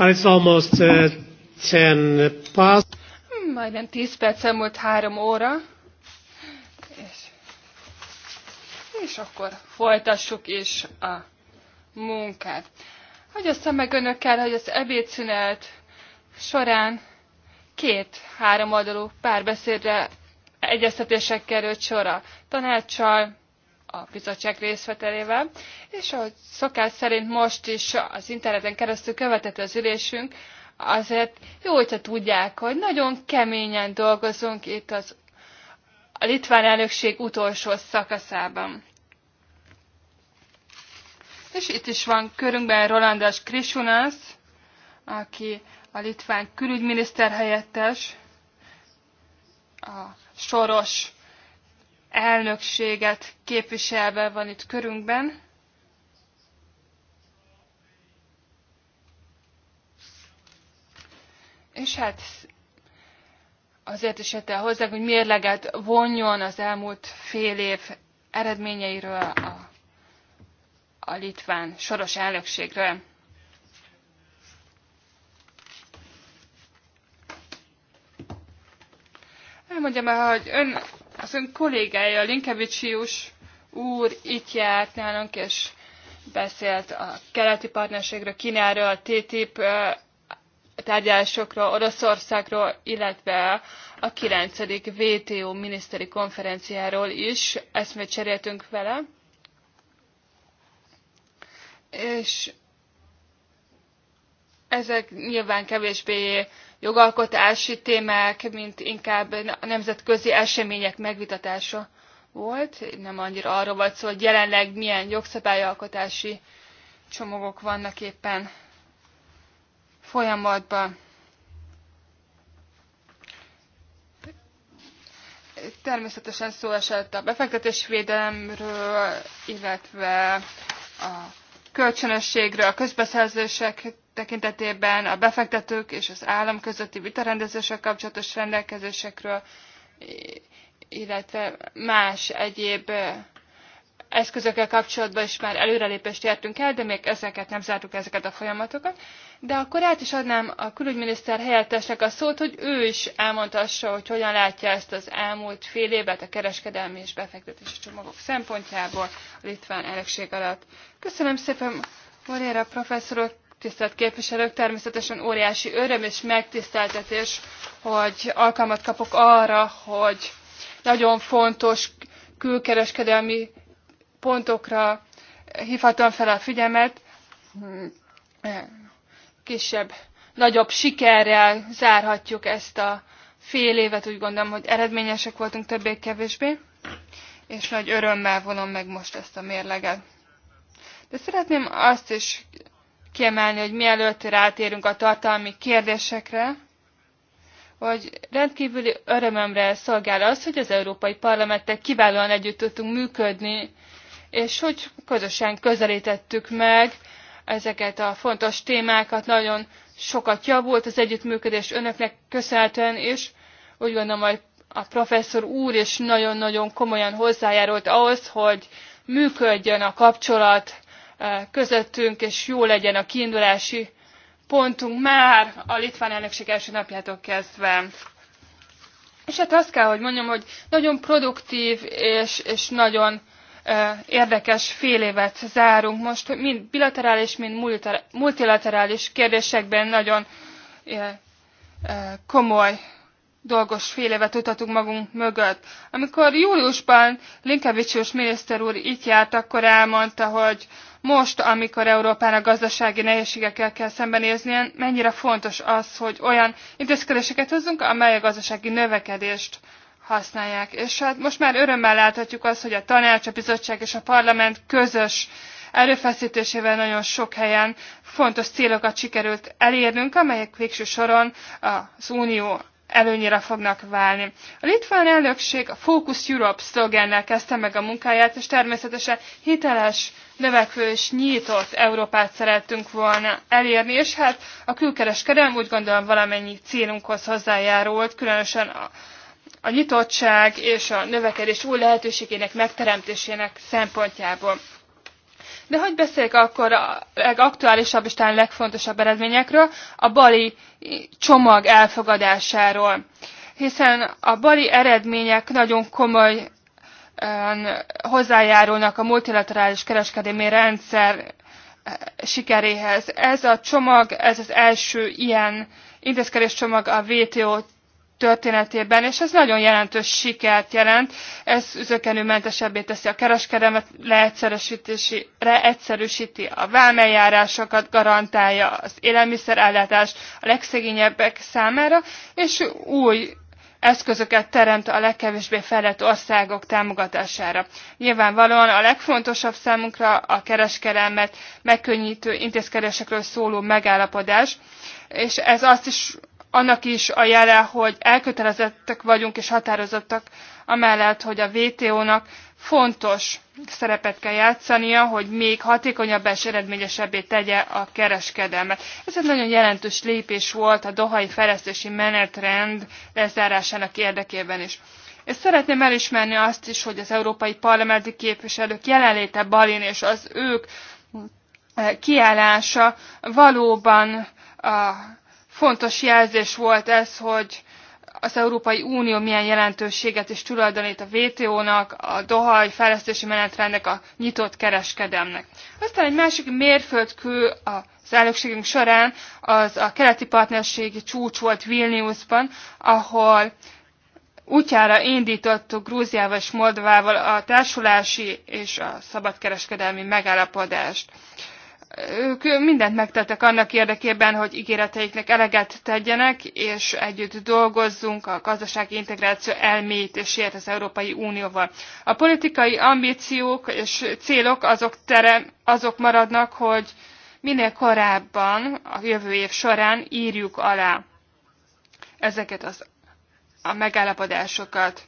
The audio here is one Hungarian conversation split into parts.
And it's almost uh, ten past. Majdnem tíz perc elmúlt három óra. És, és akkor folytassuk is a munkát. Hogy aztán meg önökkel, hogy az ebédszünet során két-három oldalú párbeszédre egyeztetések került sora tanácssal, a bizottság részvetelével, és ahogy szokás szerint most is az interneten keresztül követett az ülésünk, azért jó, hogyha tudják, hogy nagyon keményen dolgozunk itt az, a litván elnökség utolsó szakaszában. És itt is van körünkben Rolandas Krisunas, aki a litván külügyminiszter helyettes, a soros elnökséget képviselve van itt körünkben. És hát azért is jött el hozzá, hogy mérleget vonjon az elmúlt fél év eredményeiről a, a litván soros elnökségről. Elmondjam el, hogy ön az ön kollégája, Linkevicius úr itt járt nálunk, és beszélt a keleti partnerségről, Kínáról, a TTIP tárgyalásokról, Oroszországról, illetve a 9. WTO miniszteri konferenciáról is eszmét cseréltünk vele. És ezek nyilván kevésbé jogalkotási témák, mint inkább nemzetközi események megvitatása volt. Nem annyira arról volt szó, hogy jelenleg milyen jogszabályalkotási csomagok vannak éppen folyamatban. Természetesen szó esett a befektetésvédelemről, illetve a kölcsönösségre, a közbeszerzések tekintetében, a befektetők és az állam közötti vitarendezéssel kapcsolatos rendelkezésekről, illetve más egyéb eszközökkel kapcsolatban is már előrelépést értünk el, de még ezeket nem zártuk ezeket a folyamatokat. De akkor át is adnám a külügyminiszter helyettesnek a szót, hogy ő is elmondhassa, hogy hogyan látja ezt az elmúlt fél évet a kereskedelmi és befektetési csomagok szempontjából a litván elnökség alatt. Köszönöm szépen, Moréra professzorok, tisztelt képviselők, természetesen óriási öröm és megtiszteltetés, hogy alkalmat kapok arra, hogy nagyon fontos külkereskedelmi pontokra hívhatom fel a figyelmet, kisebb, nagyobb sikerrel zárhatjuk ezt a fél évet, úgy gondolom, hogy eredményesek voltunk többé-kevésbé, és nagy örömmel vonom meg most ezt a mérleget. De szeretném azt is kiemelni, hogy mielőtt rátérünk a tartalmi kérdésekre, hogy rendkívüli örömömre szolgál az, hogy az Európai Parlamenttel kiválóan együtt tudtunk működni és hogy közösen közelítettük meg ezeket a fontos témákat. Nagyon sokat javult az együttműködés önöknek köszönhetően is. Úgy gondolom, hogy a professzor úr is nagyon-nagyon komolyan hozzájárult ahhoz, hogy működjön a kapcsolat eh, közöttünk, és jó legyen a kiindulási pontunk már a litván elnökség első napjától kezdve. És hát azt kell, hogy mondjam, hogy nagyon produktív és, és nagyon érdekes félévet zárunk most, mind bilaterális, mind multilaterális kérdésekben nagyon komoly dolgos félévet évet utatunk magunk mögött. Amikor júliusban Linkevicius miniszter úr itt járt, akkor elmondta, hogy most, amikor Európának gazdasági nehézségekkel kell szembenéznie, mennyire fontos az, hogy olyan intézkedéseket hozzunk, amely a gazdasági növekedést használják. És hát most már örömmel láthatjuk azt, hogy a tanács, a bizottság és a parlament közös erőfeszítésével nagyon sok helyen fontos célokat sikerült elérnünk, amelyek végső soron az unió előnyére fognak válni. A litván elnökség a Focus Europe szlogennel kezdte meg a munkáját, és természetesen hiteles, növekvő és nyitott Európát szerettünk volna elérni, és hát a külkereskedelem úgy gondolom valamennyi célunkhoz hozzájárult, különösen a, a nyitottság és a növekedés új lehetőségének megteremtésének szempontjából. De hogy beszéljek akkor a legaktuálisabb és talán legfontosabb eredményekről, a bali csomag elfogadásáról. Hiszen a bali eredmények nagyon komoly hozzájárulnak a multilaterális kereskedelmi rendszer sikeréhez. Ez a csomag, ez az első ilyen intézkedés csomag a WTO történetében, és ez nagyon jelentős sikert jelent. Ez üzökenőmentesebbé teszi a kereskedelmet, leegyszerűsítésre egyszerűsíti a vámeljárásokat, garantálja az élelmiszerellátást a legszegényebbek számára, és új eszközöket teremt a legkevésbé fejlett országok támogatására. Nyilvánvalóan a legfontosabb számunkra a kereskedelmet megkönnyítő intézkedésekről szóló megállapodás, és ez azt is annak is a jele, hogy elkötelezettek vagyunk és határozottak amellett, hogy a vto nak fontos szerepet kell játszania, hogy még hatékonyabb és eredményesebbé tegye a kereskedelmet. Ez egy nagyon jelentős lépés volt a dohai fejlesztési menetrend lezárásának érdekében is. És szeretném elismerni azt is, hogy az európai parlamenti képviselők jelenléte Balin és az ők eh, kiállása valóban a Fontos jelzés volt ez, hogy az Európai Unió milyen jelentőséget és tulajdonít a WTO-nak, a Dohai fejlesztési menetrendnek, a nyitott kereskedemnek. Aztán egy másik mérföldkő az elnökségünk során az a keleti partnerségi csúcs volt Vilniusban, ahol útjára indítottuk Grúziával és Moldovával a társulási és a szabadkereskedelmi megállapodást ők mindent megtettek annak érdekében, hogy ígéreteiknek eleget tegyenek, és együtt dolgozzunk a gazdasági integráció ért az Európai Unióval. A politikai ambíciók és célok azok, tere, azok maradnak, hogy minél korábban a jövő év során írjuk alá ezeket az, a megállapodásokat.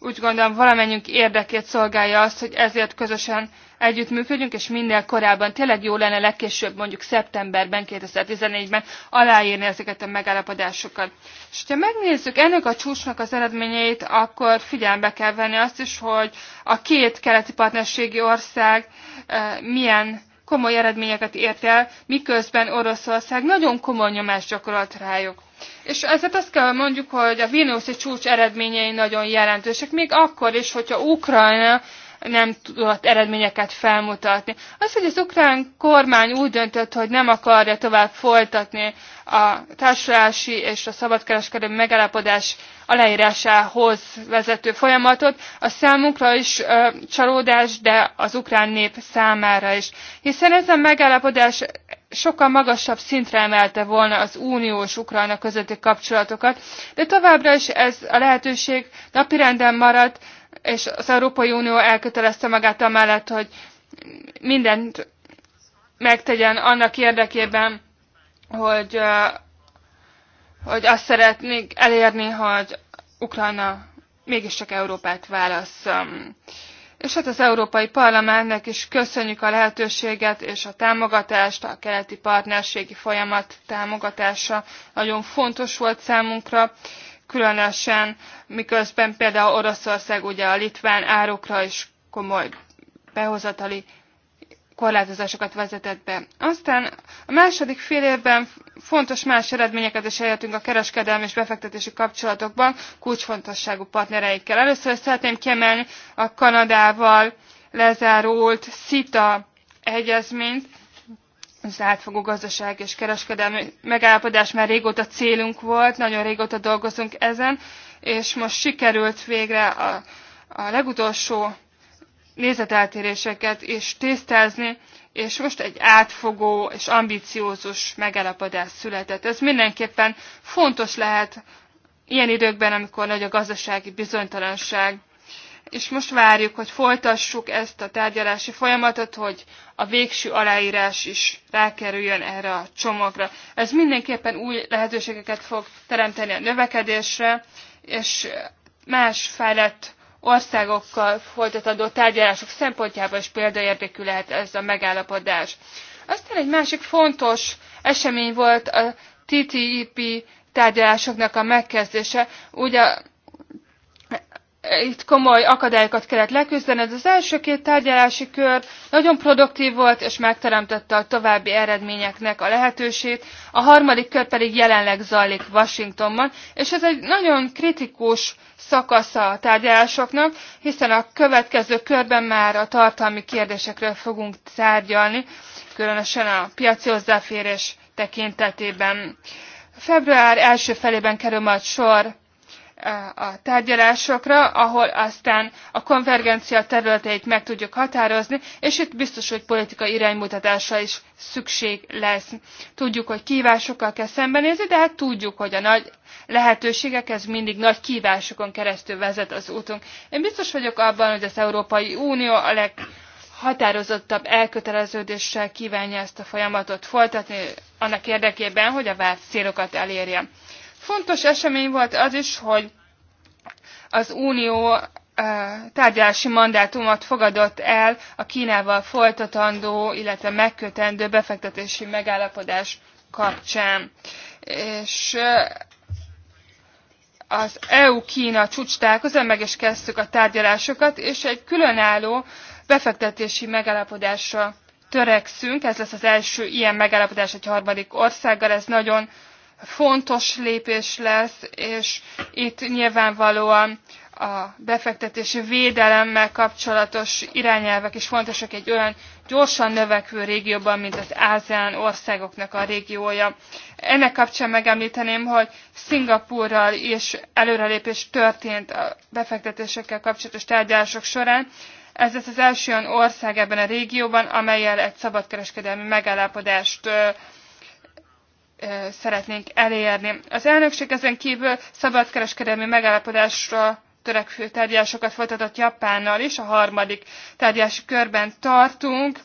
Úgy gondolom, valamennyünk érdekét szolgálja azt, hogy ezért közösen együttműködjünk, és minél korábban tényleg jó lenne legkésőbb mondjuk szeptemberben, 2014-ben aláírni ezeket a megállapodásokat. És ha megnézzük ennek a csúcsnak az eredményeit, akkor figyelembe kell venni azt is, hogy a két keleti partnerségi ország eh, milyen komoly eredményeket ért el, miközben Oroszország nagyon komoly nyomást gyakorolt rájuk. És ezért azt kell mondjuk, hogy a Vilniuszi csúcs eredményei nagyon jelentősek, még akkor is, hogyha Ukrajna nem tudott eredményeket felmutatni. Az, hogy az ukrán kormány úgy döntött, hogy nem akarja tovább folytatni a társulási és a szabadkereskedelmi megállapodás aláírásához vezető folyamatot, a számunkra is ö, csalódás, de az ukrán nép számára is. Hiszen ez a megállapodás sokkal magasabb szintre emelte volna az uniós ukrajna közötti kapcsolatokat, de továbbra is ez a lehetőség napirenden maradt, és az Európai Unió elkötelezte magát amellett, hogy mindent megtegyen annak érdekében, hogy, hogy azt szeretnék elérni, hogy Ukrajna mégiscsak Európát válasz. És hát az Európai Parlamentnek is köszönjük a lehetőséget és a támogatást, a keleti partnerségi folyamat támogatása nagyon fontos volt számunkra, különösen, miközben például Oroszország ugye a litván árukra is komoly behozatali korlátozásokat vezetett be. Aztán a második fél évben fontos más eredményeket is elértünk a kereskedelmi és befektetési kapcsolatokban kulcsfontosságú partnereikkel. Először szeretném kiemelni a Kanadával lezárult CITA egyezményt, az átfogó gazdaság és kereskedelmi megállapodás már régóta célunk volt, nagyon régóta dolgozunk ezen, és most sikerült végre a, a legutolsó nézeteltéréseket is tisztázni, és most egy átfogó és ambiciózus megállapodás született. Ez mindenképpen fontos lehet ilyen időkben, amikor nagy a gazdasági bizonytalanság és most várjuk, hogy folytassuk ezt a tárgyalási folyamatot, hogy a végső aláírás is rákerüljön erre a csomagra. Ez mindenképpen új lehetőségeket fog teremteni a növekedésre, és más fejlett országokkal folytatandó tárgyalások szempontjából is példaértékű lehet ez a megállapodás. Aztán egy másik fontos esemény volt a TTIP e tárgyalásoknak a megkezdése. Ugye itt komoly akadályokat kellett leküzdeni. Ez az első két tárgyalási kör nagyon produktív volt, és megteremtette a további eredményeknek a lehetőségét. A harmadik kör pedig jelenleg zajlik Washingtonban, és ez egy nagyon kritikus szakasza a tárgyalásoknak, hiszen a következő körben már a tartalmi kérdésekről fogunk tárgyalni, különösen a piaci hozzáférés tekintetében. Február első felében kerül majd sor a tárgyalásokra, ahol aztán a konvergencia területeit meg tudjuk határozni, és itt biztos, hogy politikai iránymutatásra is szükség lesz. Tudjuk, hogy kívásokkal kell szembenézni, de hát tudjuk, hogy a nagy lehetőségek, ez mindig nagy kívásokon keresztül vezet az útunk. Én biztos vagyok abban, hogy az Európai Unió a leghatározottabb elköteleződéssel kívánja ezt a folyamatot folytatni, annak érdekében, hogy a várt célokat elérje. Fontos esemény volt az is, hogy az Unió tárgyalási mandátumot fogadott el a Kínával folytatandó, illetve megkötendő befektetési megállapodás kapcsán. És az EU-Kína csúcs találkozó, meg is kezdtük a tárgyalásokat, és egy különálló befektetési megállapodásra törekszünk. Ez lesz az első ilyen megállapodás egy harmadik országgal, ez nagyon fontos lépés lesz, és itt nyilvánvalóan a befektetési védelemmel kapcsolatos irányelvek is fontosak egy olyan gyorsan növekvő régióban, mint az ASEAN országoknak a régiója. Ennek kapcsán megemlíteném, hogy Szingapúrral is előrelépés történt a befektetésekkel kapcsolatos tárgyalások során. Ez lesz az első olyan ország ebben a régióban, amelyel egy szabadkereskedelmi megállapodást szeretnénk elérni. Az elnökség ezen kívül szabadkereskedelmi megállapodásra törekvő tárgyalásokat folytatott Japánnal is, a harmadik tárgyalási körben tartunk.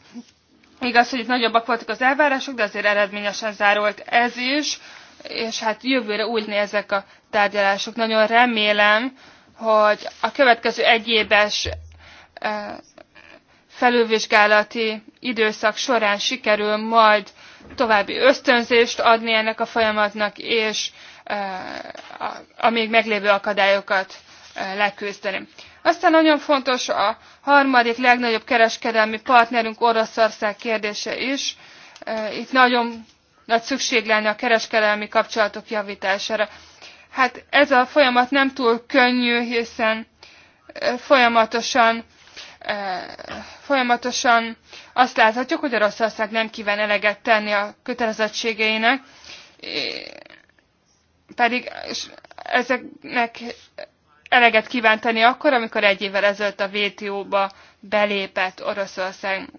Igaz, hogy itt nagyobbak voltak az elvárások, de azért eredményesen zárult ez is, és hát jövőre úgy ezek a tárgyalások. Nagyon remélem, hogy a következő egyéves felülvizsgálati időszak során sikerül majd további ösztönzést adni ennek a folyamatnak, és e, a még meglévő akadályokat e, leküzdeni. Aztán nagyon fontos a harmadik legnagyobb kereskedelmi partnerünk Oroszország kérdése is. E, itt nagyon nagy szükség lenne a kereskedelmi kapcsolatok javítására. Hát ez a folyamat nem túl könnyű, hiszen folyamatosan folyamatosan azt láthatjuk, hogy Oroszország nem kíván eleget tenni a kötelezettségeinek, pedig ezeknek eleget kíván tenni akkor, amikor egy évvel ezelőtt a WTO-ba belépett Oroszország.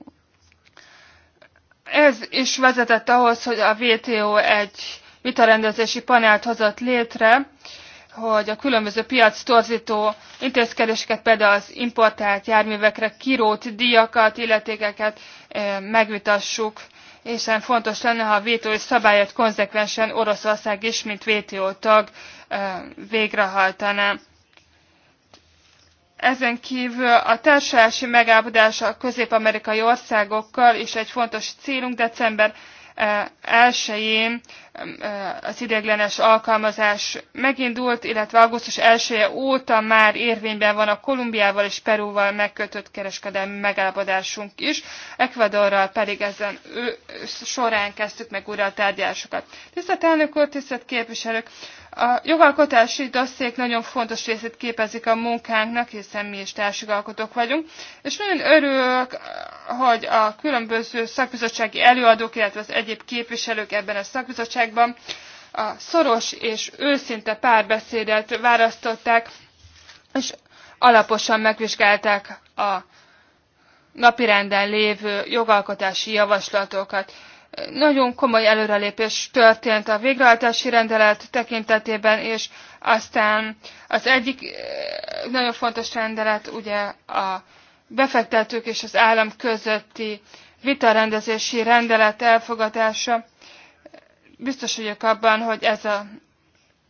Ez is vezetett ahhoz, hogy a WTO egy vitarendezési panelt hozott létre, hogy a különböző piac torzító intézkedéseket, például az importált járművekre kirót díjakat, illetékeket megvitassuk, hiszen fontos lenne, ha a WTO szabályát konzekvensen Oroszország is, mint WTO tag végrehajtaná. Ezen kívül a társulási megállapodás a közép-amerikai országokkal is egy fontos célunk. December elsőjén az ideglenes alkalmazás megindult, illetve augusztus 1 -e óta már érvényben van a Kolumbiával és Perúval megkötött kereskedelmi megállapodásunk is, Ecuadorral pedig ezen során kezdtük meg újra a tárgyalásokat. Tisztelt elnök úr, tisztelt képviselők! A jogalkotási dosszék nagyon fontos részét képezik a munkánknak, hiszen mi is társjogalkotók vagyunk, és nagyon örülök, hogy a különböző szakbizottsági előadók, illetve az egyéb képviselők ebben a szakbizottságban a szoros és őszinte párbeszédet választották, és alaposan megvizsgálták a napirenden lévő jogalkotási javaslatokat. Nagyon komoly előrelépés történt a végrehajtási rendelet tekintetében, és aztán az egyik eh, nagyon fontos rendelet ugye a befektetők és az állam közötti vitarendezési rendelet elfogadása. Biztos vagyok abban, hogy ez a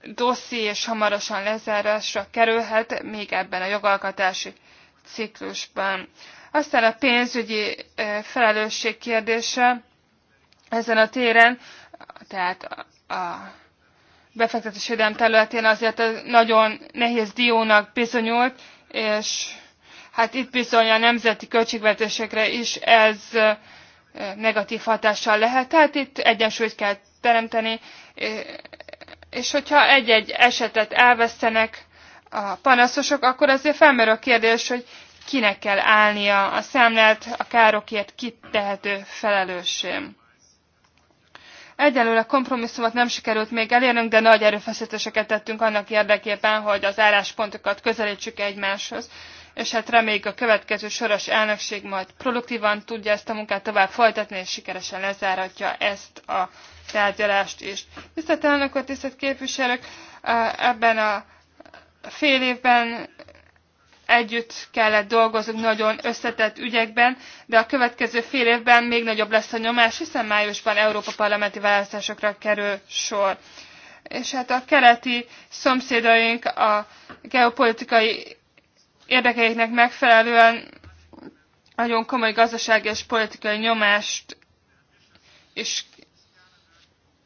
dosszi és hamarosan lezárásra kerülhet még ebben a jogalkatási ciklusban. Aztán a pénzügyi eh, felelősség kérdése ezen a téren, tehát a, a védelem területén azért nagyon nehéz diónak bizonyult, és hát itt bizony a nemzeti költségvetésekre is ez negatív hatással lehet. Tehát itt egyensúlyt kell teremteni, és hogyha egy-egy esetet elvesztenek a panaszosok, akkor azért felmerül a kérdés, hogy kinek kell állnia a számlát, a károkért kit tehető felelősség. Egyelőre kompromisszumot nem sikerült még elérnünk, de nagy erőfeszítéseket tettünk annak érdekében, hogy az álláspontokat közelítsük egymáshoz és hát reméljük a következő soros elnökség majd produktívan tudja ezt a munkát tovább folytatni, és sikeresen lezáratja ezt a tárgyalást is. Tisztelt elnök úr, tisztelt képviselők, ebben a fél évben együtt kellett dolgozunk nagyon összetett ügyekben, de a következő fél évben még nagyobb lesz a nyomás, hiszen májusban Európa parlamenti választásokra kerül sor. És hát a keleti szomszédaink a geopolitikai érdekeiknek megfelelően nagyon komoly gazdasági és politikai nyomást is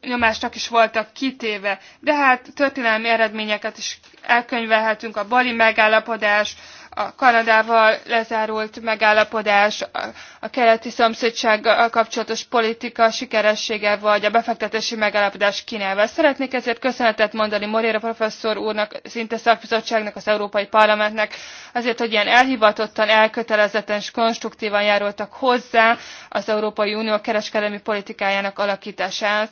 nyomásnak is voltak kitéve. De hát történelmi eredményeket is elkönyvelhetünk, a bali megállapodás, a Kanadával lezárult megállapodás, a keleti szomszédsággal kapcsolatos politika sikeressége, vagy a befektetési megállapodás Kínával. Szeretnék ezért köszönetet mondani Moréra professzor úrnak, szinte szakbizottságnak, az Európai Parlamentnek, azért, hogy ilyen elhivatottan, elkötelezetten és konstruktívan járultak hozzá az Európai Unió kereskedelmi politikájának alakításához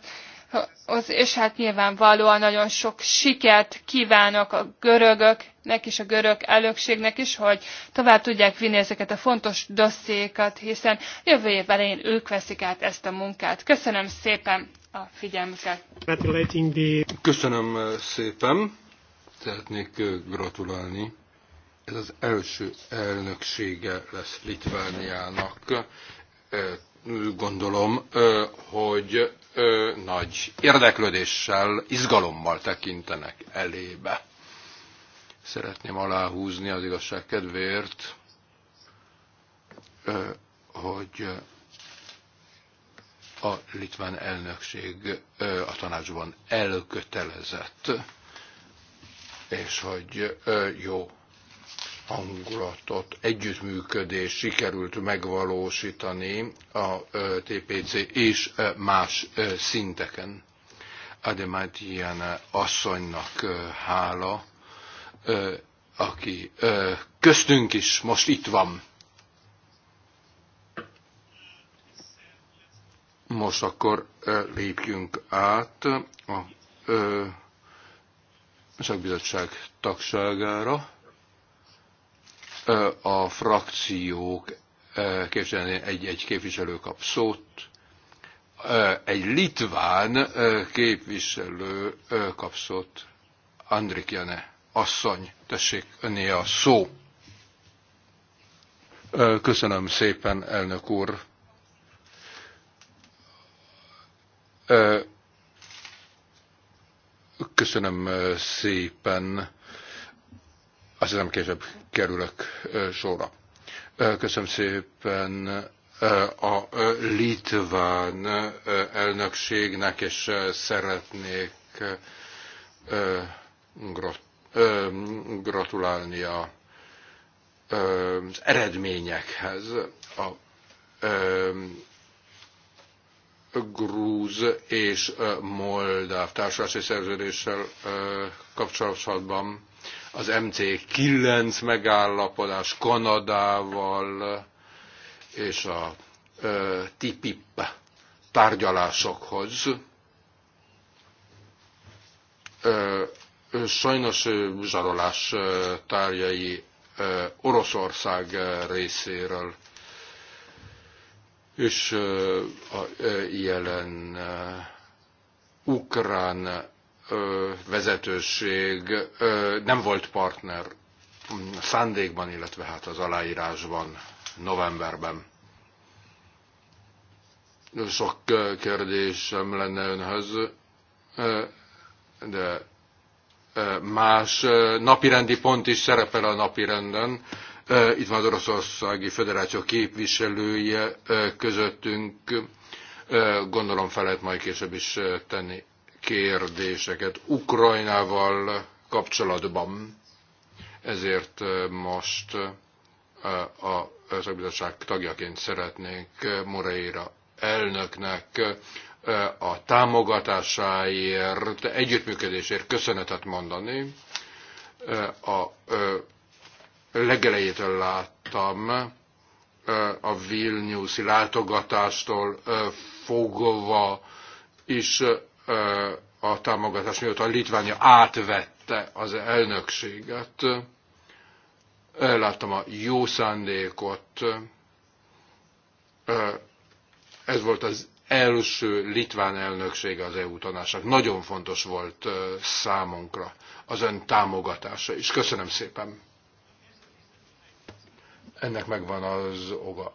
és hát nyilvánvalóan nagyon sok sikert kívánok a görögöknek és a görög elökségnek is, hogy tovább tudják vinni ezeket a fontos dosszékat, hiszen jövő év elején ők veszik át ezt a munkát. Köszönöm szépen a figyelmüket. Köszönöm eh, szépen. Szeretnék eh, gratulálni. Ez az első elnöksége lesz Litvániának eh, gondolom, hogy nagy érdeklődéssel, izgalommal tekintenek elébe. Szeretném aláhúzni az igazság kedvéért, hogy a litván elnökség a tanácsban elkötelezett, és hogy jó hangulatot, együttműködést sikerült megvalósítani a TPC és más szinteken. Ademát ilyen asszonynak hála, aki köztünk is most itt van. Most akkor lépjünk át a szakbizottság tagságára a frakciók képviselni egy-egy képviselő kap szót, egy litván képviselő kap szót, Andrik Jane, asszony, tessék, öné a szó. Köszönöm szépen, elnök úr. Köszönöm szépen azt hiszem később kerülök sorra. Köszönöm szépen a litván elnökségnek, és szeretnék gratulálni az eredményekhez. A grúz és moldáv társulási szerződéssel kapcsolatban az MC9 megállapodás Kanadával és a ö, TTIP tárgyalásokhoz. Ö, sajnos zsarolás tárgyai Oroszország részéről és a jelen ukrán vezetőség nem volt partner szándékban, illetve hát az aláírásban novemberben. Sok kérdésem lenne önhöz, de más napirendi pont is szerepel a napirenden. Itt van az Oroszországi Föderáció képviselője közöttünk. Gondolom fel lehet majd később is tenni kérdéseket Ukrajnával kapcsolatban. Ezért most a szakbizottság tagjaként szeretnék Moreira elnöknek a támogatásáért, együttműködésért köszönetet mondani. A legelejétől láttam a Vilniuszi látogatástól fogva is a támogatás, mióta Litvánia átvette az elnökséget. Láttam a jó szándékot. Ez volt az első litván elnöksége az EU tanácsnak. Nagyon fontos volt számunkra az ön támogatása is. Köszönöm szépen. Ennek megvan az oga.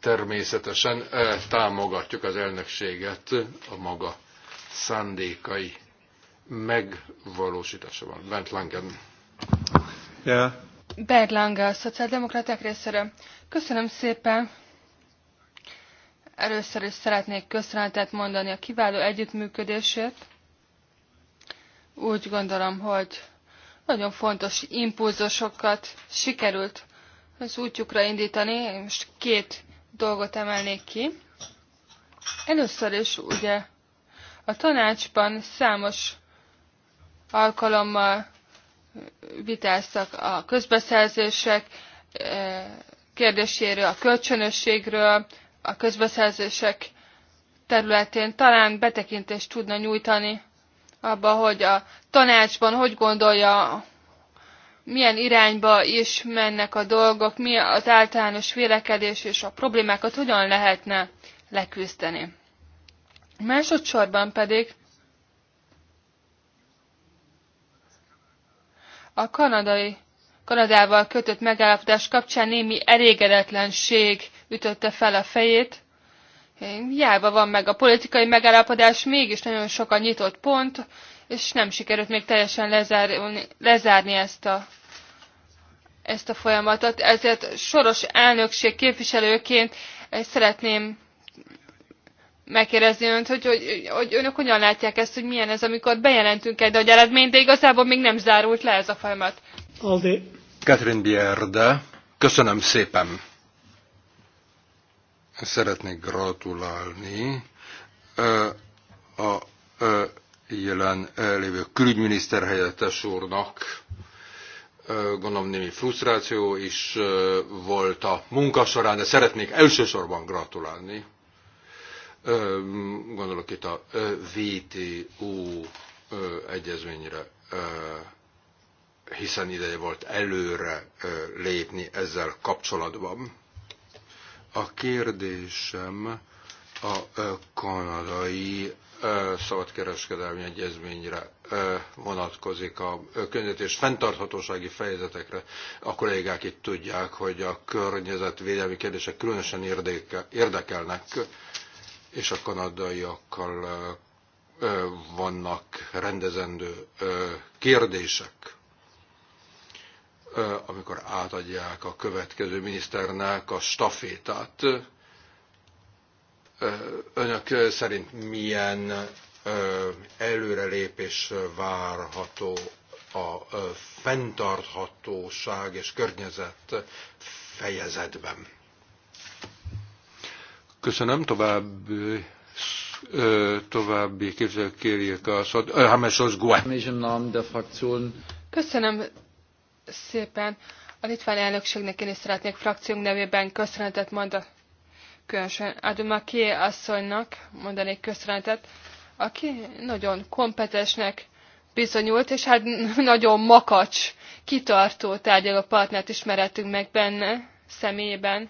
természetesen támogatjuk az elnökséget a maga szándékai megvalósításában. Bent Langen. Ja. Bent Lange, a szociáldemokraták részéről. Köszönöm szépen. Először is szeretnék köszönetet mondani a kiváló együttműködésért. Úgy gondolom, hogy nagyon fontos impulzusokat sikerült az útjukra indítani. Most két dolgot emelnék ki. Először is ugye a tanácsban számos alkalommal vitáztak a közbeszerzések eh, kérdéséről, a kölcsönösségről, a közbeszerzések területén talán betekintést tudna nyújtani abba, hogy a tanácsban hogy gondolja milyen irányba is mennek a dolgok, mi az általános vélekedés és a problémákat hogyan lehetne leküzdeni. Másodszorban pedig a kanadai, Kanadával kötött megállapodás kapcsán némi elégedetlenség ütötte fel a fejét. Hiába van meg a politikai megállapodás, mégis nagyon sok a nyitott pont, és nem sikerült még teljesen lezárni, lezárni ezt a ezt a folyamatot. Ezért soros elnökség képviselőként szeretném megkérdezni önt, hogy, hogy, hogy önök hogyan látják ezt, hogy milyen ez, amikor bejelentünk egy nagy eredményt, de igazából még nem zárult le ez a folyamat. Aldi. Catherine Bierde, köszönöm szépen. Szeretnék gratulálni a, a, a jelen lévő külügyminiszter helyettes úrnak. Gondolom némi frusztráció is volt a munka során, de szeretnék elsősorban gratulálni. Gondolok itt a VTO egyezményre, hiszen ideje volt előre lépni ezzel kapcsolatban. A kérdésem a kanadai szabadkereskedelmi egyezményre vonatkozik a és fenntarthatósági fejezetekre, a kollégák itt tudják, hogy a környezetvédelmi kérdések különösen érdekelnek, és a kanadaiakkal vannak rendezendő kérdések amikor átadják a következő miniszternek a stafétát, Önök szerint milyen előrelépés várható a fenntarthatóság és környezet fejezetben? Köszönöm tovább további képzelők kérjék a szót. Hámesos Gue. Köszönöm szépen. A litván elnökségnek én is szeretnék frakciónk nevében köszönetet mondani különösen Adumaké asszonynak mondanék köszönetet, aki nagyon kompetensnek bizonyult, és hát nagyon makacs, kitartó tárgyaló partnert ismerettünk meg benne személyében.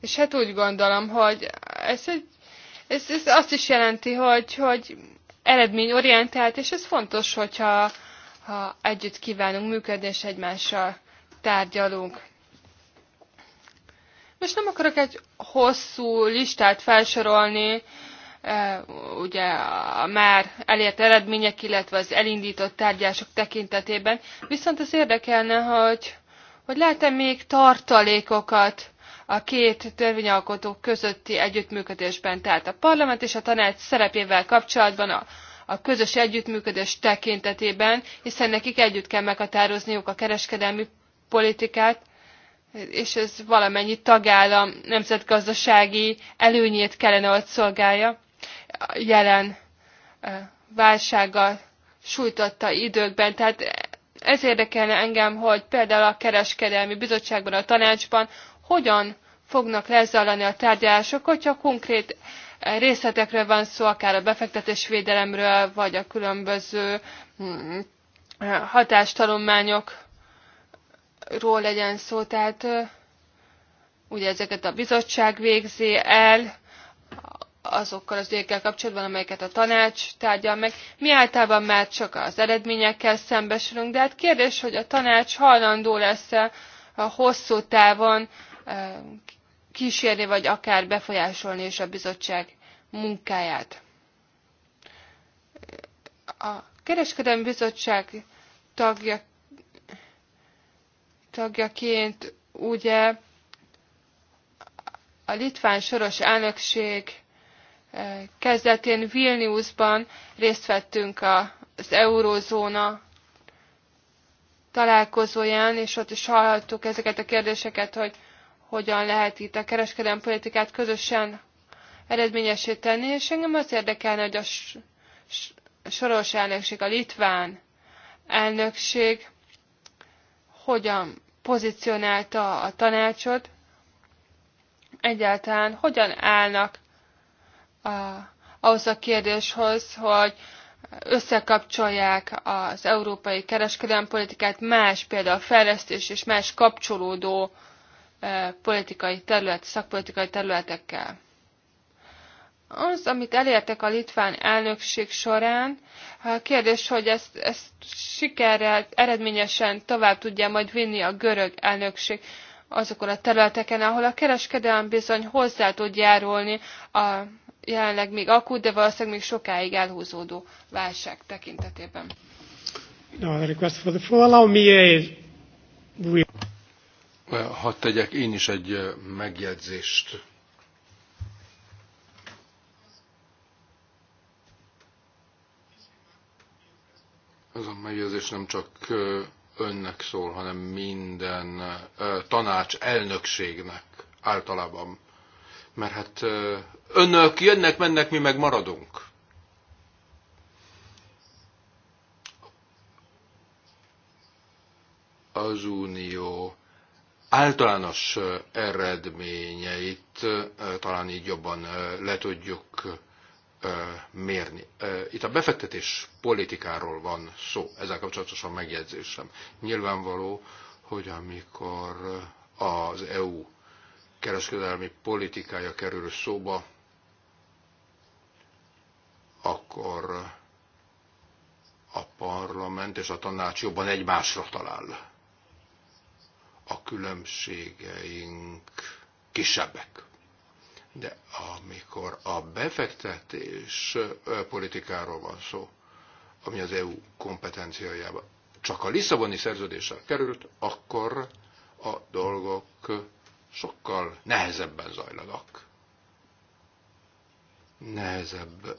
És hát úgy gondolom, hogy ez, egy, ez, ez azt is jelenti, hogy, hogy eredményorientált, és ez fontos, hogyha ha együtt kívánunk működni, és egymással tárgyalunk. Most nem akarok egy hosszú listát felsorolni, e, ugye a már elért eredmények, illetve az elindított tárgyások tekintetében, viszont az érdekelne, hogy, hogy lehet-e még tartalékokat a két törvényalkotó közötti együttműködésben, tehát a parlament és a tanács szerepével kapcsolatban a, a közös együttműködés tekintetében, hiszen nekik együtt kell meghatározniuk a kereskedelmi politikát, és ez valamennyi tagállam nemzetgazdasági előnyét kellene, ott szolgálja. Jelen válsággal sújtotta időkben, tehát ez érdekelne engem, hogy például a kereskedelmi bizottságban, a tanácsban hogyan fognak lezajlani a tárgyalások, hogyha konkrét részletekről van szó, akár a befektetésvédelemről, vagy a különböző mm, hatástanulmányok ról legyen szó, tehát ugye ezeket a bizottság végzi el, azokkal az ügyekkel kapcsolatban, amelyeket a tanács tárgyal meg. Mi általában már csak az eredményekkel szembesülünk, de hát kérdés, hogy a tanács hajlandó lesz-e a hosszú távon kísérni, vagy akár befolyásolni is a bizottság munkáját. A kereskedelmi bizottság tagja tagjaként ugye a litván soros elnökség eh, kezdetén Vilniusban részt vettünk az eurózóna találkozóján, és ott is hallhattuk ezeket a kérdéseket, hogy hogyan lehet itt a kereskedelmi politikát közösen eredményesé tenni, és engem az érdekelne, hogy a soros elnökség, a litván elnökség hogyan pozícionálta a tanácsot, egyáltalán hogyan állnak a, ahhoz a kérdéshoz, hogy összekapcsolják az európai kereskedelmi politikát más, például a fejlesztés és más kapcsolódó eh, politikai terület, szakpolitikai területekkel. Az, amit elértek a litván elnökség során, a kérdés, hogy ezt, ezt sikerrel, eredményesen tovább tudja majd vinni a görög elnökség azokon a területeken, ahol a kereskedelem bizony hozzá tud járulni a jelenleg még akut, de valószínűleg még sokáig elhúzódó válság tekintetében. No, request for the floor. Allow me a... Hadd tegyek én is egy megjegyzést Ez a megjegyzés nem csak önnek szól, hanem minden tanács elnökségnek általában. Mert hát önök jönnek, mennek, mi meg maradunk. Az unió általános eredményeit talán így jobban le tudjuk mérni. Itt a befektetés politikáról van szó, ezzel kapcsolatosan megjegyzésem. Nyilvánvaló, hogy amikor az EU kereskedelmi politikája kerül szóba, akkor a parlament és a tanács jobban egymásra talál. A különbségeink kisebbek. De amikor a befektetés politikáról van szó, ami az EU kompetenciájába csak a Lisszaboni szerződéssel került, akkor a dolgok sokkal nehezebben zajlanak. Nehezebb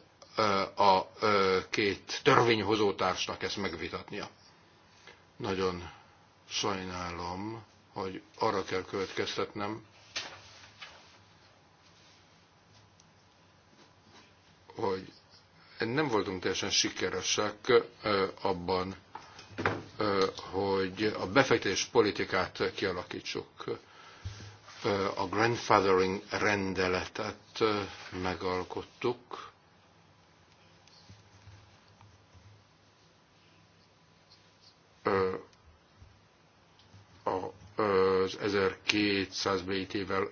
a két törvényhozótársnak ezt megvitatnia. Nagyon sajnálom, hogy arra kell következtetnem, hogy nem voltunk teljesen sikeresek abban, hogy a befektetés politikát kialakítsuk. A grandfathering rendeletet megalkottuk, az 1200 BIT-vel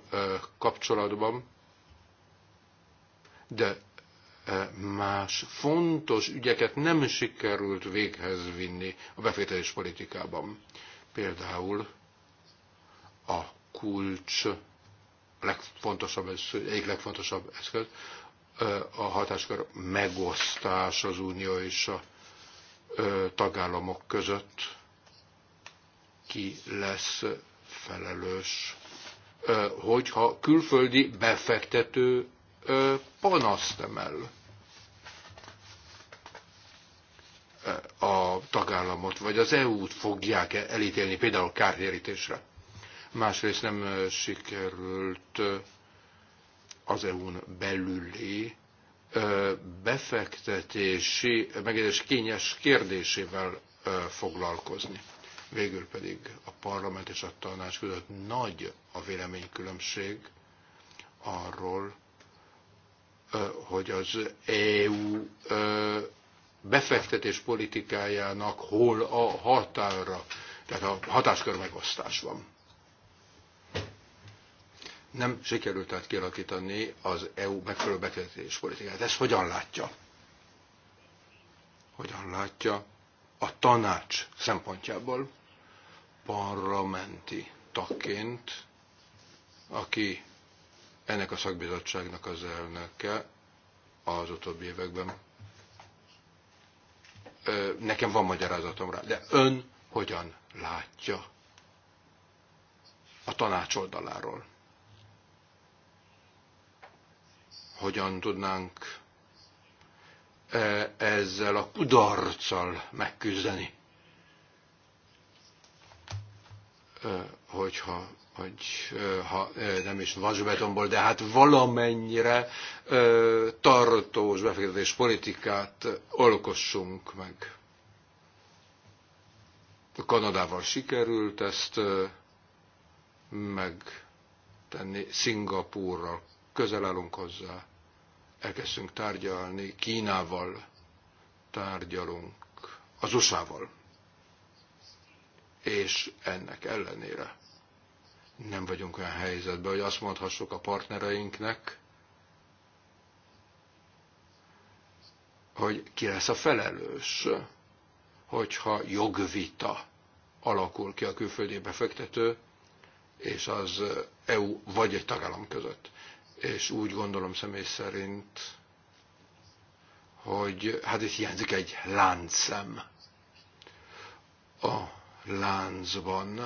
kapcsolatban, de más fontos ügyeket nem sikerült véghez vinni a befételés politikában. Például a kulcs a legfontosabb, egyik legfontosabb eszköz, a hatáskör megosztás az unió és a tagállamok között, ki lesz felelős, hogyha külföldi befektető panaszt emel a tagállamot, vagy az EU-t fogják e- elítélni például kártérítésre. Másrészt nem sikerült az EU-n belüli befektetési, megegyes kényes kérdésével foglalkozni. Végül pedig a parlament és a tanács között nagy a véleménykülönbség arról, hogy az EU befektetés politikájának hol a határa, tehát a hatáskör megosztás van. Nem sikerült tehát kialakítani az EU megfelelő befektetés politikát. Ezt hogyan látja? Hogyan látja a tanács szempontjából parlamenti tagként, aki ennek a szakbizottságnak az elnöke az utóbbi években nekem van magyarázatom rá, de ön hogyan látja a tanács oldaláról? Hogyan tudnánk ezzel a kudarccal megküzdeni? Hogyha hogy ha nem is vasbetonból, de hát valamennyire tartós befektetés politikát alkossunk meg. Kanadával sikerült ezt megtenni, Szingapúrral közel állunk hozzá, elkezdtünk tárgyalni, Kínával tárgyalunk, az USA-val. És ennek ellenére nem vagyunk olyan helyzetben, hogy azt mondhassuk a partnereinknek, hogy ki lesz a felelős, hogyha jogvita alakul ki a külföldi befektető és az EU vagy egy tagállam között. És úgy gondolom személy szerint, hogy hát itt hiányzik egy láncszem. A láncban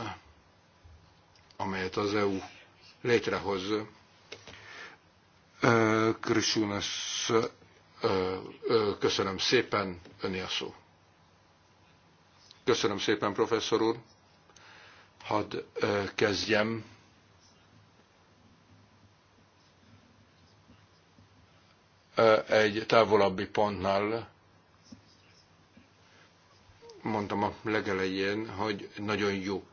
amelyet az EU létrehoz. Krisúnasz, köszönöm szépen, öni a szó. Köszönöm szépen, professzor úr. Hadd kezdjem. Egy távolabbi pontnál mondtam a legelején, hogy nagyon jó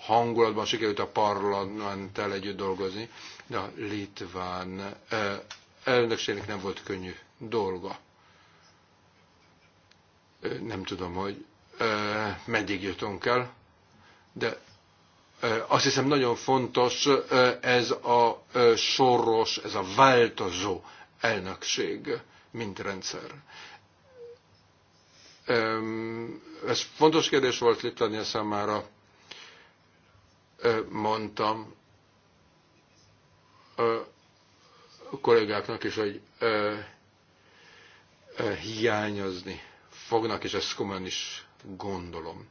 hangulatban sikerült a parlamenttel együtt dolgozni, de a litván elnökségnek nem volt könnyű dolga. Nem tudom, hogy meddig jutunk el, de azt hiszem nagyon fontos ez a soros, ez a változó elnökség, mint rendszer. Ez fontos kérdés volt Litvánia számára, mondtam a kollégáknak is, hogy hiányozni fognak, és ezt komolyan is gondolom.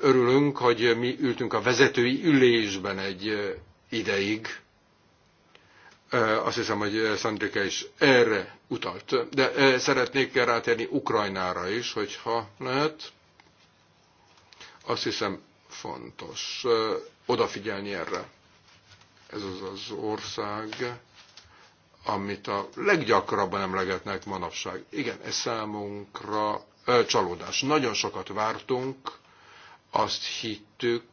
Örülünk, hogy mi ültünk a vezetői ülésben egy ideig. Azt hiszem, hogy Szandrika is erre utalt. De szeretnék rátérni Ukrajnára is, hogyha lehet. Azt hiszem, fontos odafigyelni erre. Ez az az ország, amit a leggyakrabban emlegetnek manapság. Igen, ez számunkra ö, csalódás. Nagyon sokat vártunk, azt hittük,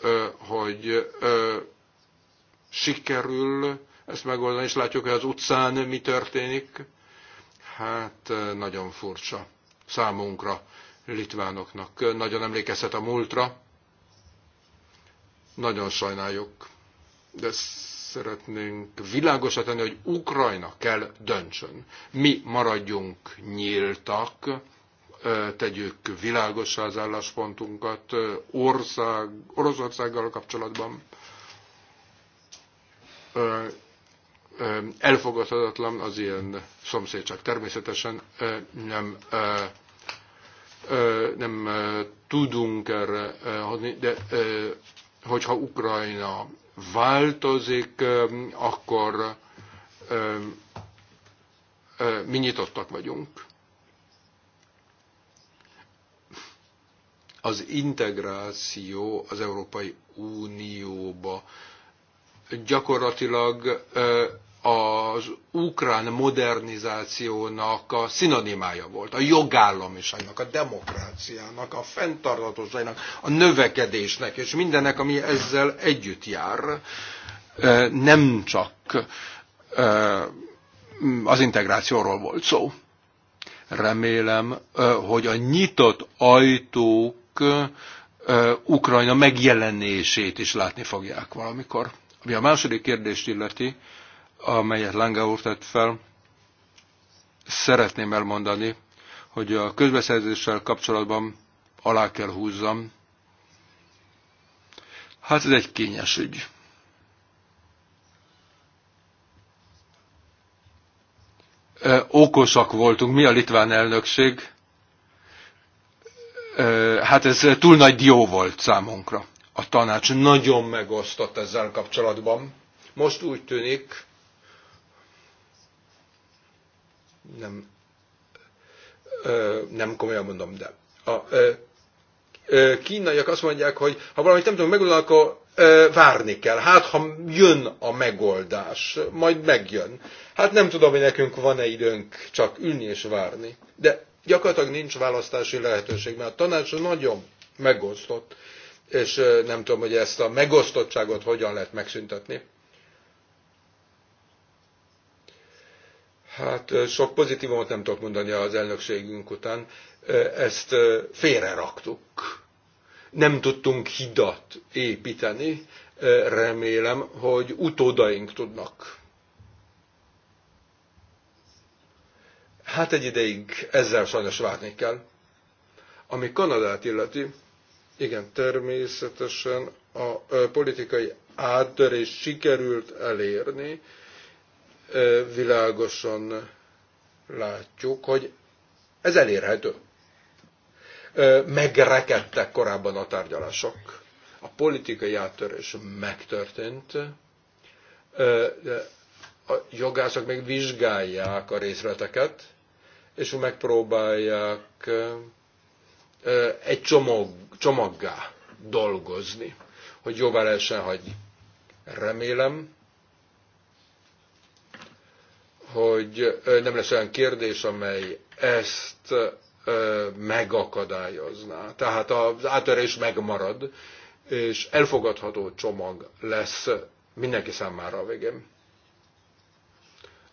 ö, hogy ö, sikerül ezt megoldani, és látjuk, hogy az utcán mi történik. Hát nagyon furcsa számunkra, litvánoknak. Nagyon emlékezhet a múltra, nagyon sajnáljuk, de szeretnénk világosat tenni, hogy Ukrajna kell döntsön. Mi maradjunk nyíltak, tegyük világosá az álláspontunkat ország, Oroszországgal kapcsolatban. Elfogadhatatlan az ilyen szomszédság. Természetesen nem, nem tudunk erre hadni, de hogyha Ukrajna változik, akkor mi nyitottak vagyunk. Az integráció az Európai Unióba gyakorlatilag az ukrán modernizációnak a szinonimája volt, a jogállamiságnak, a demokráciának, a fenntarthatóságnak, a növekedésnek, és mindennek, ami ezzel együtt jár, nem csak az integrációról volt szó. Remélem, hogy a nyitott ajtók Ukrajna megjelenését is látni fogják valamikor. Ami a második kérdést illeti, amelyet Lange úr tett fel, szeretném elmondani, hogy a közbeszerzéssel kapcsolatban alá kell húzzam. Hát ez egy kényes ügy. okosak voltunk. Mi a litván elnökség? Hát ez túl nagy dió volt számunkra. A tanács nagyon megosztott ezzel kapcsolatban. Most úgy tűnik, nem, nem komolyan mondom, de a kínaiak azt mondják, hogy ha valamit nem tudunk megoldani, akkor várni kell. Hát, ha jön a megoldás, majd megjön. Hát nem tudom, hogy nekünk van-e időnk csak ülni és várni. De gyakorlatilag nincs választási lehetőség, mert a tanács nagyon megosztott, és nem tudom, hogy ezt a megosztottságot hogyan lehet megszüntetni. Hát sok pozitívumot nem tudok mondani az elnökségünk után. Ezt félreraktuk. Nem tudtunk hidat építeni. Remélem, hogy utódaink tudnak. Hát egy ideig ezzel sajnos várni kell. Ami Kanadát illeti, igen, természetesen a politikai áttörés sikerült elérni, világosan látjuk, hogy ez elérhető. Megrekedtek korábban a tárgyalások. A politikai áttörés megtörtént, a jogászok még vizsgálják a részleteket, és megpróbálják egy csomag, csomaggá dolgozni, hogy jóvá lehessen hagyni. Remélem, hogy nem lesz olyan kérdés, amely ezt megakadályozná. Tehát az átverés megmarad, és elfogadható csomag lesz mindenki számára a végén.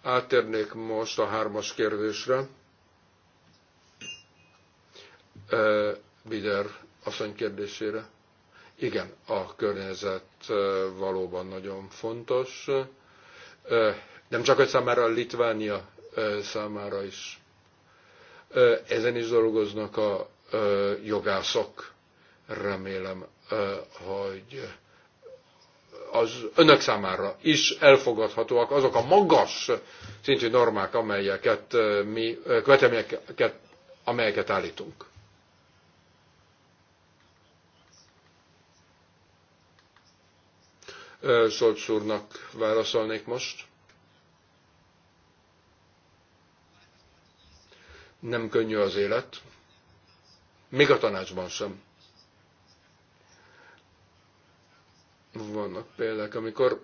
Átérnék most a hármas kérdésre. Bider asszony kérdésére. Igen, a környezet valóban nagyon fontos nem csak a számára, a Litvánia számára is. Ezen is dolgoznak a jogászok. Remélem, hogy az önök számára is elfogadhatóak azok a magas szintű normák, amelyeket mi követelményeket, amelyeket állítunk. Szolcsúrnak úrnak válaszolnék most. Nem könnyű az élet, még a tanácsban sem. Vannak példák, amikor,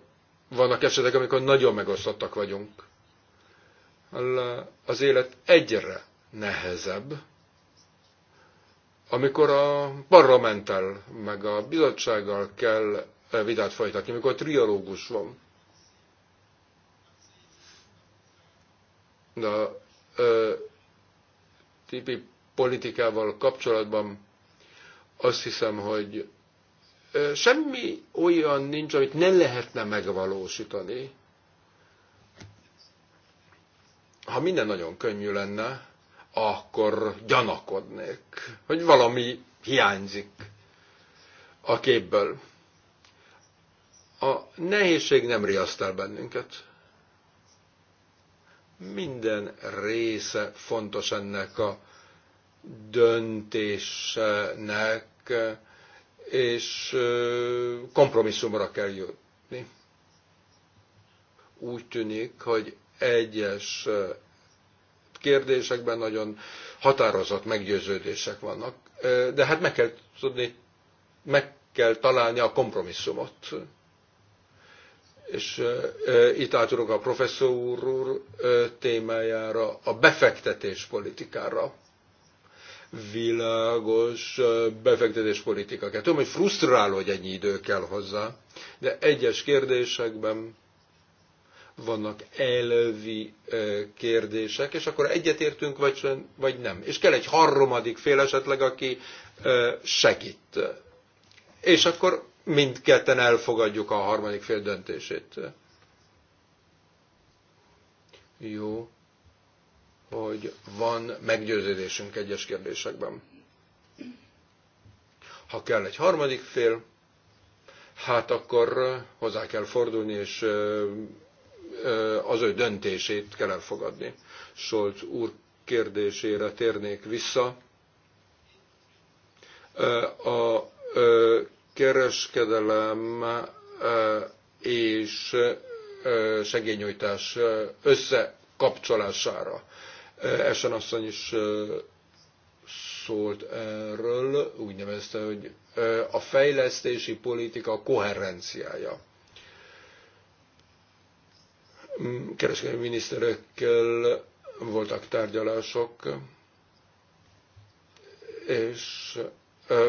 vannak esetek, amikor nagyon megosztottak vagyunk. Az élet egyre nehezebb, amikor a parlamenttel, meg a bizottsággal kell eh, vitát folytatni, amikor triológus van. De eh, TTIP politikával kapcsolatban azt hiszem, hogy semmi olyan nincs, amit ne lehetne megvalósítani. Ha minden nagyon könnyű lenne, akkor gyanakodnék, hogy valami hiányzik a képből. A nehézség nem riaszt el bennünket. Minden része fontos ennek a döntésnek, és kompromisszumra kell jutni. Úgy tűnik, hogy egyes kérdésekben nagyon határozott meggyőződések vannak, de hát meg kell tudni, meg kell találni a kompromisszumot és itt átudok a professzor úr, úr témájára, a befektetés politikára. Világos befektetés politika. Tudom, hogy frusztráló, hogy ennyi idő kell hozzá, de egyes kérdésekben vannak elvi kérdések, és akkor egyetértünk, vagy, vagy nem. És kell egy harmadik fél esetleg, aki segít. És akkor mindketten elfogadjuk a harmadik fél döntését. Jó, hogy van meggyőződésünk egyes kérdésekben. Ha kell egy harmadik fél, hát akkor hozzá kell fordulni, és az ő döntését kell elfogadni. Solc úr kérdésére térnék vissza. A kereskedelem eh, és eh, segélynyújtás eh, összekapcsolására. Esen asszony is szólt erről, úgy nevezte, hogy a fejlesztési politika koherenciája. Mm, kereskedelmi miniszterekkel voltak tárgyalások, és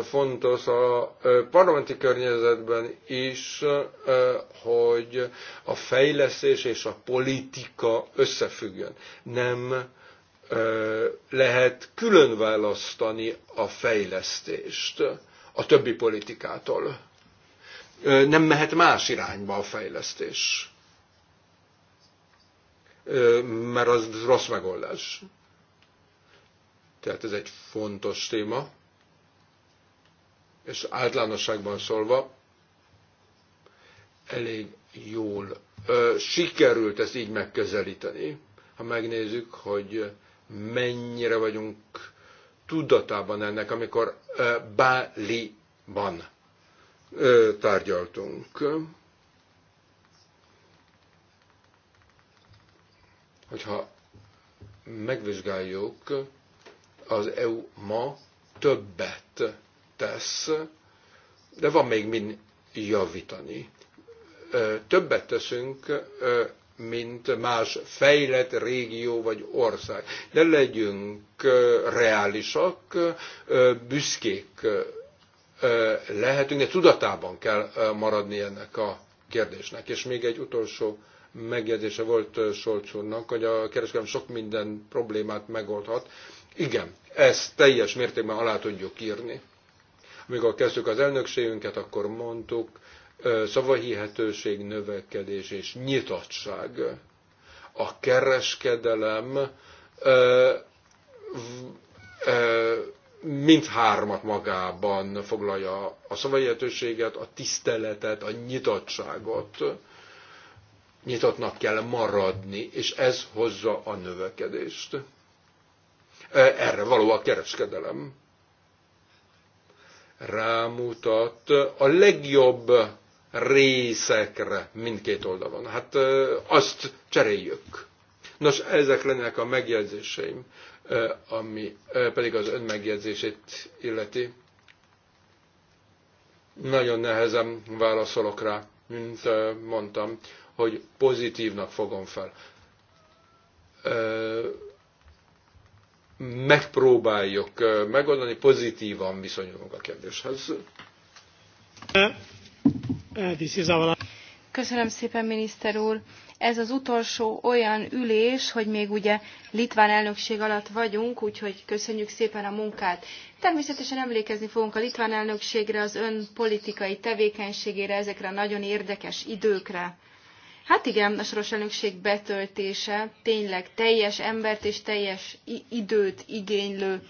fontos a parlamenti környezetben is, hogy a fejlesztés és a politika összefüggjön. Nem lehet külön választani a fejlesztést a többi politikától. Nem mehet más irányba a fejlesztés, mert az rossz megoldás. Tehát ez egy fontos téma és általánosságban szólva elég jól ö, sikerült ezt így megközelíteni. Ha megnézzük, hogy mennyire vagyunk tudatában ennek, amikor ö, Báliban ö, tárgyaltunk. Hogyha megvizsgáljuk, az EU ma többet tesz, de van még mind javítani. Többet teszünk, mint más fejlett régió vagy ország. De legyünk reálisak, büszkék lehetünk, de tudatában kell maradni ennek a kérdésnek. És még egy utolsó megjegyzése volt Solcs úrnak, hogy a kereskedelem sok minden problémát megoldhat. Igen, ezt teljes mértékben alá tudjuk írni. Amikor kezdtük az elnökségünket, akkor mondtuk, szavahihetőség, növekedés és nyitottság. A kereskedelem mindhármat magában foglalja a szavahihetőséget, a tiszteletet, a nyitottságot. Nyitottnak kell maradni, és ez hozza a növekedést. Erre való a kereskedelem rámutat a legjobb részekre mindkét oldalon. Hát azt cseréljük. Nos, ezek lennek a megjegyzéseim, ami pedig az ön megjegyzését illeti. Nagyon nehezen válaszolok rá, mint mondtam, hogy pozitívnak fogom fel megpróbáljuk megoldani, pozitívan viszonyulunk a kérdéshez. Köszönöm szépen, miniszter úr! Ez az utolsó olyan ülés, hogy még ugye litván elnökség alatt vagyunk, úgyhogy köszönjük szépen a munkát. Természetesen emlékezni fogunk a litván elnökségre, az ön politikai tevékenységére, ezekre a nagyon érdekes időkre. Hát igen, a soros elnökség betöltése tényleg teljes embert és teljes időt igénylő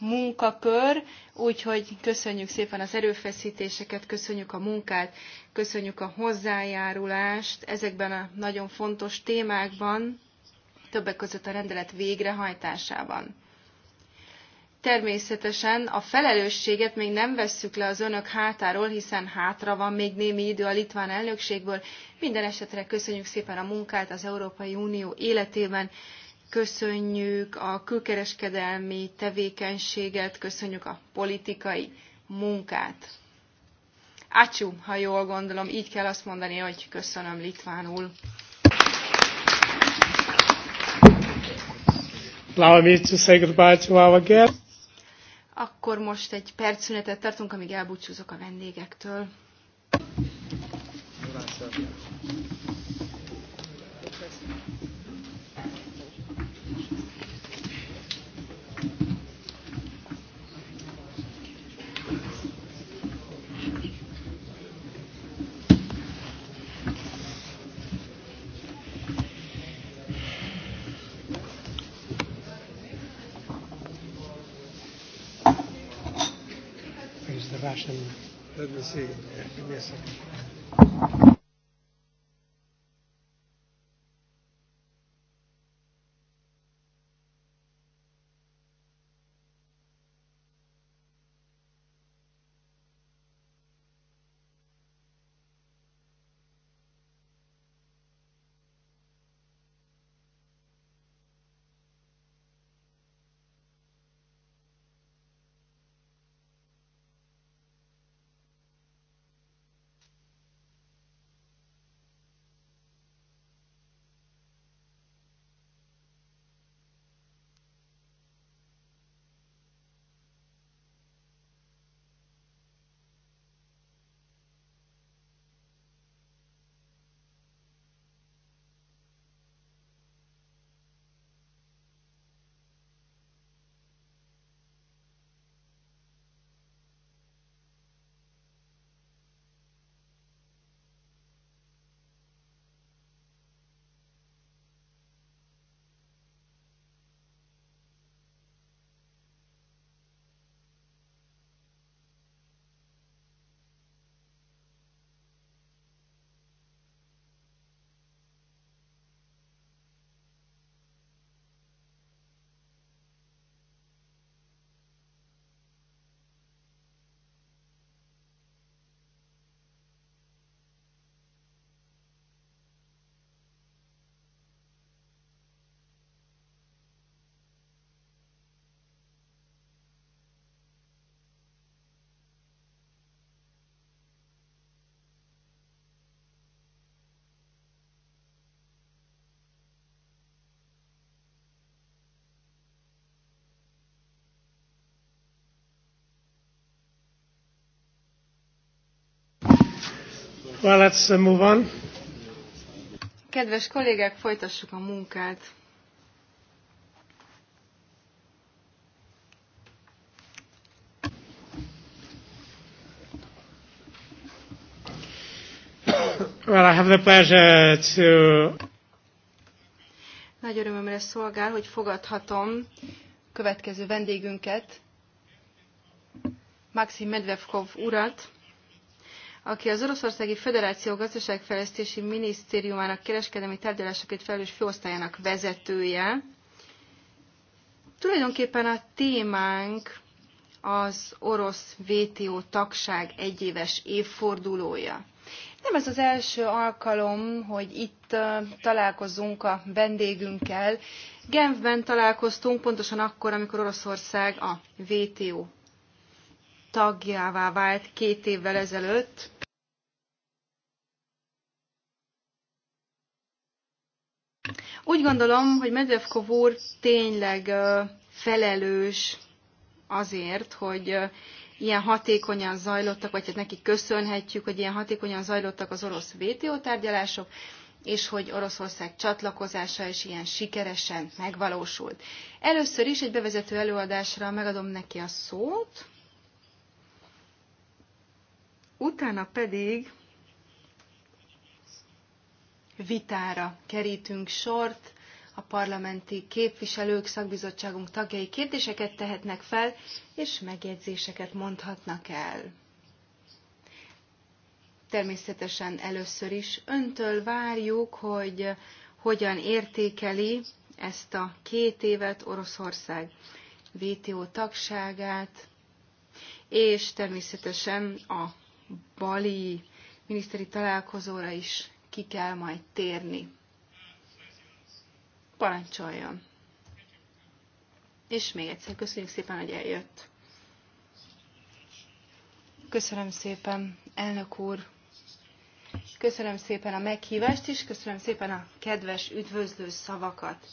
munkakör, úgyhogy köszönjük szépen az erőfeszítéseket, köszönjük a munkát, köszönjük a hozzájárulást ezekben a nagyon fontos témákban, többek között a rendelet végrehajtásában. Természetesen a felelősséget még nem vesszük le az önök hátáról, hiszen hátra van még némi idő a litván elnökségből. Minden esetre köszönjük szépen a munkát az Európai Unió életében, köszönjük a külkereskedelmi tevékenységet, köszönjük a politikai munkát. Ácsú, ha jól gondolom, így kell azt mondani, hogy köszönöm litvánul. Allow to say goodbye to our akkor most egy perc szünetet tartunk, amíg elbúcsúzok a vendégektől. Köszönöm. discussion. Let me Well, let's uh, move on. Kedves kollégák, folytassuk a munkát. Well, I have the pleasure to... Nagy örömömre szolgál, hogy fogadhatom következő vendégünket, Maxim Medvevkov urat, aki az Oroszországi Föderáció Gazdaságfejlesztési Minisztériumának kereskedelmi tárgyalásokért felelős főosztályának vezetője. Tulajdonképpen a témánk az orosz VTO tagság egyéves évfordulója. Nem ez az első alkalom, hogy itt találkozunk a vendégünkkel. Genfben találkoztunk pontosan akkor, amikor Oroszország a VTO tagjává vált két évvel ezelőtt. Úgy gondolom, hogy Medvedev úr tényleg felelős azért, hogy ilyen hatékonyan zajlottak, vagy hát neki köszönhetjük, hogy ilyen hatékonyan zajlottak az orosz VTO tárgyalások, és hogy Oroszország csatlakozása is ilyen sikeresen megvalósult. Először is egy bevezető előadásra megadom neki a szót. Utána pedig vitára kerítünk sort, a parlamenti képviselők, szakbizottságunk tagjai kérdéseket tehetnek fel, és megjegyzéseket mondhatnak el. Természetesen először is öntől várjuk, hogy hogyan értékeli ezt a két évet Oroszország VTO tagságát, és természetesen a bali miniszteri találkozóra is ki kell majd térni. Parancsoljon! És még egyszer köszönjük szépen, hogy eljött. Köszönöm szépen, elnök úr! Köszönöm szépen a meghívást is, köszönöm szépen a kedves üdvözlő szavakat.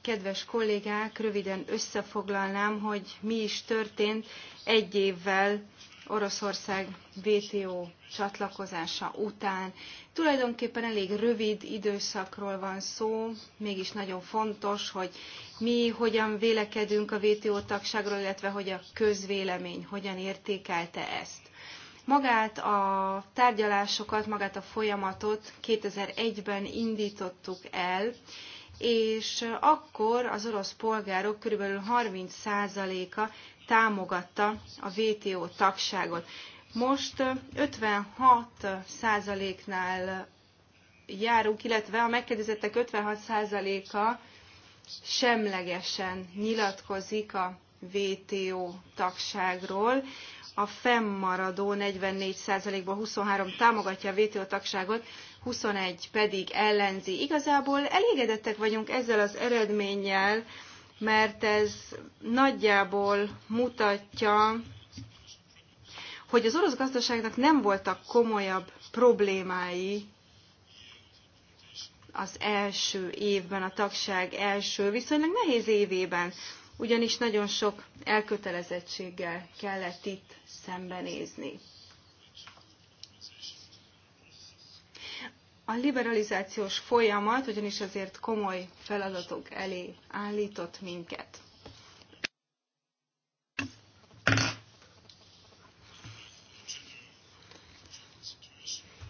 Kedves kollégák, röviden összefoglalnám, hogy mi is történt egy évvel Oroszország WTO csatlakozása után. Tulajdonképpen elég rövid időszakról van szó, mégis nagyon fontos, hogy mi hogyan vélekedünk a WTO tagságról, illetve hogy a közvélemény hogyan értékelte ezt. Magát a tárgyalásokat, magát a folyamatot 2001-ben indítottuk el, és akkor az orosz polgárok körülbelül 30%-a támogatta a WTO tagságot. Most 56 százaléknál járunk, illetve a megkérdezettek 56 százaléka semlegesen nyilatkozik a WTO tagságról. A fennmaradó 44%-ból 23 támogatja a WTO tagságot, 21 pedig ellenzi. Igazából elégedettek vagyunk ezzel az eredménnyel, mert ez nagyjából mutatja, hogy az orosz gazdaságnak nem voltak komolyabb problémái az első évben, a tagság első, viszonylag nehéz évében, ugyanis nagyon sok elkötelezettséggel kellett itt szembenézni. A liberalizációs folyamat ugyanis azért komoly feladatok elé állított minket.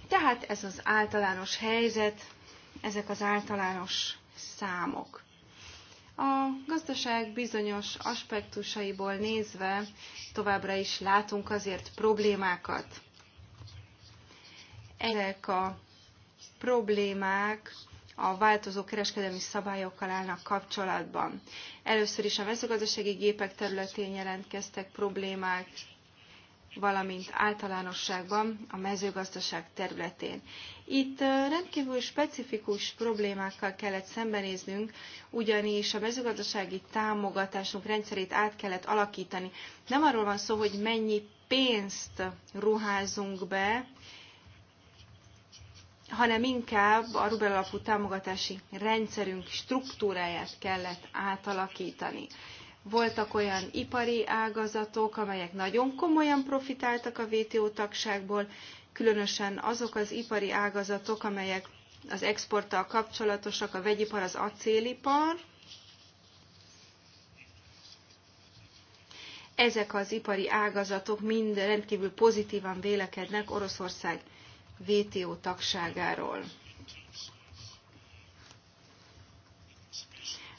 Tehát ez az általános helyzet, ezek az általános számok. A gazdaság bizonyos aspektusaiból nézve továbbra is látunk azért problémákat. Ezek a problémák a változó kereskedelmi szabályokkal állnak kapcsolatban. Először is a mezőgazdasági gépek területén jelentkeztek problémák, valamint általánosságban a mezőgazdaság területén. Itt rendkívül specifikus problémákkal kellett szembenéznünk, ugyanis a mezőgazdasági támogatásunk rendszerét át kellett alakítani. Nem arról van szó, hogy mennyi pénzt ruházunk be hanem inkább a Rubel alapú támogatási rendszerünk struktúráját kellett átalakítani. Voltak olyan ipari ágazatok, amelyek nagyon komolyan profitáltak a WTO tagságból, különösen azok az ipari ágazatok, amelyek az exporttal kapcsolatosak, a vegyipar, az acélipar. Ezek az ipari ágazatok mind rendkívül pozitívan vélekednek Oroszország VTO tagságáról.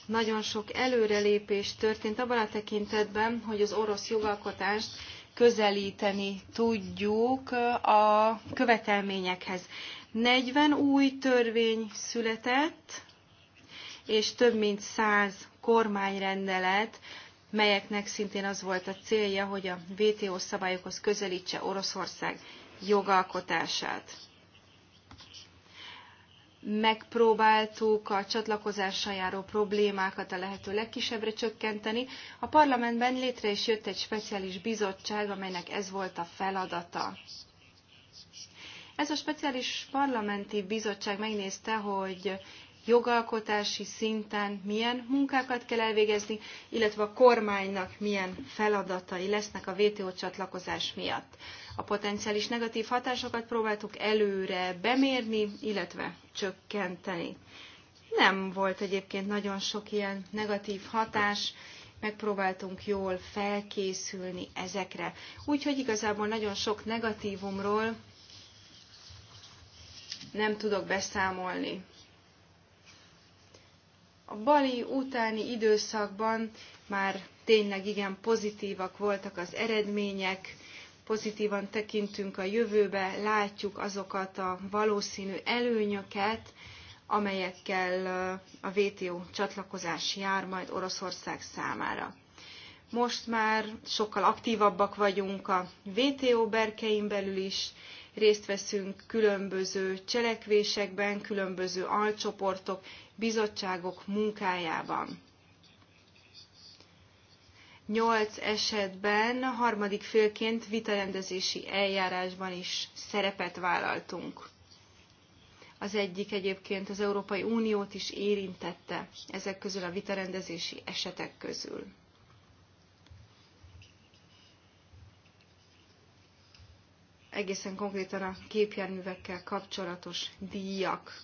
Nagyon sok előrelépés történt abban a tekintetben, hogy az orosz jogalkotást közelíteni tudjuk a követelményekhez. 40 új törvény született, és több mint 100 kormányrendelet, melyeknek szintén az volt a célja, hogy a WTO szabályokhoz közelítse Oroszország jogalkotását. Megpróbáltuk a csatlakozással járó problémákat a lehető legkisebbre csökkenteni. A parlamentben létre is jött egy speciális bizottság, amelynek ez volt a feladata. Ez a speciális parlamenti bizottság megnézte, hogy jogalkotási szinten milyen munkákat kell elvégezni, illetve a kormánynak milyen feladatai lesznek a WTO csatlakozás miatt. A potenciális negatív hatásokat próbáltuk előre bemérni, illetve csökkenteni. Nem volt egyébként nagyon sok ilyen negatív hatás, megpróbáltunk jól felkészülni ezekre. Úgyhogy igazából nagyon sok negatívumról nem tudok beszámolni a bali utáni időszakban már tényleg igen pozitívak voltak az eredmények, pozitívan tekintünk a jövőbe, látjuk azokat a valószínű előnyöket, amelyekkel a WTO csatlakozás jár majd Oroszország számára. Most már sokkal aktívabbak vagyunk a WTO berkein belül is, részt veszünk különböző cselekvésekben, különböző alcsoportok bizottságok munkájában. Nyolc esetben harmadik félként vitarendezési eljárásban is szerepet vállaltunk. Az egyik egyébként az Európai Uniót is érintette ezek közül a vitarendezési esetek közül. Egészen konkrétan a képjárművekkel kapcsolatos díjak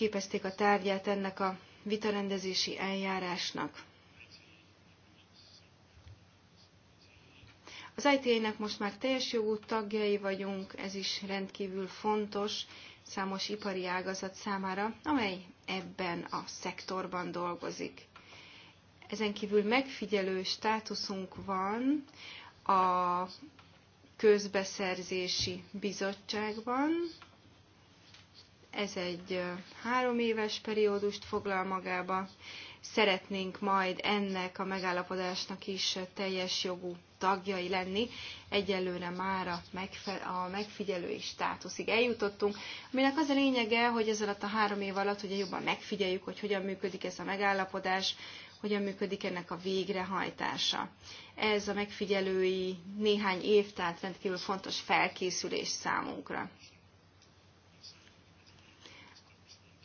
képezték a tárgyát ennek a vitarendezési eljárásnak. Az ITA-nek most már teljes jogú tagjai vagyunk, ez is rendkívül fontos számos ipari ágazat számára, amely ebben a szektorban dolgozik. Ezen kívül megfigyelő státuszunk van a közbeszerzési bizottságban, ez egy három éves periódust foglal magába. Szeretnénk majd ennek a megállapodásnak is teljes jogú tagjai lenni. Egyelőre már a, megfe- a megfigyelői státuszig eljutottunk, aminek az a lényege, hogy ez alatt a három év alatt ugye jobban megfigyeljük, hogy hogyan működik ez a megállapodás, hogyan működik ennek a végrehajtása. Ez a megfigyelői néhány év, tehát rendkívül fontos felkészülés számunkra.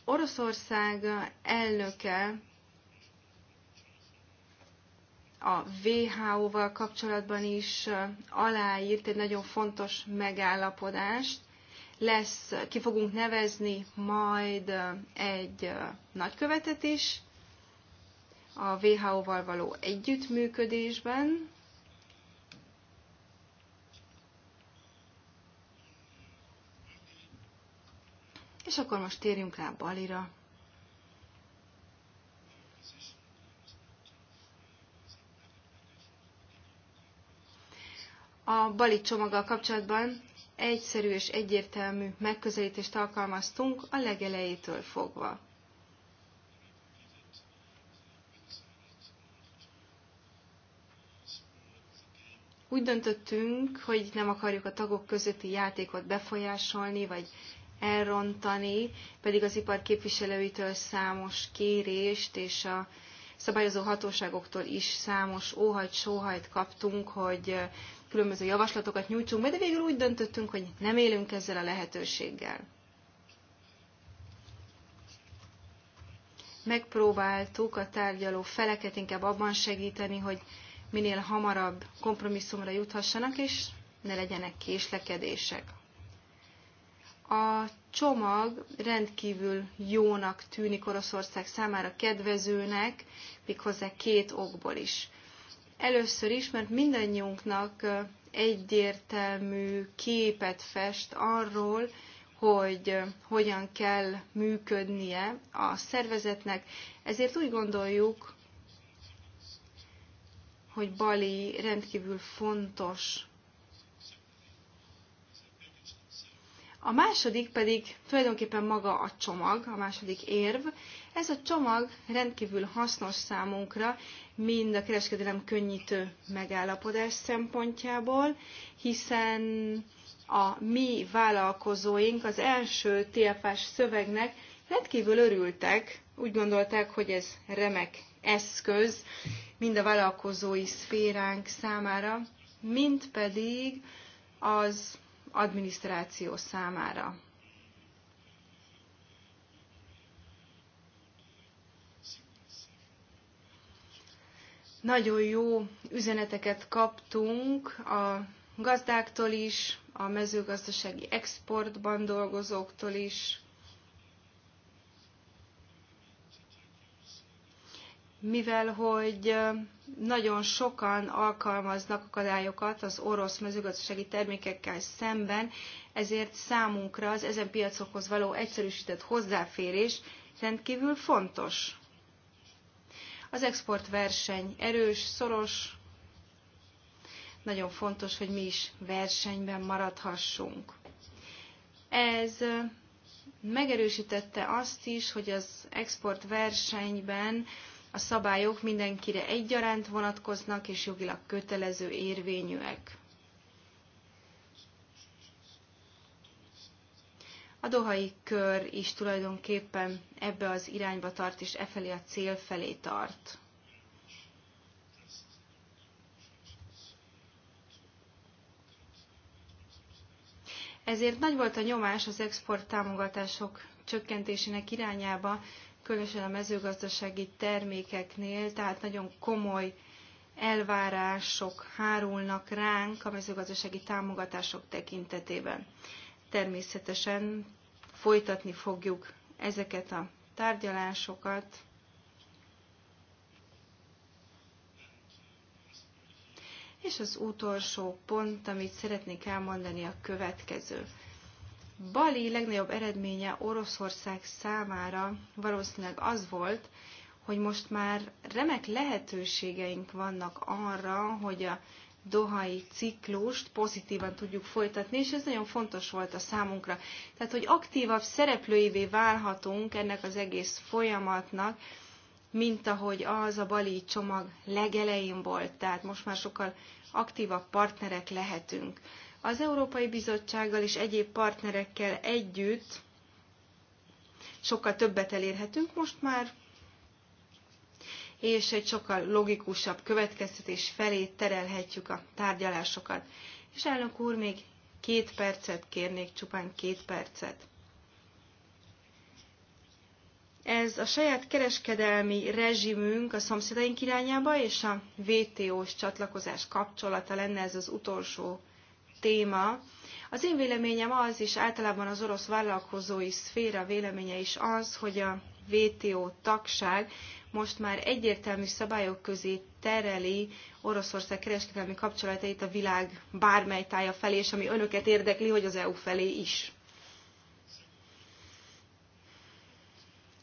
Oroszország elnöke a WHO-val kapcsolatban is aláírt egy nagyon fontos megállapodást. Lesz, ki fogunk nevezni majd egy nagykövetet is a WHO-val való együttműködésben. És akkor most térjünk rá Balira. A Bali csomaggal kapcsolatban egyszerű és egyértelmű megközelítést alkalmaztunk a legelejétől fogva. Úgy döntöttünk, hogy nem akarjuk a tagok közötti játékot befolyásolni, vagy elrontani, pedig az ipar képviselőitől számos kérést és a szabályozó hatóságoktól is számos óhajt, sóhajt kaptunk, hogy különböző javaslatokat nyújtsunk be, de végül úgy döntöttünk, hogy nem élünk ezzel a lehetőséggel. Megpróbáltuk a tárgyaló feleket inkább abban segíteni, hogy minél hamarabb kompromisszumra juthassanak, és ne legyenek késlekedések. A csomag rendkívül jónak tűnik Oroszország számára kedvezőnek, méghozzá két okból is. Először is, mert mindannyiunknak egyértelmű képet fest arról, hogy hogyan kell működnie a szervezetnek. Ezért úgy gondoljuk, hogy Bali rendkívül fontos A második pedig tulajdonképpen maga a csomag, a második érv. Ez a csomag rendkívül hasznos számunkra, mind a kereskedelem könnyítő megállapodás szempontjából, hiszen a mi vállalkozóink az első TFS szövegnek rendkívül örültek, úgy gondolták, hogy ez remek eszköz mind a vállalkozói szféránk számára, mint pedig az adminisztráció számára. Nagyon jó üzeneteket kaptunk a gazdáktól is, a mezőgazdasági exportban dolgozóktól is, mivel hogy nagyon sokan alkalmaznak akadályokat az orosz mezőgazdasági termékekkel szemben, ezért számunkra az ezen piacokhoz való egyszerűsített hozzáférés rendkívül fontos. Az exportverseny erős, szoros, nagyon fontos, hogy mi is versenyben maradhassunk. Ez megerősítette azt is, hogy az exportversenyben a szabályok mindenkire egyaránt vonatkoznak, és jogilag kötelező érvényűek. A dohai kör is tulajdonképpen ebbe az irányba tart, és e felé a cél felé tart. Ezért nagy volt a nyomás az export támogatások csökkentésének irányába, különösen a mezőgazdasági termékeknél, tehát nagyon komoly elvárások hárulnak ránk a mezőgazdasági támogatások tekintetében. Természetesen folytatni fogjuk ezeket a tárgyalásokat. És az utolsó pont, amit szeretnék elmondani, a következő. Bali legnagyobb eredménye Oroszország számára valószínűleg az volt, hogy most már remek lehetőségeink vannak arra, hogy a dohai ciklust pozitívan tudjuk folytatni, és ez nagyon fontos volt a számunkra. Tehát, hogy aktívabb szereplőivé válhatunk ennek az egész folyamatnak, mint ahogy az a bali csomag legelején volt. Tehát most már sokkal aktívabb partnerek lehetünk. Az Európai Bizottsággal és egyéb partnerekkel együtt sokkal többet elérhetünk most már, és egy sokkal logikusabb következtetés felé terelhetjük a tárgyalásokat. És elnök úr, még két percet kérnék, csupán két percet. Ez a saját kereskedelmi rezsimünk a szomszédaink irányába és a WTO-s csatlakozás kapcsolata lenne ez az utolsó téma. Az én véleményem az, és általában az orosz vállalkozói szféra véleménye is az, hogy a WTO tagság most már egyértelmű szabályok közé tereli Oroszország kereskedelmi kapcsolatait a világ bármely tája felé, és ami önöket érdekli, hogy az EU felé is.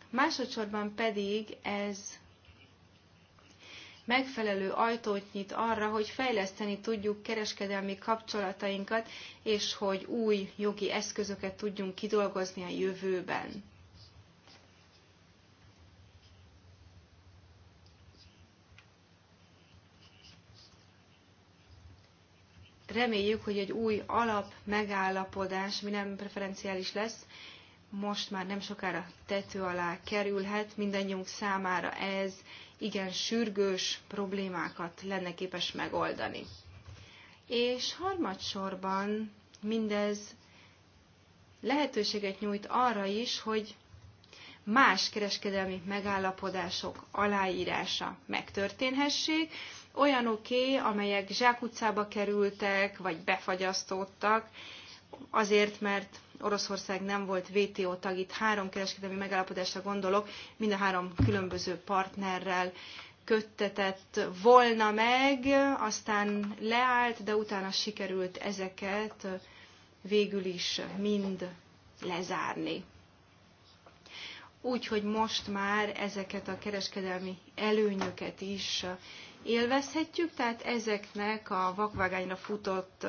Másodszorban pedig ez megfelelő ajtót nyit arra, hogy fejleszteni tudjuk kereskedelmi kapcsolatainkat, és hogy új jogi eszközöket tudjunk kidolgozni a jövőben. reméljük, hogy egy új alap megállapodás, mi nem preferenciális lesz, most már nem sokára tető alá kerülhet, mindannyiunk számára ez igen sürgős problémákat lenne képes megoldani. És harmadsorban mindez lehetőséget nyújt arra is, hogy más kereskedelmi megállapodások aláírása megtörténhessék, olyanoké, amelyek zsákutcába kerültek, vagy befagyasztottak, azért, mert Oroszország nem volt WTO tag, itt három kereskedelmi megállapodásra gondolok, mind a három különböző partnerrel köttetett volna meg, aztán leállt, de utána sikerült ezeket végül is mind lezárni. Úgyhogy most már ezeket a kereskedelmi előnyöket is élvezhetjük, tehát ezeknek a vakvágányra futott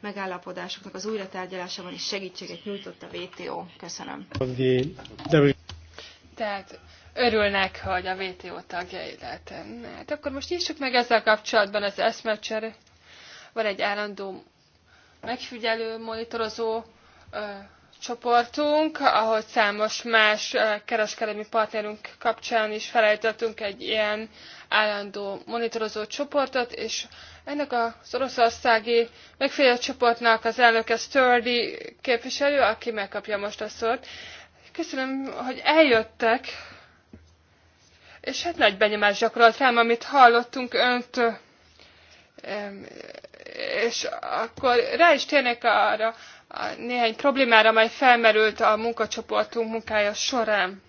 megállapodásoknak az újratárgyalásában is segítséget nyújtott a VTO. Köszönöm. Tehát örülnek, hogy a VTO tagjai lehetem. Hát akkor most nyissuk meg ezzel kapcsolatban az eszmecser. Van egy állandó megfigyelő, monitorozó csoportunk, ahogy számos más kereskedelmi partnerünk kapcsán is felállítottunk egy ilyen állandó monitorozó csoportot, és ennek az oroszországi megfelelő csoportnak az elnöke Sturdy képviselő, aki megkapja most a szót. Köszönöm, hogy eljöttek, és hát nagy benyomás gyakorolt rám, amit hallottunk önt, és akkor rá is térnek arra, néhány problémára, amely felmerült a munkacsoportunk munkája során.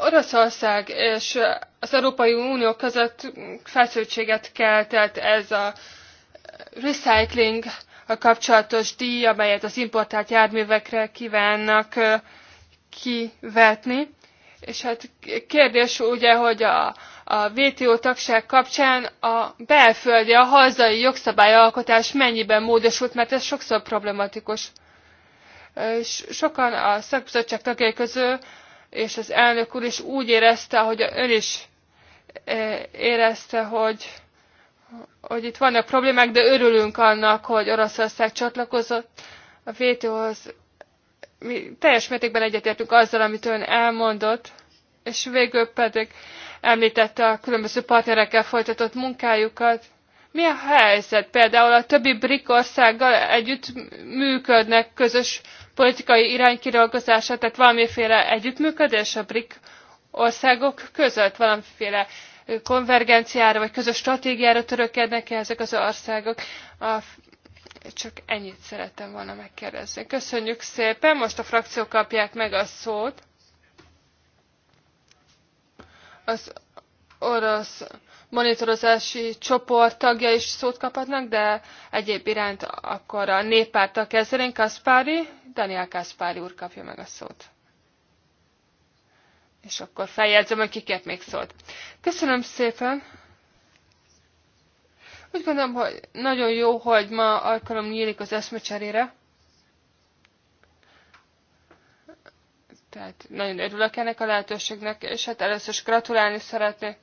Oroszország és az Európai Unió között feszültséget keltett ez a recycling a kapcsolatos díj, amelyet az importált járművekre kívánnak kivetni. És hát kérdés ugye, hogy a, a WTO tagság kapcsán a belföldi, a hazai jogszabályalkotás mennyiben módosult, mert ez sokszor problematikus. Sokan a szakbizottság tagjai közül, és az elnök úr is úgy érezte, hogy ön is érezte, hogy, hogy itt vannak problémák, de örülünk annak, hogy Oroszország csatlakozott a WTO-hoz. Mi teljes mértékben egyetértünk azzal, amit ön elmondott, és végül pedig említette a különböző partnerekkel folytatott munkájukat. Mi a helyzet? Például a többi BRIC országgal együtt működnek közös politikai iránykirolgozása, tehát valamiféle együttműködés a BRIC országok között, valamiféle konvergenciára vagy közös stratégiára törökednek -e ezek az országok. A csak ennyit szerettem volna megkérdezni. Köszönjük szépen, most a frakciók kapják meg a szót az orosz monitorozási csoport tagja is szót kaphatnak, de egyéb iránt akkor a a kezdenénk. Kaspári, Daniel Kaspári úr kapja meg a szót. És akkor feljegyzem, hogy kiket még szólt. Köszönöm szépen! Úgy gondolom, hogy nagyon jó, hogy ma alkalom nyílik az eszmecserére. Tehát nagyon örülök ennek a lehetőségnek, és hát először is gratulálni szeretnék.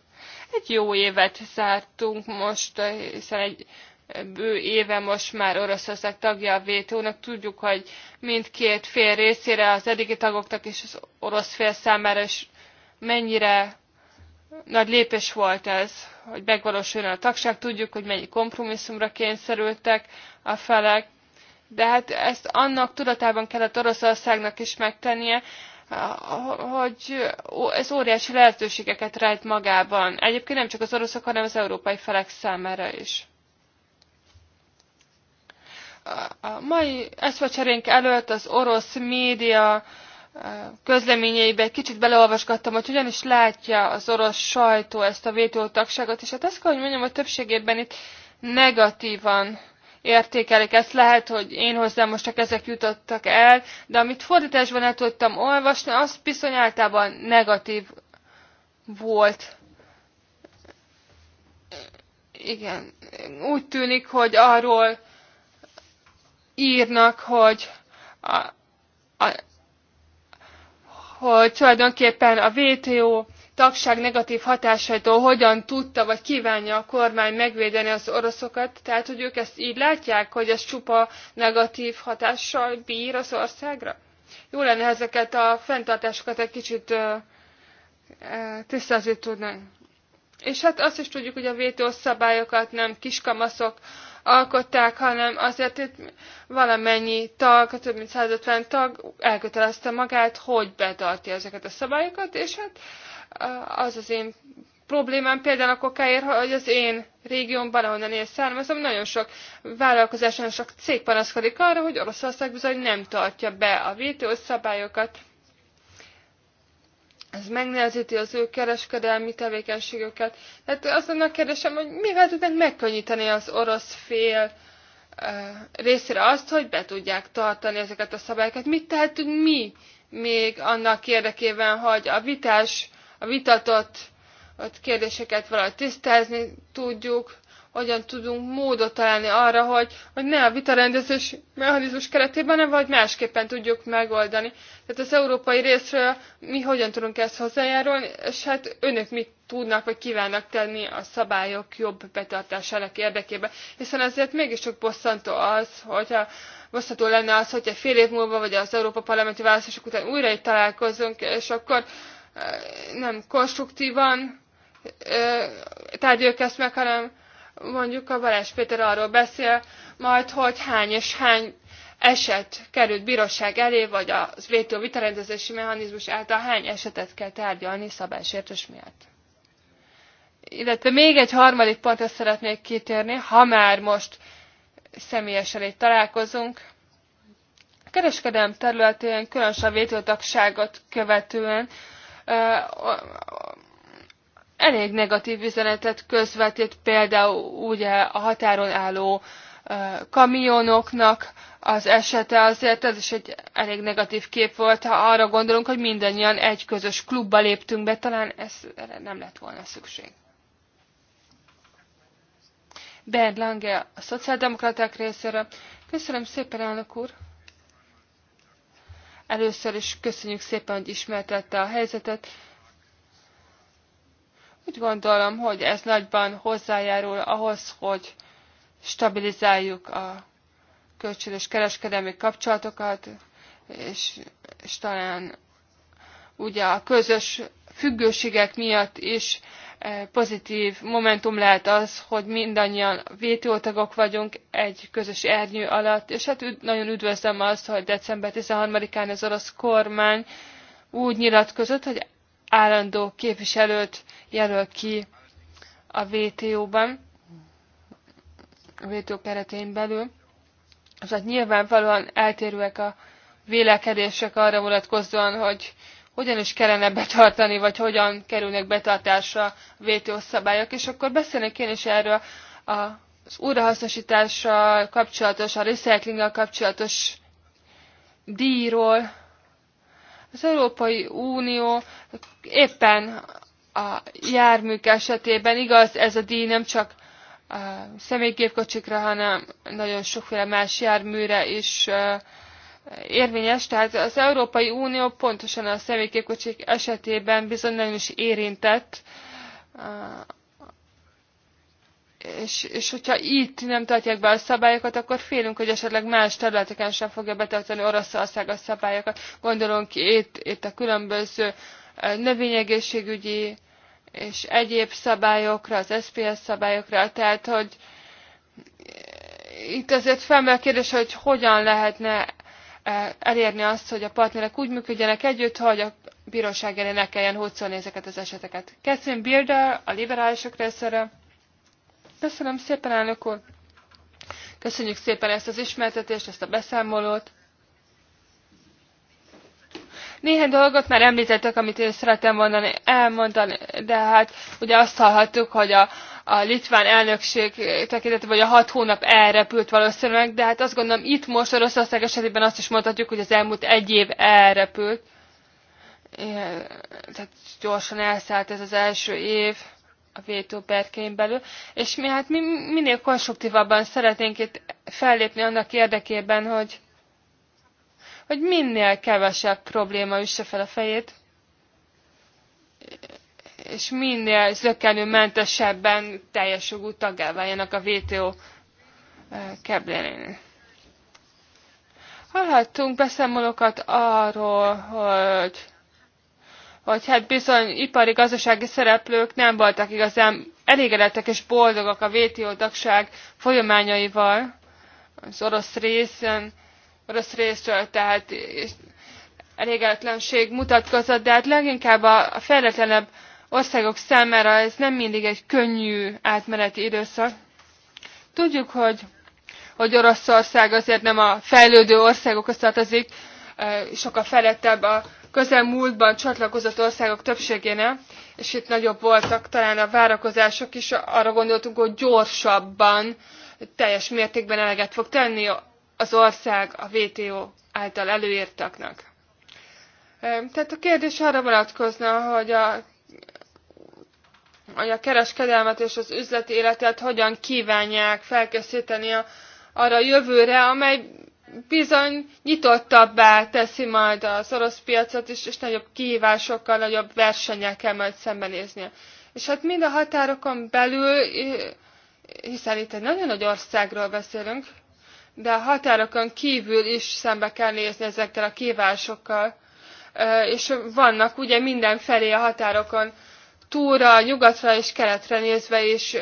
Egy jó évet zártunk most, hiszen egy bő éve most már Oroszország tagja a vto nak Tudjuk, hogy mindkét fél részére, az eddigi tagoknak és az orosz fél számára is mennyire nagy lépés volt ez, hogy megvalósuljon a tagság. Tudjuk, hogy mennyi kompromisszumra kényszerültek a felek, de hát ezt annak tudatában kellett Oroszországnak is megtennie, hogy ez óriási lehetőségeket rejt magában. Egyébként nem csak az oroszok, hanem az európai felek számára is. A mai eszmecserénk előtt az orosz média eh, közleményeibe kicsit beleolvasgattam, hogy hogyan is látja az orosz sajtó ezt a WTO és hát azt kell, hogy mondjam, hogy többségében itt negatívan értékelik. Ezt lehet, hogy én hozzám most csak ezek jutottak el, de amit fordításban el tudtam olvasni, az bizony általában negatív volt. Igen, úgy tűnik, hogy arról írnak, hogy a, a, hogy tulajdonképpen a WTO tagság negatív hatásaitól hogyan tudta vagy kívánja a kormány megvédeni az oroszokat, tehát hogy ők ezt így látják, hogy ez csupa negatív hatással bír az országra? Jó lenne ezeket a fenntartásokat egy kicsit tisztázni tudnánk. És hát azt is tudjuk, hogy a WTO szabályokat nem kiskamaszok alkották, hanem azért itt valamennyi tag, több mint 150 tag elkötelezte magát, hogy betartja ezeket a szabályokat, és hát az az én problémám például a kokáért, hogy az én régiómban, ahonnan én származom, nagyon sok vállalkozás, nagyon sok cég panaszkodik arra, hogy Oroszország bizony nem tartja be a vétőszabályokat. szabályokat, ez megnehezíti az ő kereskedelmi tevékenységüket. Tehát az lenne a kérdésem, hogy mivel tudnak megkönnyíteni az orosz fél eh, részére azt, hogy be tudják tartani ezeket a szabályokat. Mit tehetünk mi még annak érdekében, hogy a vitás, a vitatott ott kérdéseket valahogy tisztázni tudjuk, hogyan tudunk módot találni arra, hogy, hogy ne a vitarendezés mechanizmus keretében, hanem vagy másképpen tudjuk megoldani. Tehát az európai részről mi hogyan tudunk ezt hozzájárulni, és hát önök mit tudnak vagy kívánnak tenni a szabályok jobb betartásának érdekében. Hiszen azért mégiscsak bosszantó az, hogyha bosszantó lenne az, hogyha fél év múlva, vagy az Európa Parlamenti választások után újra itt találkozunk, és akkor eh, nem konstruktívan eh, tárgyaljuk ezt meg, hanem mondjuk a Balázs Péter arról beszél majd, hogy hány és hány eset került bíróság elé, vagy a vétó vitarendezési mechanizmus által hány esetet kell tárgyalni szabálysértés miatt. Illetve még egy harmadik pontra szeretnék kitérni, ha már most személyesen itt találkozunk. A kereskedelem területén, különösen a vétótagságot követően elég negatív üzenetet közvetít például ugye a határon álló kamionoknak az esete, azért ez is egy elég negatív kép volt, ha arra gondolunk, hogy mindannyian egy közös klubba léptünk be, talán ez nem lett volna szükség. Bernd Lange, a szociáldemokraták részéről. Köszönöm szépen, elnök úr! Először is köszönjük szépen, hogy ismertette a helyzetet, úgy gondolom, hogy ez nagyban hozzájárul ahhoz, hogy stabilizáljuk a kölcsönös kereskedelmi kapcsolatokat, és, és talán ugye a közös függőségek miatt is eh, pozitív momentum lehet az, hogy mindannyian vto tagok vagyunk egy közös ernyő alatt, és hát nagyon üdvözlöm azt, hogy december 13-án az orosz kormány úgy nyilatkozott, hogy állandó képviselőt jelöl ki a WTO-ban, a WTO keretén belül. Tehát nyilvánvalóan eltérőek a vélekedések arra vonatkozóan, hogy hogyan is kellene betartani, vagy hogyan kerülnek betartásra a WTO szabályok, és akkor beszélnék én is erről az újrahasznosítással kapcsolatos, a recyclinggel kapcsolatos díjról, az Európai Unió éppen a járműk esetében, igaz, ez a díj nem csak a személygépkocsikra, hanem nagyon sokféle más járműre is érvényes, tehát az Európai Unió pontosan a személygépkocsik esetében bizony nagyon is érintett és, és hogyha itt nem tartják be a szabályokat, akkor félünk, hogy esetleg más területeken sem fogja betartani Oroszország a szabályokat. Gondolunk itt, itt a különböző eh, növényegészségügyi és egyéb szabályokra, az SPS szabályokra, tehát hogy eh, itt azért felmerül a kérdés, hogy hogyan lehetne eh, elérni azt, hogy a partnerek úgy működjenek együtt, hogy a bíróság elé ne kelljen ezeket az eseteket. Catherine Bilder, a liberálisok részéről. Köszönöm szépen, elnök úr! Köszönjük szépen ezt az ismertetést, ezt a beszámolót. Néhány dolgot már említettek, amit én szeretem mondani, elmondani, de hát ugye azt hallhattuk, hogy a, a litván elnökség tekintetében, hogy a hat hónap elrepült valószínűleg, de hát azt gondolom itt most Oroszország esetében azt is mondhatjuk, hogy az elmúlt egy év elrepült. Ilyen, tehát gyorsan elszállt ez az első év a vétóperkein belül, és mi hát mi minél konstruktívabban szeretnénk itt fellépni annak érdekében, hogy, hogy minél kevesebb probléma üsse fel a fejét, és minél zökkenőmentesebben teljes jogú taggá váljanak a VTO eh, keblénén. Hallhattunk beszámolókat arról, hogy hogy hát bizony ipari gazdasági szereplők nem voltak igazán elégedettek és boldogok a WTO tagság folyamányaival az orosz részen, orosz részről, tehát elégedetlenség mutatkozott, de hát leginkább a, a fejletlenebb országok számára ez nem mindig egy könnyű átmeneti időszak. Tudjuk, hogy, hogy Oroszország azért nem a fejlődő országokhoz tartozik, sokkal felettebb a közelmúltban csatlakozott országok többségének, és itt nagyobb voltak talán a várakozások is, arra gondoltunk, hogy gyorsabban, teljes mértékben eleget fog tenni az ország a WTO által előírtaknak. Tehát a kérdés arra vonatkozna, hogy a, hogy a kereskedelmet és az üzleti életet hogyan kívánják felkészíteni a, arra a jövőre, amely bizony nyitottabbá teszi majd az orosz piacot, és, és nagyobb kihívásokkal, nagyobb versenyekkel kell majd szembenéznie. És hát mind a határokon belül, hiszen itt egy nagyon nagy országról beszélünk, de a határokon kívül is szembe kell nézni ezekkel a kívásokkal. És vannak ugye mindenfelé a határokon, túlra, nyugatra és keletre nézve is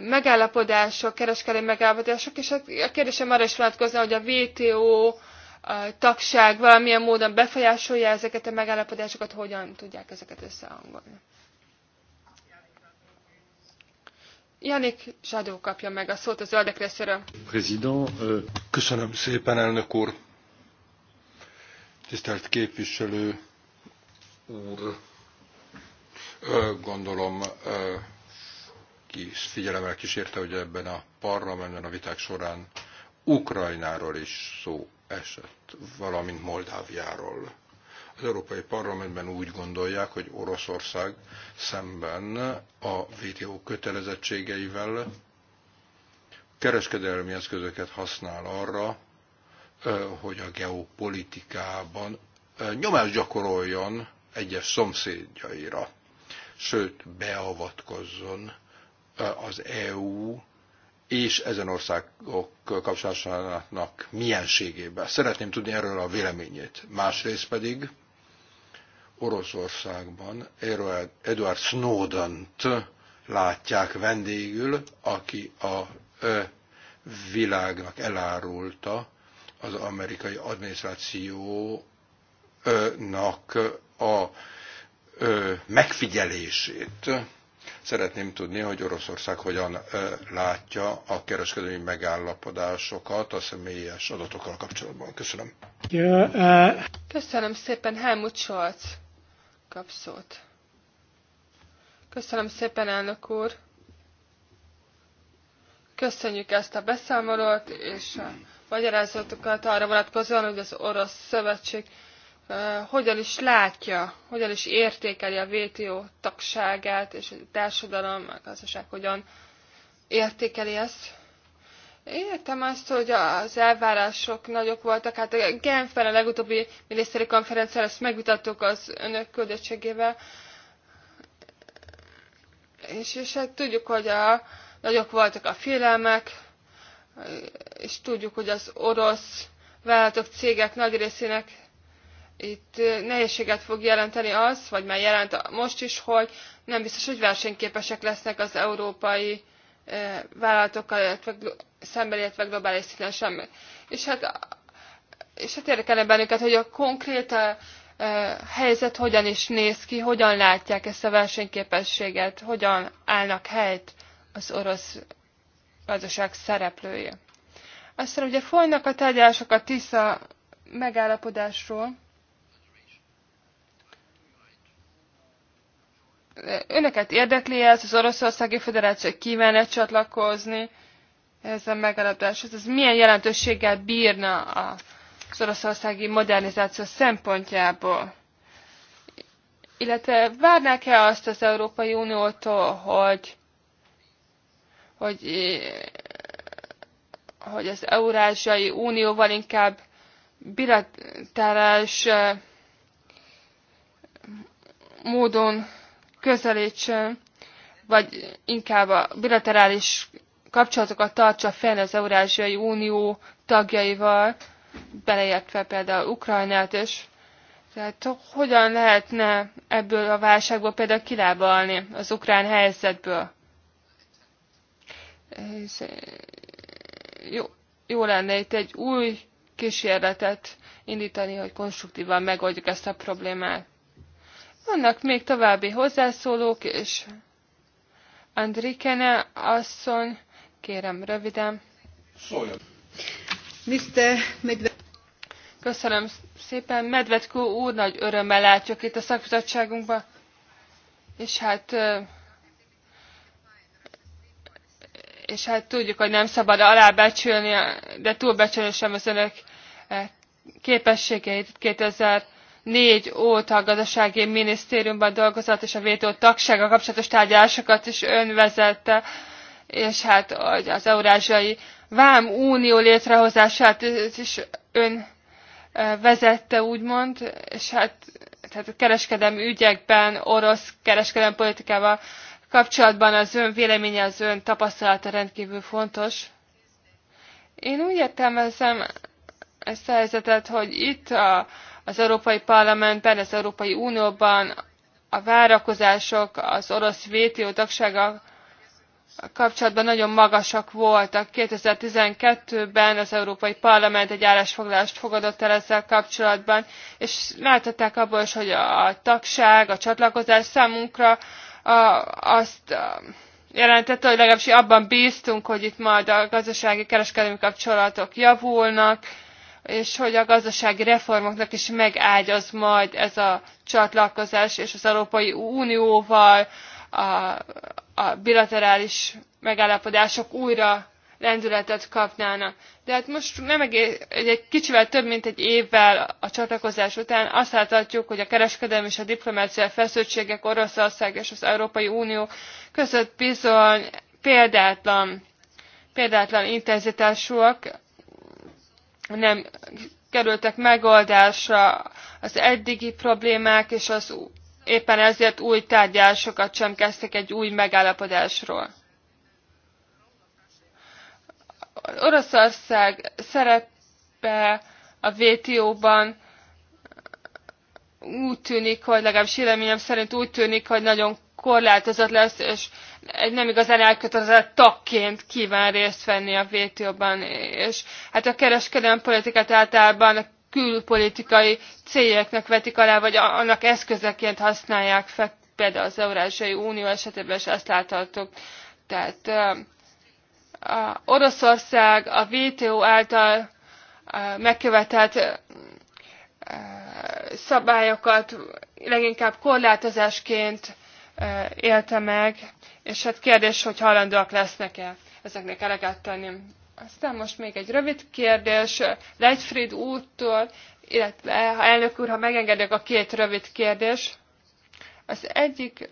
megállapodások, kereskedelmi megállapodások, és hát a kérdésem arra is vonatkozna, hogy a WTO tagság valamilyen módon befolyásolja ezeket a megállapodásokat, hogyan tudják ezeket összehangolni. Janik Zsadó kapja meg a szót az zöldek részéről. Köszönöm szépen, elnök úr. Tisztelt képviselő úr, gondolom ki figyelemmel kísérte, hogy ebben a parlamentben a viták során Ukrajnáról is szó esett, valamint Moldáviáról. Az Európai Parlamentben úgy gondolják, hogy Oroszország szemben a WTO kötelezettségeivel kereskedelmi eszközöket használ arra, hogy a geopolitikában nyomást gyakoroljon egyes szomszédjaira, sőt beavatkozzon az EU és ezen országok kapcsolatának mienségében. Szeretném tudni erről a véleményét. Másrészt pedig Oroszországban Edward Snowden-t látják vendégül, aki a világnak elárulta az amerikai adminisztrációnak a megfigyelését Szeretném tudni, hogy Oroszország hogyan látja a kereskedelmi megállapodásokat a személyes adatokkal kapcsolatban. Köszönöm. Köszönöm szépen, Helmut Scholz kapszót. Köszönöm szépen, elnök úr. Köszönjük ezt a beszámolót és a magyarázatokat arra vonatkozóan, hogy az Orosz Szövetség hogyan is látja, hogyan is értékeli a WTO tagságát, és a társadalom, a gazdaság hogyan értékeli ezt. Értem azt, hogy az elvárások nagyok voltak. Hát a Genfben a legutóbbi miniszteri konferencián ezt megvitattuk az önök küldöttségével. És, és hát tudjuk, hogy a, nagyok voltak a félelmek, és tudjuk, hogy az orosz vállalatok, cégek nagy részének itt nehézséget fog jelenteni az, vagy már jelent most is, hogy nem biztos, hogy versenyképesek lesznek az európai vállalatokkal, illetve szemben, illetve globális szinten sem. És hát, és hát érdekelne bennünket, hogy a konkrét a, a helyzet hogyan is néz ki, hogyan látják ezt a versenyképességet, hogyan állnak helyt az orosz gazdaság szereplője. Aztán ugye folynak a tárgyalások a TISZA megállapodásról, önöket érdekli ez, az Oroszországi Föderáció kívánna csatlakozni ez a megállapodáshoz? Ez milyen jelentőséggel bírna az oroszországi modernizáció szempontjából? Illetve várnák-e azt az Európai Uniótól, hogy, hogy, hogy az Eurázsiai Unióval inkább bilaterális eh, módon közelítse, vagy inkább a bilaterális kapcsolatokat tartsa fenn az Eurázsiai Unió tagjaival, beleértve például Ukrajnát is. Tehát hogyan lehetne ebből a válságból például kilábalni az ukrán helyzetből? Ez jó, jó lenne itt egy új kísérletet indítani, hogy konstruktívan megoldjuk ezt a problémát. Vannak még további hozzászólók, és Andrikene asszony, kérem röviden. Szóljon. Köszönöm szépen. Medvedkó úr, nagy örömmel látjuk itt a szakbizottságunkba. És hát és hát tudjuk, hogy nem szabad alábecsülni, de túlbecsülni sem az önök képességeit 2000 négy óta a gazdasági minisztériumban dolgozott, és a WTO tagsága kapcsolatos tárgyalásokat is önvezette, és hát az Eurázsiai Vám Unió létrehozását is ön vezette, úgymond, és hát tehát a kereskedelmi ügyekben, orosz kereskedelmi politikával kapcsolatban az ön véleménye, az ön tapasztalata rendkívül fontos. Én úgy értelmezem ezt a helyzetet, hogy itt a, az Európai Parlamentben, az Európai Unióban a várakozások az orosz VTO tagsága kapcsolatban nagyon magasak voltak. 2012-ben az Európai Parlament egy állásfoglalást fogadott el ezzel kapcsolatban, és láthatták abból is, hogy a tagság, a csatlakozás számunkra a, azt jelentette, hogy legalábbis abban bíztunk, hogy itt majd a gazdasági kereskedelmi kapcsolatok javulnak, és hogy a gazdasági reformoknak is megágyaz majd ez a csatlakozás, és az Európai Unióval a, a bilaterális megállapodások újra lendületet kapnának. De hát most nem egész, egy, kicsivel több, mint egy évvel a csatlakozás után azt láthatjuk, hogy a kereskedelmi és a diplomáciai feszültségek Oroszország és az Európai Unió között bizony példátlan, példátlan intenzitásúak, nem kerültek megoldásra az eddigi problémák, és az éppen ezért új tárgyásokat sem kezdtek egy új megállapodásról. Oroszország szerepe a WTO-ban úgy tűnik, hogy legalábbis éleményem szerint úgy tűnik, hogy nagyon korlátozott lesz, és egy nem igazán elkötelezett tagként kíván részt venni a vto ban És hát a kereskedelmi politikát általában a külpolitikai céljeknek vetik alá, vagy annak eszközeként használják fel, például az Eurázsiai Unió esetében is ezt láthattuk. Tehát a Oroszország a VTO által megkövetett szabályokat leginkább korlátozásként élte meg, és hát kérdés, hogy hajlandóak lesznek-e ezeknek eleget tenni. Aztán most még egy rövid kérdés Legyfried úttól, illetve ha elnök úr, ha megengedek a két rövid kérdés. Az egyik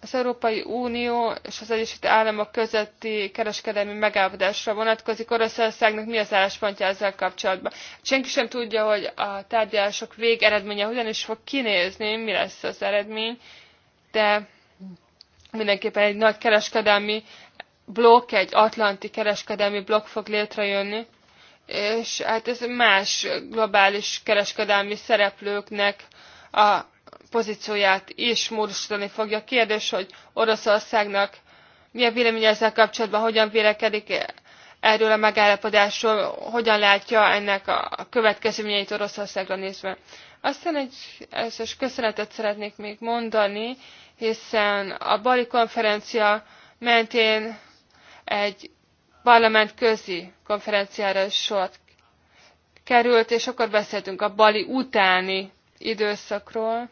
az Európai Unió és az Egyesült Államok közötti kereskedelmi megállapodásra vonatkozik. Oroszországnak mi az álláspontja ezzel kapcsolatban? Senki sem tudja, hogy a tárgyalások végeredménye hogyan is fog kinézni, mi lesz az eredmény, de mindenképpen egy nagy kereskedelmi blokk, egy atlanti kereskedelmi blokk fog létrejönni, és hát ez más globális kereskedelmi szereplőknek a pozícióját is módosítani fogja. Kérdés, hogy Oroszországnak milyen vélemény ezzel kapcsolatban, hogyan vélekedik erről a megállapodásról, hogyan látja ennek a következményeit Oroszországra nézve. Aztán egy először köszönetet szeretnék még mondani, hiszen a Bali konferencia mentén egy parlament közi konferenciára sor került, és akkor beszéltünk a Bali utáni időszakról.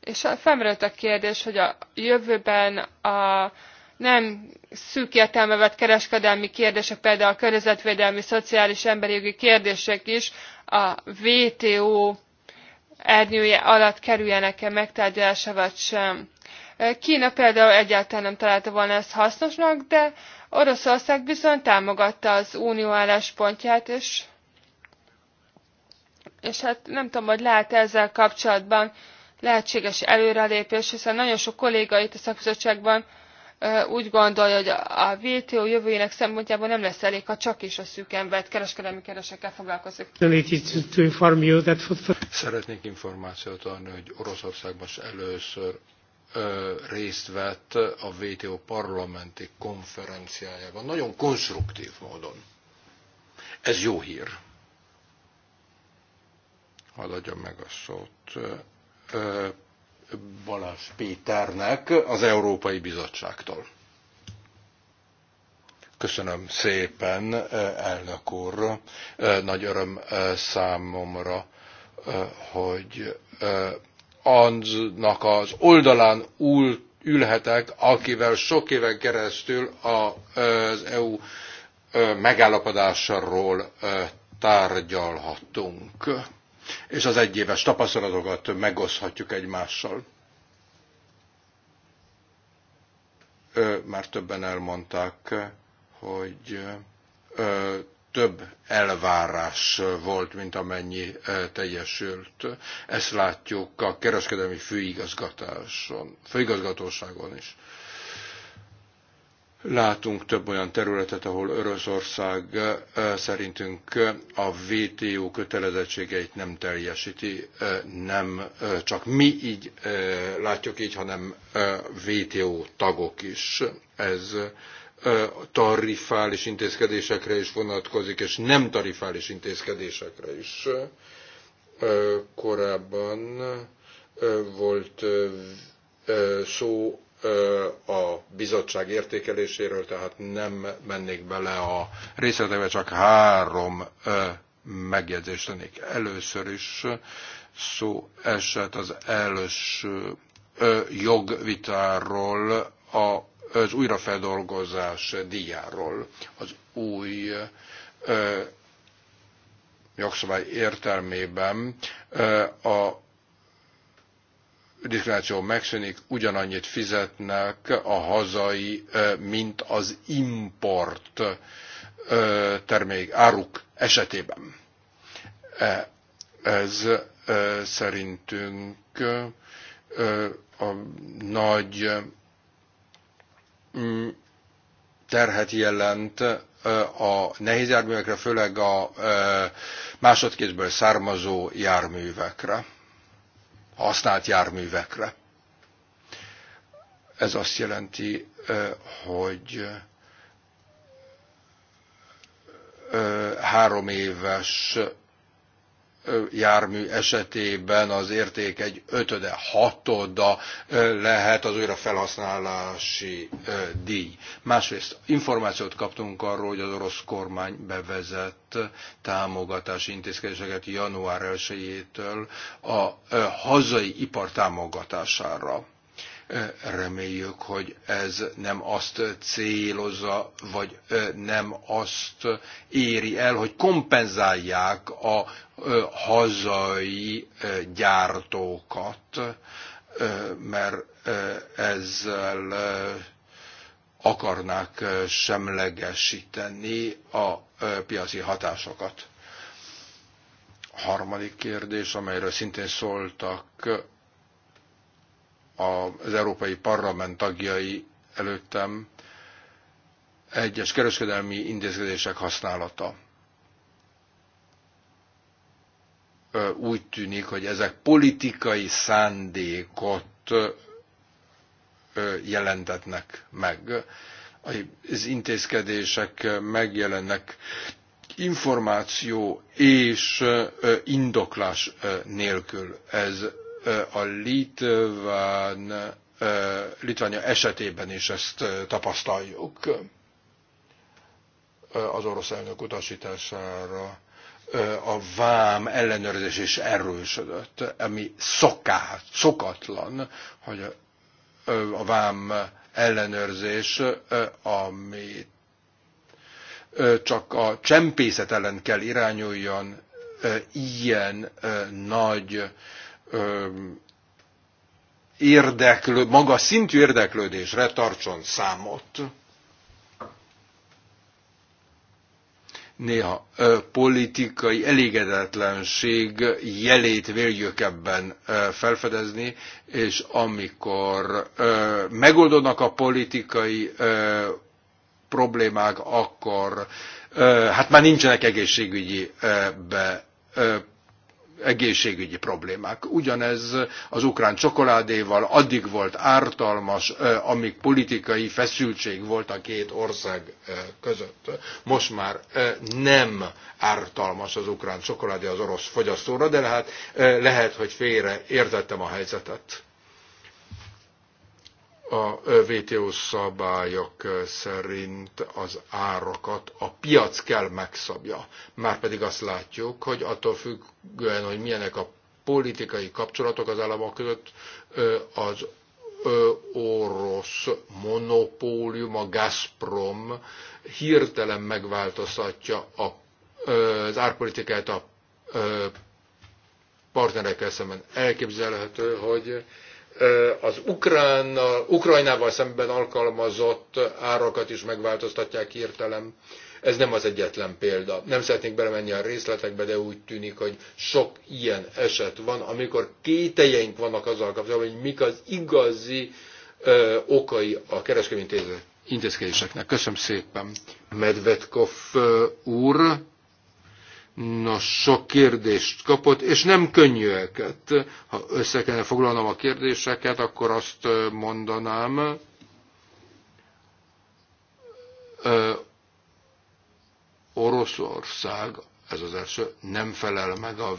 És felmerült a kérdés, hogy a jövőben a nem szűk értelmevet kereskedelmi kérdések, például a környezetvédelmi, szociális, emberi jogi kérdések is a WTO ernyője alatt kerüljenek-e megtárgyalásra vagy sem. Kína például egyáltalán nem találta volna ezt hasznosnak, de Oroszország bizony támogatta az unió álláspontját, és, és hát nem tudom, hogy lehet -e ezzel kapcsolatban lehetséges előrelépés, hiszen nagyon sok kolléga itt a szakbizottságban úgy gondolja, hogy a WTO jövőjének szempontjából nem lesz elég, ha csak is a szűken vett kereskedelmi kérdésekkel foglalkozik. Szeretnék információt adni, hogy Oroszországban először részt vett a WTO parlamenti konferenciájában, nagyon konstruktív módon. Ez jó hír. Hadd adjam meg a szót Balázs Péternek az Európai Bizottságtól. Köszönöm szépen, e, elnök úr. E, nagy öröm e, számomra, hogy annak az oldalán ülhetek, akivel sok éven keresztül az EU megállapodásáról tárgyalhattunk és az egyéves tapasztalatokat megoszthatjuk egymással. Már többen elmondták, hogy több elvárás volt, mint amennyi teljesült. Ezt látjuk a kereskedelmi főigazgatáson, főigazgatóságon is Látunk több olyan területet, ahol Oroszország eh, szerintünk eh, a WTO kötelezettségeit nem teljesíti, eh, nem csak mi így látjuk így, hanem WTO tagok is. Ez tarifális intézkedésekre is vonatkozik, és nem tarifális intézkedésekre is. Korábban volt szó a bizottság értékeléséről, tehát nem mennék bele a részletekbe, csak három megjegyzést tennék. Először is szó esett az első jogvitáról, az újrafeldolgozás díjáról, az új jogszabály értelmében a diszkrimináció megszűnik, ugyanannyit fizetnek a hazai, mint az import termék áruk esetében. E, ez szerintünk a nagy mm, terhet jelent a nehéz járművekre, főleg a másodkézből származó járművekre használt járművekre. Ez azt jelenti, hogy három éves jármű esetében az érték egy ötöde, hatoda lehet az újra felhasználási díj. Másrészt információt kaptunk arról, hogy az orosz kormány bevezett támogatási intézkedéseket január 1-től a hazai ipar támogatására Reméljük, hogy ez nem azt célozza, vagy nem azt éri el, hogy kompenzálják a hazai gyártókat, mert ezzel akarnák semlegesíteni a piaci hatásokat. Harmadik kérdés, amelyről szintén szóltak az Európai Parlament tagjai előttem egyes kereskedelmi intézkedések használata. Úgy tűnik, hogy ezek politikai szándékot jelentetnek meg. Az intézkedések megjelennek információ és indoklás nélkül. Ez a Litván, Litvánia esetében is ezt tapasztaljuk az orosz elnök utasítására a vám ellenőrzés is erősödött, ami szokát, szokatlan, hogy a vám ellenőrzés, ami csak a csempészet ellen kell irányuljon, ilyen nagy érdeklő, maga szintű érdeklődésre tartson számot. Néha ö, politikai elégedetlenség jelét véljük ebben ö, felfedezni, és amikor ö, megoldódnak a politikai ö, problémák, akkor ö, hát már nincsenek egészségügyi ö, be, ö, egészségügyi problémák. Ugyanez az ukrán csokoládéval addig volt ártalmas, amíg politikai feszültség volt a két ország között. Most már nem ártalmas az ukrán csokoládé az orosz fogyasztóra, de hát lehet, hogy félre értettem a helyzetet a WTO szabályok szerint az árakat a piac kell megszabja. Márpedig azt látjuk, hogy attól függően, hogy milyenek a politikai kapcsolatok az államok között, az orosz monopólium, a Gazprom hirtelen megváltoztatja a, az árpolitikát a partnerekkel szemben. Elképzelhető, hogy az Ukrán, Ukrajnával szemben alkalmazott árakat is megváltoztatják hirtelen. Ez nem az egyetlen példa. Nem szeretnék belemenni a részletekbe, de úgy tűnik, hogy sok ilyen eset van, amikor kételjeink vannak azzal kapcsolatban, hogy mik az igazi ö, okai a kereskedelmi intézkedéseknek. Köszönöm szépen. Medvedkov úr Nos, sok kérdést kapott, és nem könnyűeket. Ha össze kellene foglalnom a kérdéseket, akkor azt mondanám, Oroszország, ez az első, nem felel meg a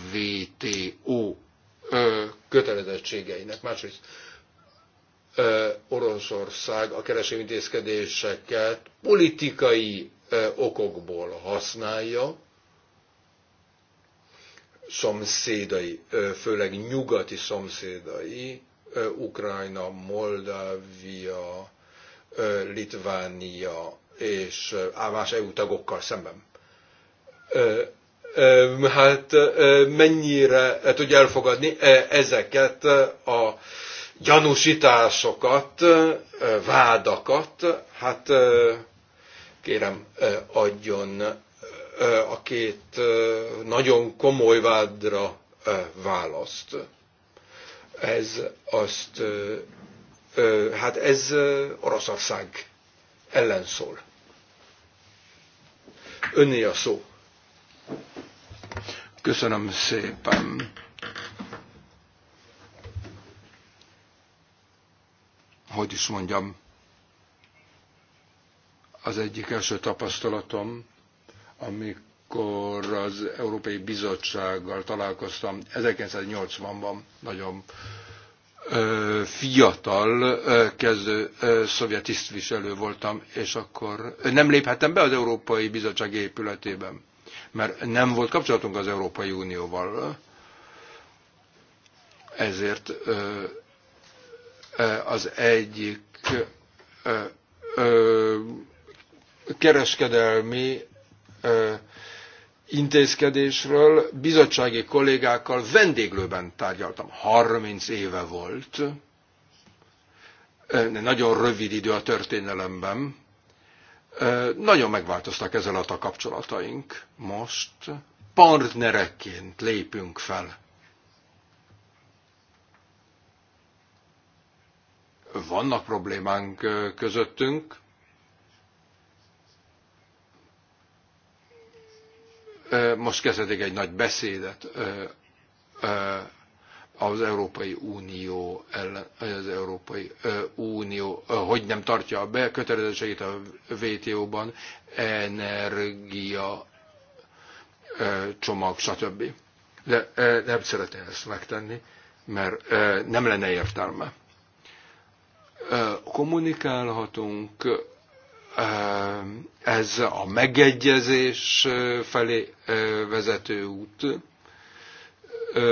ö, kötelezettségeinek. Másrészt Oroszország a kereső intézkedéseket politikai okokból használja, szomszédai, főleg nyugati szomszédai, Ukrajna, Moldávia, Litvánia és más EU tagokkal szemben. Hát mennyire tudja elfogadni ezeket a gyanúsításokat, vádakat, hát kérem adjon a két nagyon komoly vádra választ. Ez azt, hát ez Oroszország ellen szól. Önné a szó. Köszönöm szépen. Hogy is mondjam, az egyik első tapasztalatom, amikor az Európai Bizottsággal találkoztam 1980-ban, nagyon fiatal kezdő szovjet tisztviselő voltam, és akkor nem léphettem be az Európai Bizottság épületében, mert nem volt kapcsolatunk az Európai Unióval. Ezért az egyik kereskedelmi intézkedésről bizottsági kollégákkal vendéglőben tárgyaltam. 30 éve volt. Nagyon rövid idő a történelemben. Nagyon megváltoztak ezzel a kapcsolataink. Most partnerekként lépünk fel. Vannak problémánk közöttünk, most kezdődik egy nagy beszédet az Európai Unió ellen, az Európai Unió hogy nem tartja be kötelezettségét a WTO-ban, energia csomag, stb. De nem szeretné ezt megtenni, mert nem lenne értelme kommunikálhatunk ez a megegyezés felé vezető út.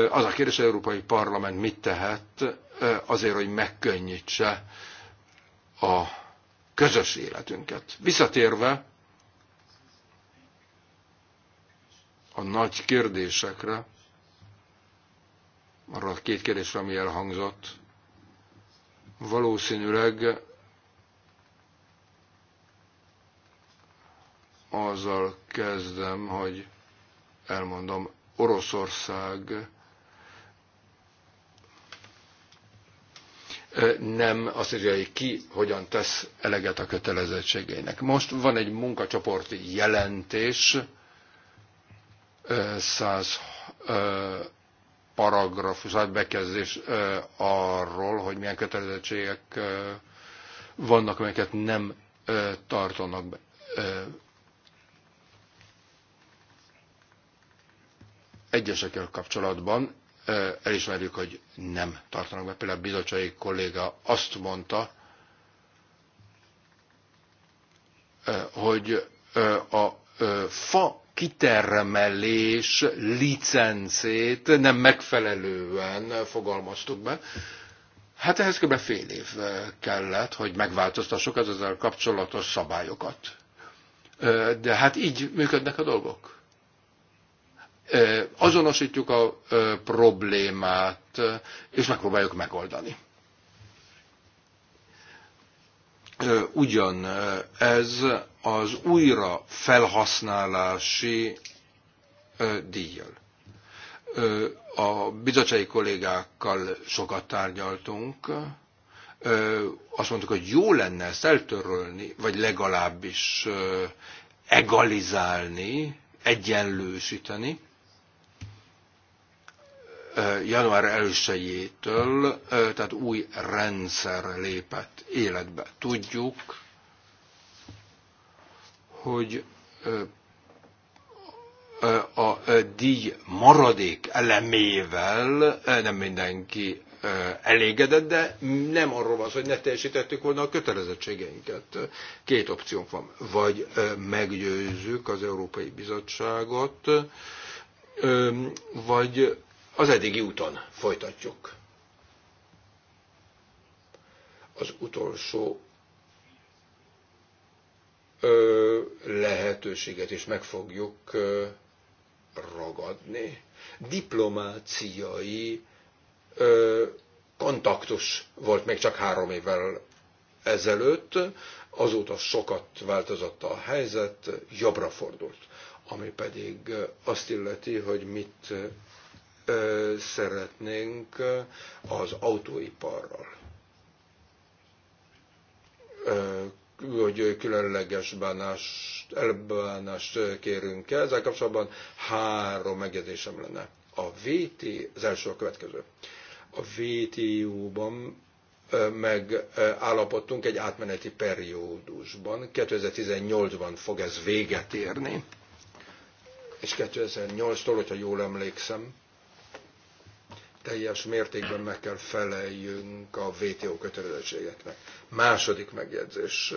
Az a kérdés, hogy Európai Parlament mit tehet azért, hogy megkönnyítse a közös életünket. Visszatérve a nagy kérdésekre, arra a két kérdésre, ami elhangzott, valószínűleg azzal kezdem, hogy elmondom, Oroszország nem azt írja, hogy ki hogyan tesz eleget a kötelezettségeinek. Most van egy munkacsoporti jelentés, 100 paragrafus, hát bekezdés arról, hogy milyen kötelezettségek vannak, amelyeket nem tartanak be. egyesekkel kapcsolatban elismerjük, hogy nem tartanak be. Például a bizottsági kolléga azt mondta, hogy a fa kitermelés licencét nem megfelelően fogalmaztuk be. Hát ehhez kb. fél év kellett, hogy megváltoztassuk az ezzel kapcsolatos szabályokat. De hát így működnek a dolgok azonosítjuk a problémát, és megpróbáljuk megoldani. Ugyan ez az újra felhasználási díjjal. A bizottsági kollégákkal sokat tárgyaltunk, azt mondtuk, hogy jó lenne ezt eltörölni, vagy legalábbis egalizálni, egyenlősíteni, január 1-től, tehát új rendszer lépett életbe. Tudjuk, hogy a díj maradék elemével nem mindenki elégedett, de nem arról van hogy ne teljesítettük volna a kötelezettségeinket. Két opciónk van. Vagy meggyőzzük az Európai Bizottságot, vagy az eddigi úton folytatjuk. Az utolsó ö, lehetőséget is meg fogjuk ö, ragadni. Diplomáciai ö, kontaktus volt még csak három évvel ezelőtt, azóta sokat változott a helyzet, jobbra fordult. Ami pedig azt illeti, hogy mit szeretnénk az autóiparral hogy különleges bánást, elbánást kérünk el. Ezzel kapcsolatban három megjegyzésem lenne. A VT, az első a következő. A VTU-ban megállapodtunk egy átmeneti periódusban. 2018-ban fog ez véget érni. És 2008-tól, hogyha jól emlékszem, teljes mértékben meg kell feleljünk a WTO kötelezettségeknek. Második megjegyzés.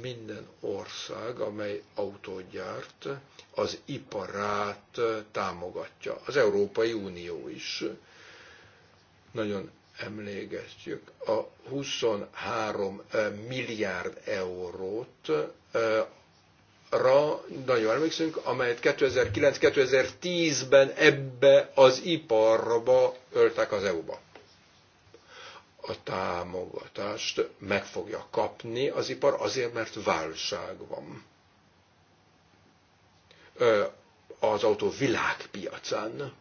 Minden ország, amely autót gyárt, az iparát támogatja. Az Európai Unió is. Nagyon emlékeztjük a 23 eh, milliárd eurót eh, ra nagyon emlékszünk, amelyet 2009-2010-ben ebbe az iparba öltek az EU-ba. A támogatást meg fogja kapni az ipar azért, mert válság van. Az autó világpiacán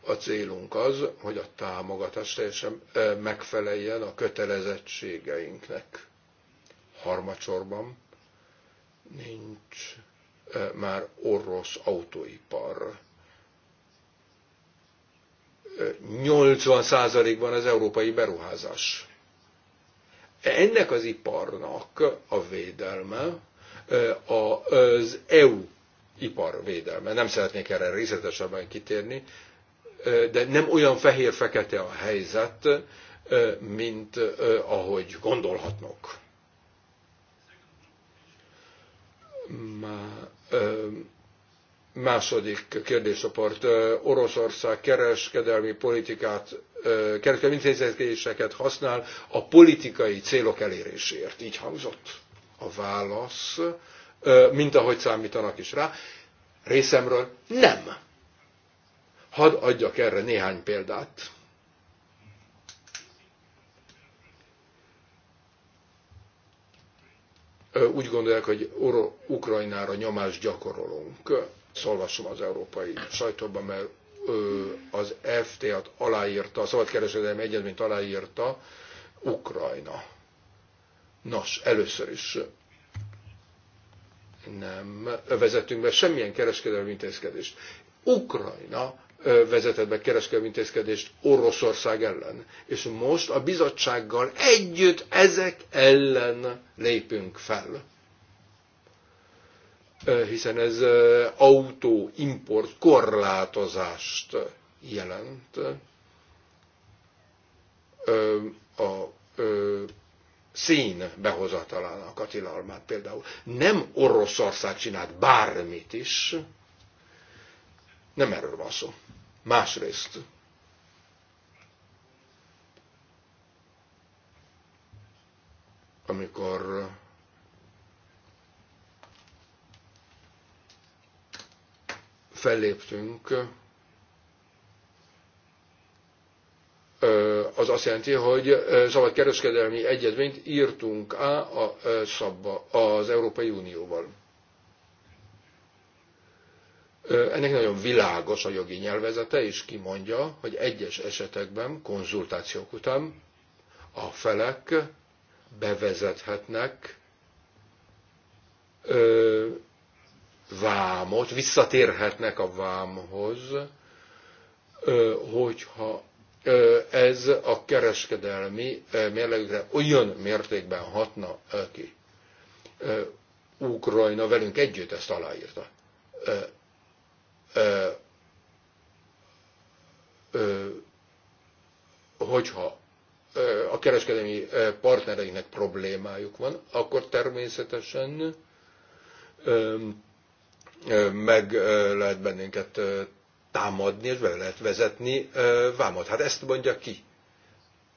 a célunk az, hogy a támogatás teljesen megfeleljen a kötelezettségeinknek. Harmadsorban Nincs már orosz autóipar. 80%-ban az európai beruházás. Ennek az iparnak a védelme az EU ipar védelme. Nem szeretnék erre részletesebben kitérni, de nem olyan fehér-fekete a helyzet, mint ahogy gondolhatnak. második kérdéscsoport. Oroszország kereskedelmi politikát, kereskedelmi intézkedéseket használ a politikai célok eléréséért. Így hangzott a válasz, mint ahogy számítanak is rá. Részemről nem. Hadd adjak erre néhány példát. úgy gondolják, hogy Ukrajnára nyomást gyakorolunk. Szolvasom az európai sajtóban, mert az FTA-t aláírta, a szabadkereskedelmi egyezményt aláírta Ukrajna. Nos, először is nem vezetünk be semmilyen kereskedelmi intézkedést. Ukrajna vezetett be kereskedelmi intézkedést Oroszország ellen. És most a bizottsággal együtt ezek ellen lépünk fel. Hiszen ez autóimport korlátozást jelent. A szín behozatalának a tilalmát például. Nem Oroszország csinált bármit is, nem erről van szó. Másrészt amikor uh, felléptünk, uh, az azt jelenti, hogy uh, szabad kereskedelmi egyezményt írtunk á a, szabba, az Európai Unióval. Ennek nagyon világos a jogi nyelvezete, és kimondja, hogy egyes esetekben konzultációk után a felek bevezethetnek ö, vámot, visszatérhetnek a vámhoz, ö, hogyha ö, ez a kereskedelmi mérlegükre olyan mértékben hatna ki. Ukrajna velünk együtt ezt aláírta hogyha a kereskedelmi partnereinek problémájuk van, akkor természetesen meg lehet bennünket támadni, és be lehet vezetni vámot. Hát ezt mondja ki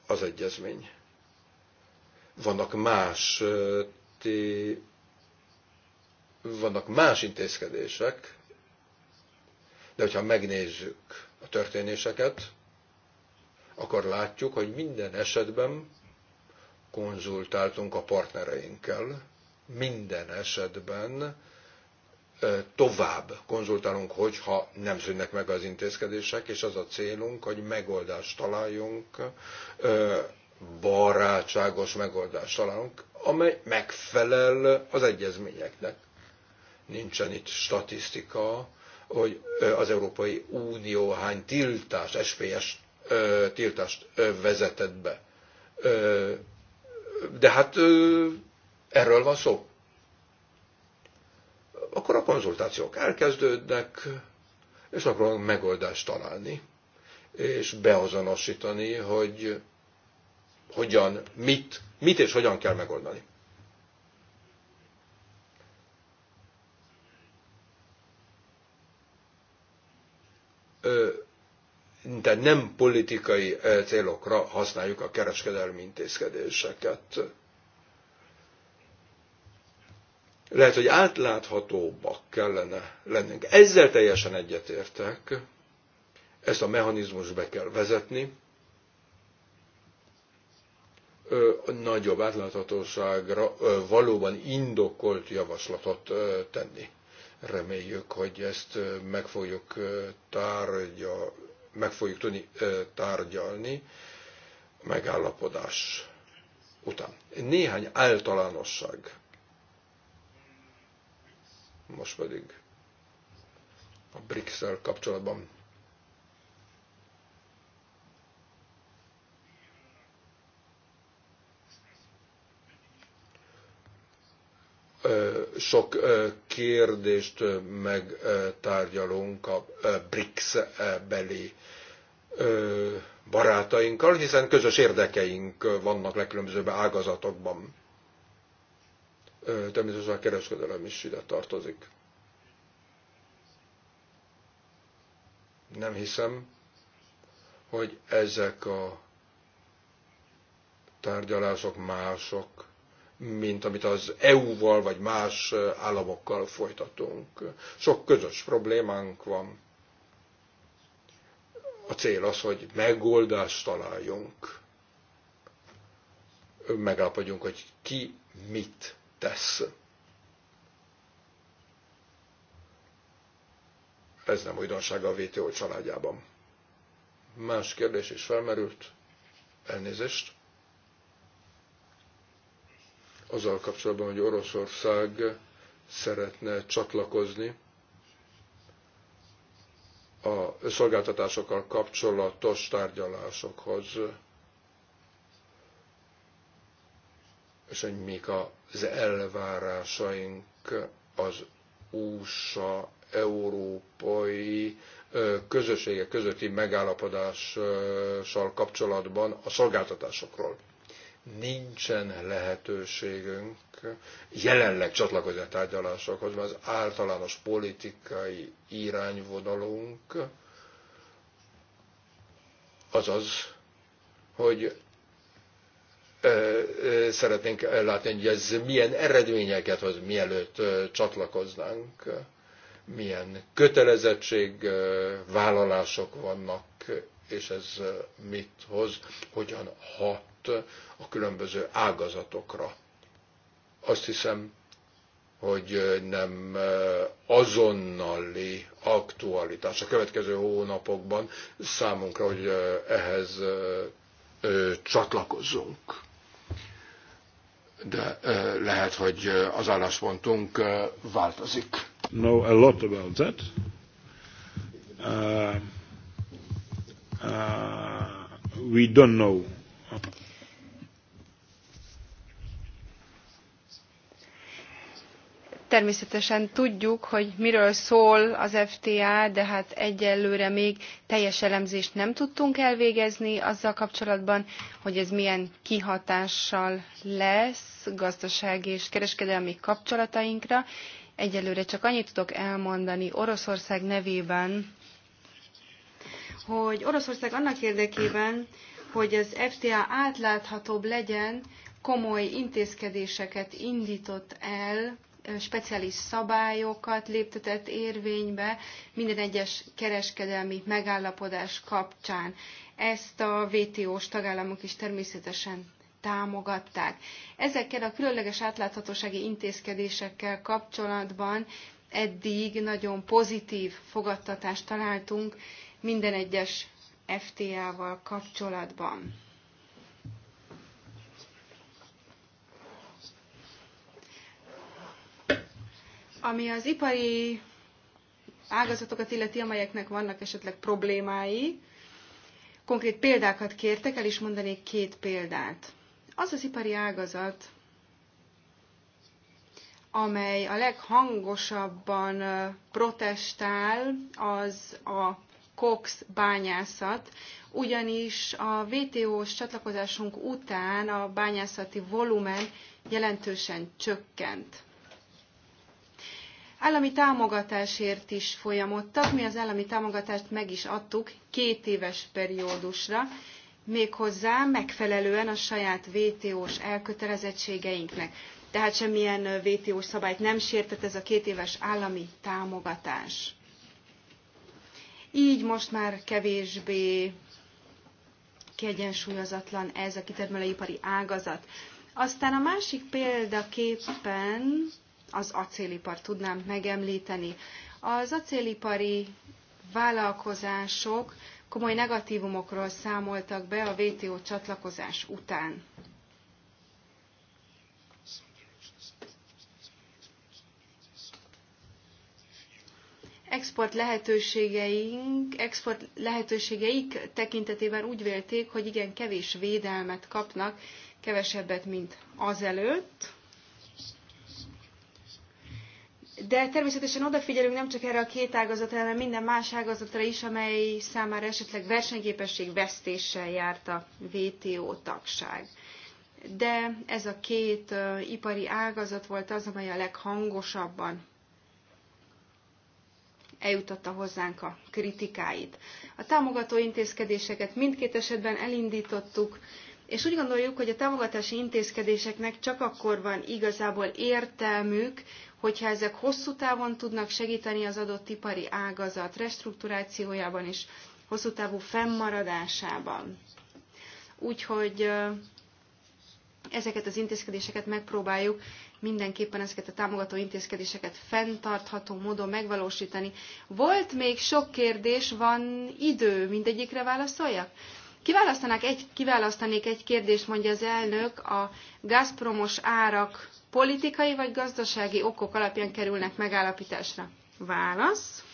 az egyezmény. Vannak más, vannak más intézkedések, de hogyha megnézzük a történéseket, akkor látjuk, hogy minden esetben konzultáltunk a partnereinkkel, minden esetben tovább konzultálunk, hogyha nem szűnnek meg az intézkedések, és az a célunk, hogy megoldást találjunk, barátságos megoldást találunk, amely megfelel az egyezményeknek. Nincsen itt statisztika, hogy az Európai Unió hány tiltást, SPS tiltást vezetett be. De hát erről van szó. Akkor a konzultációk elkezdődnek, és akkor megoldást találni, és beazonosítani, hogy hogyan, mit, mit és hogyan kell megoldani. de nem politikai célokra használjuk a kereskedelmi intézkedéseket. Lehet, hogy átláthatóbbak kellene lennünk. Ezzel teljesen egyetértek. Ezt a mechanizmus be kell vezetni. A nagyobb átláthatóságra valóban indokolt javaslatot tenni Reméljük, hogy ezt meg fogjuk, tárgya, meg fogjuk tudni tárgyalni megállapodás után. Néhány általánosság. Most pedig a brics kapcsolatban sok kérdést megtárgyalunk a BRICS beli barátainkkal, hiszen közös érdekeink vannak legkülönbözőbb ágazatokban. Természetesen a kereskedelem is ide tartozik. Nem hiszem, hogy ezek a tárgyalások mások mint amit az EU-val vagy más államokkal folytatunk. Sok közös problémánk van. A cél az, hogy megoldást találjunk. Megállapodjunk, hogy ki mit tesz. Ez nem újdonsága a WTO családjában. Más kérdés is felmerült. Elnézést azzal kapcsolatban, hogy Oroszország szeretne csatlakozni a szolgáltatásokkal kapcsolatos tárgyalásokhoz, és hogy mik az elvárásaink az USA európai közössége közötti megállapodással kapcsolatban a szolgáltatásokról nincsen lehetőségünk jelenleg csatlakozni a tárgyalásokhoz, mert az általános politikai irányvonalunk az az, hogy szeretnénk látni, hogy ez milyen eredményeket hoz, mielőtt csatlakoznánk, milyen kötelezettség, vállalások vannak, és ez mit hoz, hogyan hat a különböző ágazatokra. Azt hiszem, hogy nem azonnali aktualitás a következő hónapokban számunkra, hogy ehhez csatlakozzunk. De lehet, hogy az álláspontunk változik. Know a lot about that. Uh, uh, we don't know. Természetesen tudjuk, hogy miről szól az FTA, de hát egyelőre még teljes elemzést nem tudtunk elvégezni azzal kapcsolatban, hogy ez milyen kihatással lesz gazdasági és kereskedelmi kapcsolatainkra. Egyelőre csak annyit tudok elmondani Oroszország nevében, hogy Oroszország annak érdekében, hogy az FTA átláthatóbb legyen, komoly intézkedéseket indított el speciális szabályokat léptetett érvénybe minden egyes kereskedelmi megállapodás kapcsán. Ezt a WTO-s tagállamok is természetesen támogatták. Ezekkel a különleges átláthatósági intézkedésekkel kapcsolatban eddig nagyon pozitív fogadtatást találtunk minden egyes FTA-val kapcsolatban. Ami az ipari ágazatokat illeti, amelyeknek vannak esetleg problémái, konkrét példákat kértek, el is mondanék két példát. Az az ipari ágazat, amely a leghangosabban protestál, az a Cox bányászat, ugyanis a WTO-s csatlakozásunk után a bányászati volumen jelentősen csökkent. Állami támogatásért is folyamodtak, mi az állami támogatást meg is adtuk két éves periódusra, méghozzá megfelelően a saját VTO-s elkötelezettségeinknek. Tehát semmilyen VTO-s szabályt nem sértett ez a két éves állami támogatás. Így most már kevésbé kiegyensúlyozatlan ez a kitermelőipari ágazat. Aztán a másik példaképpen az acélipar tudnám megemlíteni. Az acélipari vállalkozások komoly negatívumokról számoltak be a WTO csatlakozás után. export lehetőségeink, export lehetőségeik tekintetében úgy vélték, hogy igen kevés védelmet kapnak, kevesebbet, mint azelőtt. De természetesen odafigyelünk nem csak erre a két ágazatra, hanem minden más ágazatra is, amely számára esetleg versenyképesség vesztéssel járt a WTO tagság. De ez a két ipari ágazat volt az, amely a leghangosabban eljutatta hozzánk a kritikáit. A támogató intézkedéseket mindkét esetben elindítottuk, és úgy gondoljuk, hogy a támogatási intézkedéseknek csak akkor van igazából értelmük, hogyha ezek hosszú távon tudnak segíteni az adott ipari ágazat restrukturációjában és hosszú távú fennmaradásában. Úgyhogy ezeket az intézkedéseket megpróbáljuk mindenképpen ezeket a támogató intézkedéseket fenntartható módon megvalósítani. Volt még sok kérdés, van idő, mindegyikre válaszoljak? Kiválasztanak egy, kiválasztanék egy kérdést, mondja az elnök, a gazpromos árak politikai vagy gazdasági okok alapján kerülnek megállapításra. Válasz.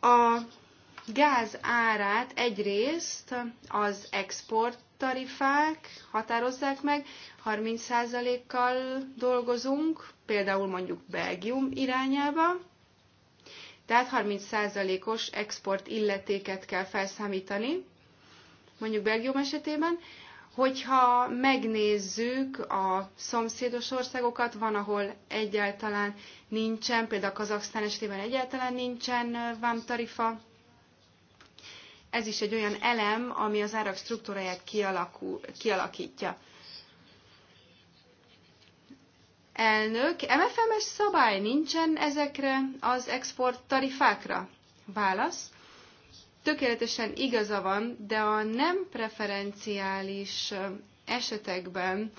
A gáz árát egyrészt az export tarifák határozzák meg, 30%-kal dolgozunk, például mondjuk Belgium irányába, tehát 30%-os export illetéket kell felszámítani, mondjuk Belgium esetében. Hogyha megnézzük a szomszédos országokat, van, ahol egyáltalán nincsen, például Kazaksztán esetében egyáltalán nincsen vámtarifa. Ez is egy olyan elem, ami az árak struktúráját kialakítja. Elnök, mfm szabály nincsen ezekre az export tarifákra? Válasz. Tökéletesen igaza van, de a nem preferenciális esetekben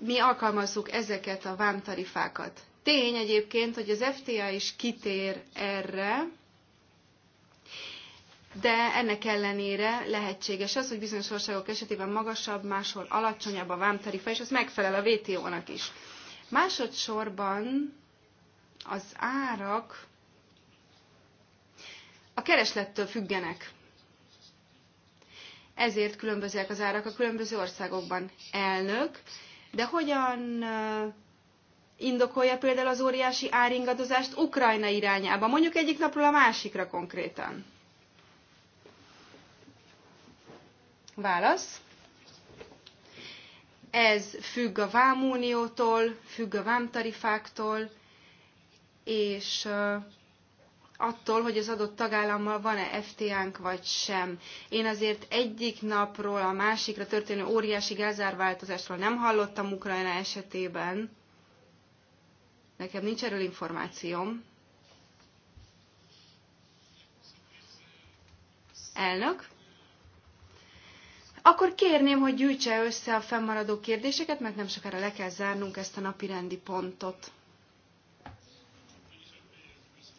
mi alkalmazzuk ezeket a vámtarifákat. Tény egyébként, hogy az FTA is kitér erre, de ennek ellenére lehetséges az, hogy bizonyos országok esetében magasabb, máshol alacsonyabb a vámtarifa, és ez megfelel a WTO-nak is. Másodszorban az árak a kereslettől függenek. Ezért különbözőek az árak a különböző országokban. Elnök, de hogyan indokolja például az óriási áringadozást Ukrajna irányába, mondjuk egyik napról a másikra konkrétan? Válasz. Ez függ a vámuniótól, függ a vámtarifáktól, és attól, hogy az adott tagállammal van-e FTA-nk vagy sem. Én azért egyik napról a másikra történő óriási gázárváltozásról nem hallottam Ukrajna esetében. Nekem nincs erről információm. Elnök? akkor kérném, hogy gyűjtse össze a fennmaradó kérdéseket, mert nem sokára le kell zárnunk ezt a napi rendi pontot.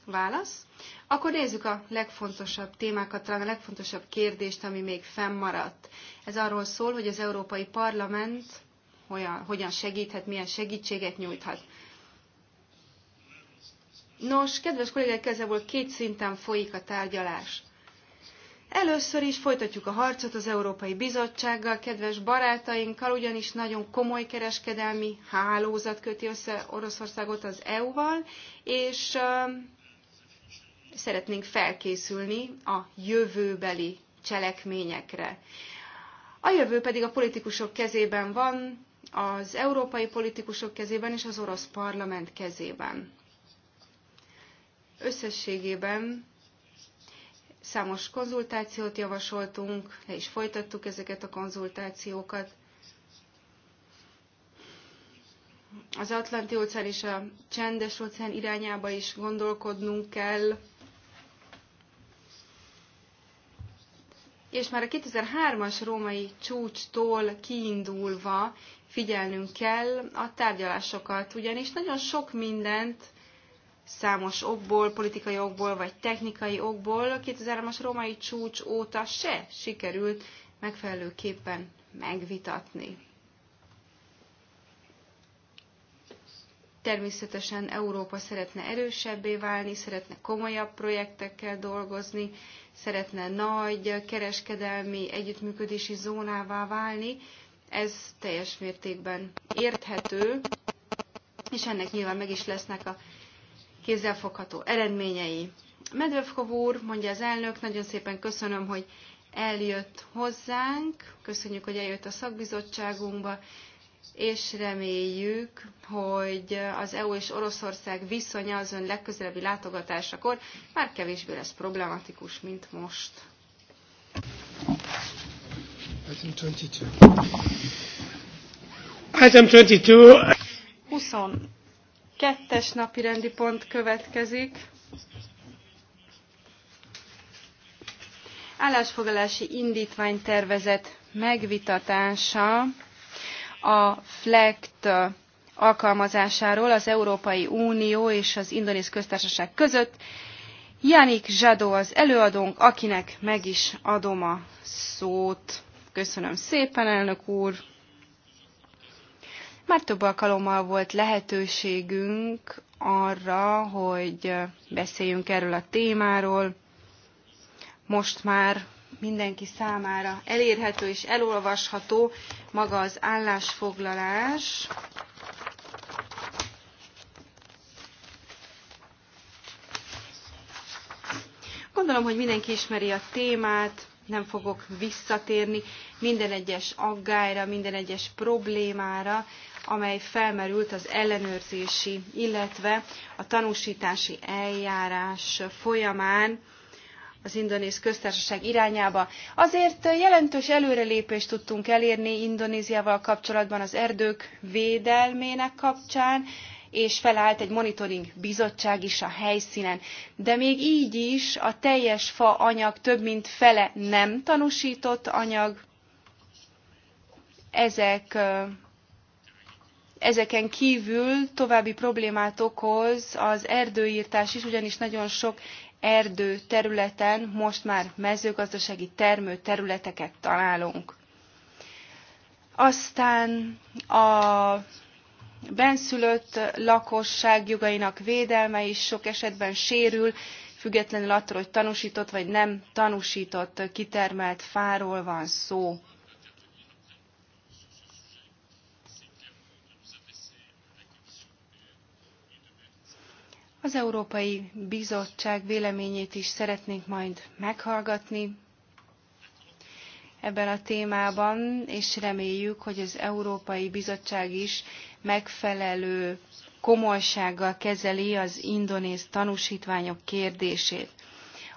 Válasz? Akkor nézzük a legfontosabb témákat, talán a legfontosabb kérdést, ami még fennmaradt. Ez arról szól, hogy az Európai Parlament olyan, hogyan segíthet, milyen segítséget nyújthat. Nos, kedves kollégák, ezzel volt két szinten folyik a tárgyalás. Először is folytatjuk a harcot az Európai Bizottsággal, kedves barátainkkal, ugyanis nagyon komoly kereskedelmi hálózat köti össze Oroszországot az EU-val, és um, szeretnénk felkészülni a jövőbeli cselekményekre. A jövő pedig a politikusok kezében van, az európai politikusok kezében és az orosz parlament kezében. Összességében Számos konzultációt javasoltunk, le is folytattuk ezeket a konzultációkat. Az Atlanti óceán és a Csendes óceán irányába is gondolkodnunk kell. És már a 2003-as római csúcstól kiindulva figyelnünk kell a tárgyalásokat, ugyanis nagyon sok mindent számos okból, politikai okból, vagy technikai okból a 2003-as római csúcs óta se sikerült megfelelőképpen megvitatni. Természetesen Európa szeretne erősebbé válni, szeretne komolyabb projektekkel dolgozni, szeretne nagy kereskedelmi együttműködési zónává válni. Ez teljes mértékben érthető, és ennek nyilván meg is lesznek a kézzelfogható eredményei. Medvevkov úr, mondja az elnök, nagyon szépen köszönöm, hogy eljött hozzánk, köszönjük, hogy eljött a szakbizottságunkba, és reméljük, hogy az EU és Oroszország viszonya az ön legközelebbi látogatásakor már kevésbé lesz problematikus, mint most. Item 22. Item 22. 20. Kettes napi rendi pont következik. Állásfoglalási indítvány tervezet megvitatása a FLECT alkalmazásáról az Európai Unió és az Indonéz Köztársaság között. Janik Zsadó az előadónk, akinek meg is adom a szót. Köszönöm szépen, elnök úr! Már több alkalommal volt lehetőségünk arra, hogy beszéljünk erről a témáról. Most már mindenki számára elérhető és elolvasható maga az állásfoglalás. Gondolom, hogy mindenki ismeri a témát, nem fogok visszatérni minden egyes aggályra, minden egyes problémára, amely felmerült az ellenőrzési, illetve a tanúsítási eljárás folyamán az indonéz köztársaság irányába. Azért jelentős előrelépést tudtunk elérni Indonéziával kapcsolatban az erdők védelmének kapcsán, és felállt egy monitoring bizottság is a helyszínen. De még így is a teljes fa anyag több mint fele nem tanúsított anyag. Ezek Ezeken kívül további problémát okoz az erdőírtás is, ugyanis nagyon sok erdő területen most már mezőgazdasági termő területeket találunk. Aztán a benszülött lakosság jogainak védelme is sok esetben sérül, függetlenül attól, hogy tanúsított vagy nem tanúsított kitermelt fáról van szó. Az Európai Bizottság véleményét is szeretnénk majd meghallgatni ebben a témában, és reméljük, hogy az Európai Bizottság is megfelelő komolysággal kezeli az indonéz tanúsítványok kérdését.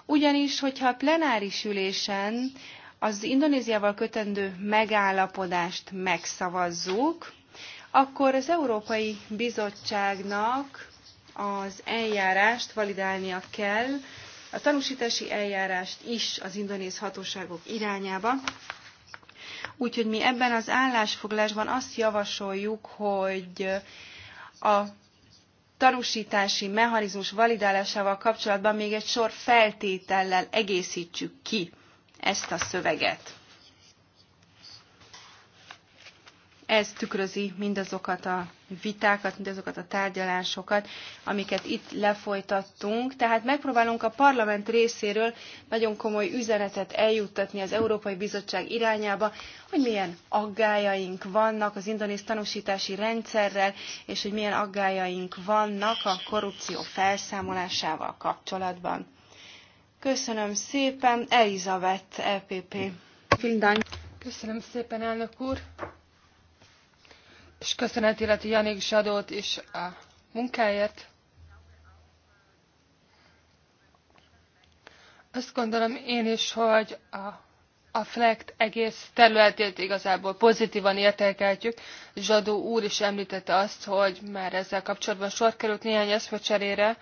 Ugyanis, hogyha a plenáris ülésen az Indonéziával kötendő megállapodást megszavazzuk, akkor az Európai Bizottságnak az eljárást validálnia kell, a tanúsítási eljárást is az indonéz hatóságok irányába. Úgyhogy mi ebben az állásfoglásban azt javasoljuk, hogy a tanúsítási mechanizmus validálásával kapcsolatban még egy sor feltétellel egészítsük ki ezt a szöveget. ez tükrözi mindazokat a vitákat, mindazokat a tárgyalásokat, amiket itt lefolytattunk. Tehát megpróbálunk a parlament részéről nagyon komoly üzenetet eljuttatni az Európai Bizottság irányába, hogy milyen aggájaink vannak az indonész tanúsítási rendszerrel, és hogy milyen aggájaink vannak a korrupció felszámolásával kapcsolatban. Köszönöm szépen, Elizabeth EPP. Köszönöm szépen, elnök úr! és köszönet illeti Janik Zsadót is a munkáért. Azt gondolom én is, hogy a, a FLECT egész területét igazából pozitívan értékeltjük. Zsadó úr is említette azt, hogy már ezzel kapcsolatban sor került néhány eszmecserére,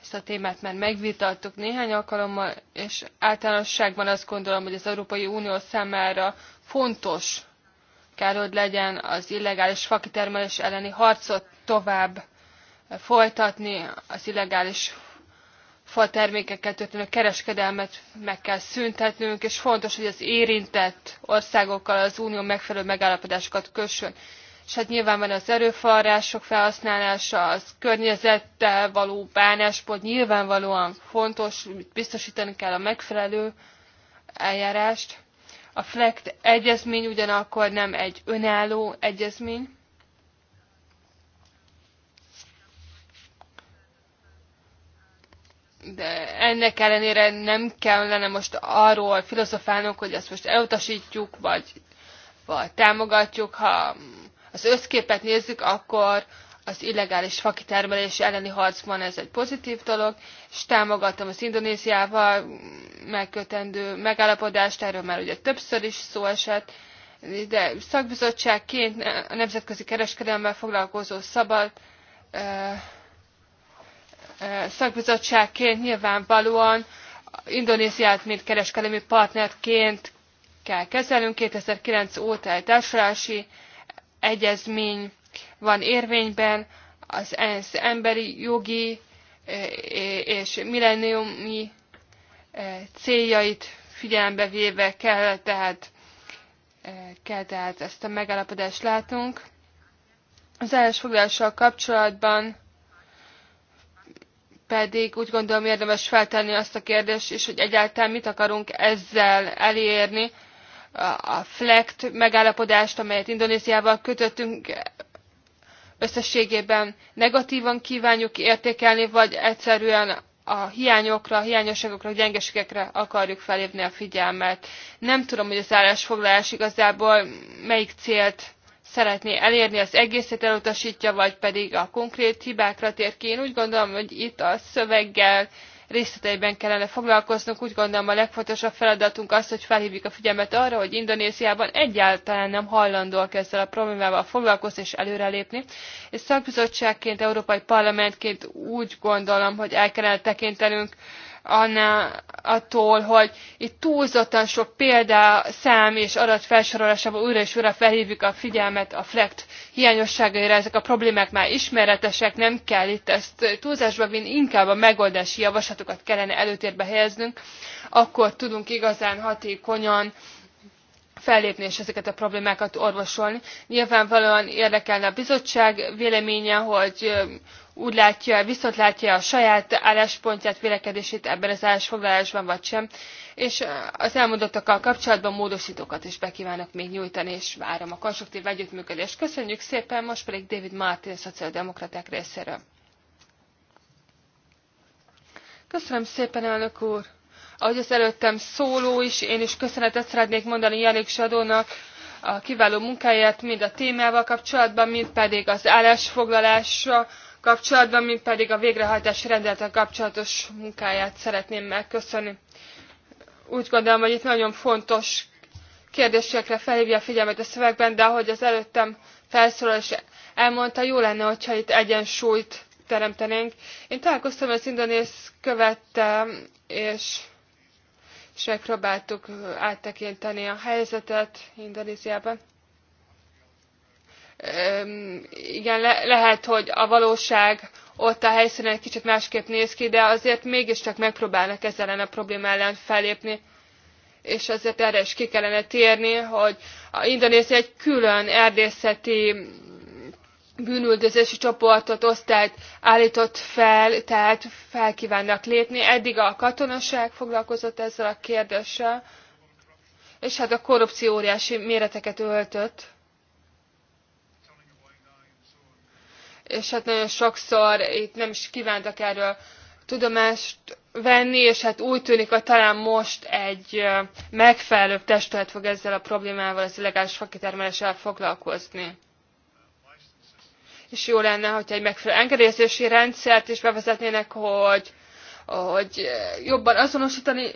ezt a témát már megvitattuk néhány alkalommal, és általánosságban azt gondolom, hogy az Európai Unió számára fontos kell, hogy legyen az illegális fakitermelés elleni harcot tovább folytatni, az illegális fa termékekkel történő kereskedelmet meg kell szüntetnünk, és fontos, hogy az érintett országokkal az Unió megfelelő megállapodásokat kössön. És hát van az erőforrások felhasználása, az környezettel való bánáspont nyilvánvalóan fontos, biztosítani kell a megfelelő eljárást. A FLECT egyezmény ugyanakkor nem egy önálló egyezmény, de ennek ellenére nem kellene most arról filozofálnunk, hogy ezt most elutasítjuk, vagy, vagy támogatjuk. Ha az összképet nézzük, akkor az illegális fakitermelés elleni harcban ez egy pozitív dolog, és támogatom az Indonéziával megkötendő megállapodást, erről már ugye többször is szó esett, de szakbizottságként a nemzetközi kereskedelemmel foglalkozó szabad szakbizottságként nyilvánvalóan Indonéziát, mint kereskedelmi partnerként kell kezelnünk. 2009 óta egy társulási egyezmény van érvényben, az ENSZ emberi jogi eh, és milleniumi eh, céljait figyelembe véve kell tehát, eh, kell tehát ezt a megállapodást látunk. Az állásfoglalással kapcsolatban pedig úgy gondolom érdemes feltenni azt a kérdést is, hogy egyáltalán mit akarunk ezzel elérni. A FLECT megállapodást, amelyet Indonéziával kötöttünk, összességében negatívan kívánjuk értékelni, vagy egyszerűen a hiányokra, a hiányosságokra, a gyengeségekre akarjuk felhívni a figyelmet. Nem tudom, hogy az állásfoglalás igazából melyik célt szeretné elérni, az egészet elutasítja, vagy pedig a konkrét hibákra tér ki. Én úgy gondolom, hogy itt a szöveggel részleteiben kellene foglalkoznunk. Úgy gondolom a legfontosabb feladatunk az, hogy felhívjuk a figyelmet arra, hogy Indonéziában egyáltalán nem hajlandóak ezzel a problémával foglalkozni és előrelépni. És szakbizottságként, Európai Parlamentként úgy gondolom, hogy el kellene tekintenünk annál attól, hogy itt túlzottan sok példa, szám és adat felsorolásában újra és újra felhívjuk a figyelmet a FLECT hiányosságaira ezek a problémák már ismeretesek, nem kell itt ezt túlzásba vinni, inkább a megoldási javaslatokat kellene előtérbe helyeznünk, akkor tudunk igazán hatékonyan fellépni és ezeket a problémákat orvosolni. Nyilvánvalóan érdekelne a bizottság véleménye, hogy úgy látja, viszont látja a saját álláspontját, vélekedését ebben az állásfoglalásban, vagy sem és az elmondottakkal kapcsolatban módostókat is bekívánok még nyújtani, és várom a konstruktív együttműködést. Köszönjük szépen, most pedig David Martin, szociáldemokraták részéről. Köszönöm szépen, elnök úr! Ahogy az előttem szóló is, én is köszönetet szeretnék mondani Jelik Sadónak a kiváló munkáját, mind a témával kapcsolatban, mind pedig az állásfoglalásra kapcsolatban, mind pedig a végrehajtási rendelettel kapcsolatos munkáját szeretném megköszönni úgy gondolom, hogy itt nagyon fontos kérdésekre felhívja a figyelmet a szövegben, de ahogy az előttem felszólal és elmondta, jó lenne, hogyha itt egyensúlyt teremtenénk. Én találkoztam az indonész követtem, és, és megpróbáltuk áttekinteni a helyzetet Indonéziában igen, le, lehet, hogy a valóság ott a helyszínen egy kicsit másképp néz ki, de azért mégiscsak megpróbálnak ezzel ellen a probléma ellen felépni, és azért erre is ki kellene térni, hogy a Indonézia egy külön erdészeti bűnüldözési csoportot, osztályt állított fel, tehát felkívánnak lépni. Eddig a katonaság foglalkozott ezzel a kérdéssel, és hát a korrupció óriási méreteket öltött és hát nagyon sokszor itt nem is kívántak erről tudomást venni, és hát úgy tűnik, hogy talán most egy megfelelőbb testület fog ezzel a problémával, az illegális fakitermeléssel foglalkozni. És jó lenne, hogy egy megfelelő engedélyezési rendszert is bevezetnének, hogy, hogy jobban azonosítani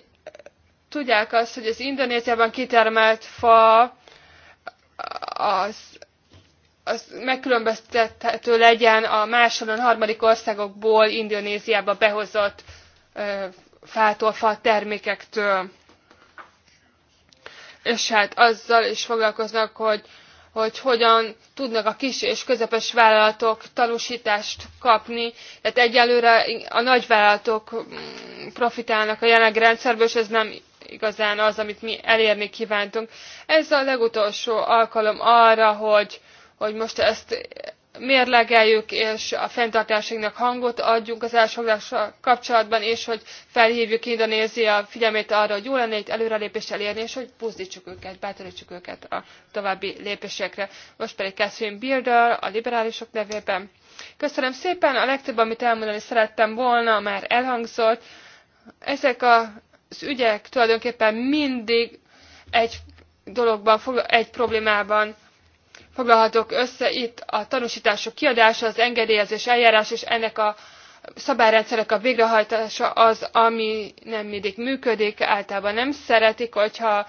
tudják azt, hogy az Indonéziában kitermelt fa az az megkülönböztethető legyen a másodon harmadik országokból Indonéziába behozott fától fa termékektől. És hát azzal is foglalkoznak, hogy, hogy hogyan tudnak a kis és közepes vállalatok tanúsítást kapni. Tehát egyelőre a nagyvállalatok mm, profitálnak a jelenleg rendszerből, és ez nem igazán az, amit mi elérni kívántunk. Ez a legutolsó alkalom arra, hogy, hogy most ezt mérlegeljük, és a fenntartásainknak hangot adjunk az elsoglásra kapcsolatban, és hogy felhívjuk Indonézia figyelmét arra, hogy jó lenne itt előrelépést elérni, és hogy buzdtsuk őket, bátortsuk őket a további lépésekre. Most pedig Catherine Bilder a liberálisok nevében. Köszönöm szépen, a legtöbb, amit elmondani szerettem volna, már elhangzott. Ezek az ügyek tulajdonképpen mindig egy dologban, egy problémában foglalhatok össze itt a tanúsítások kiadása, az engedélyezés eljárás és ennek a szabályrendszerek a végrehajtása az, ami nem mindig működik, általában nem szeretik, hogyha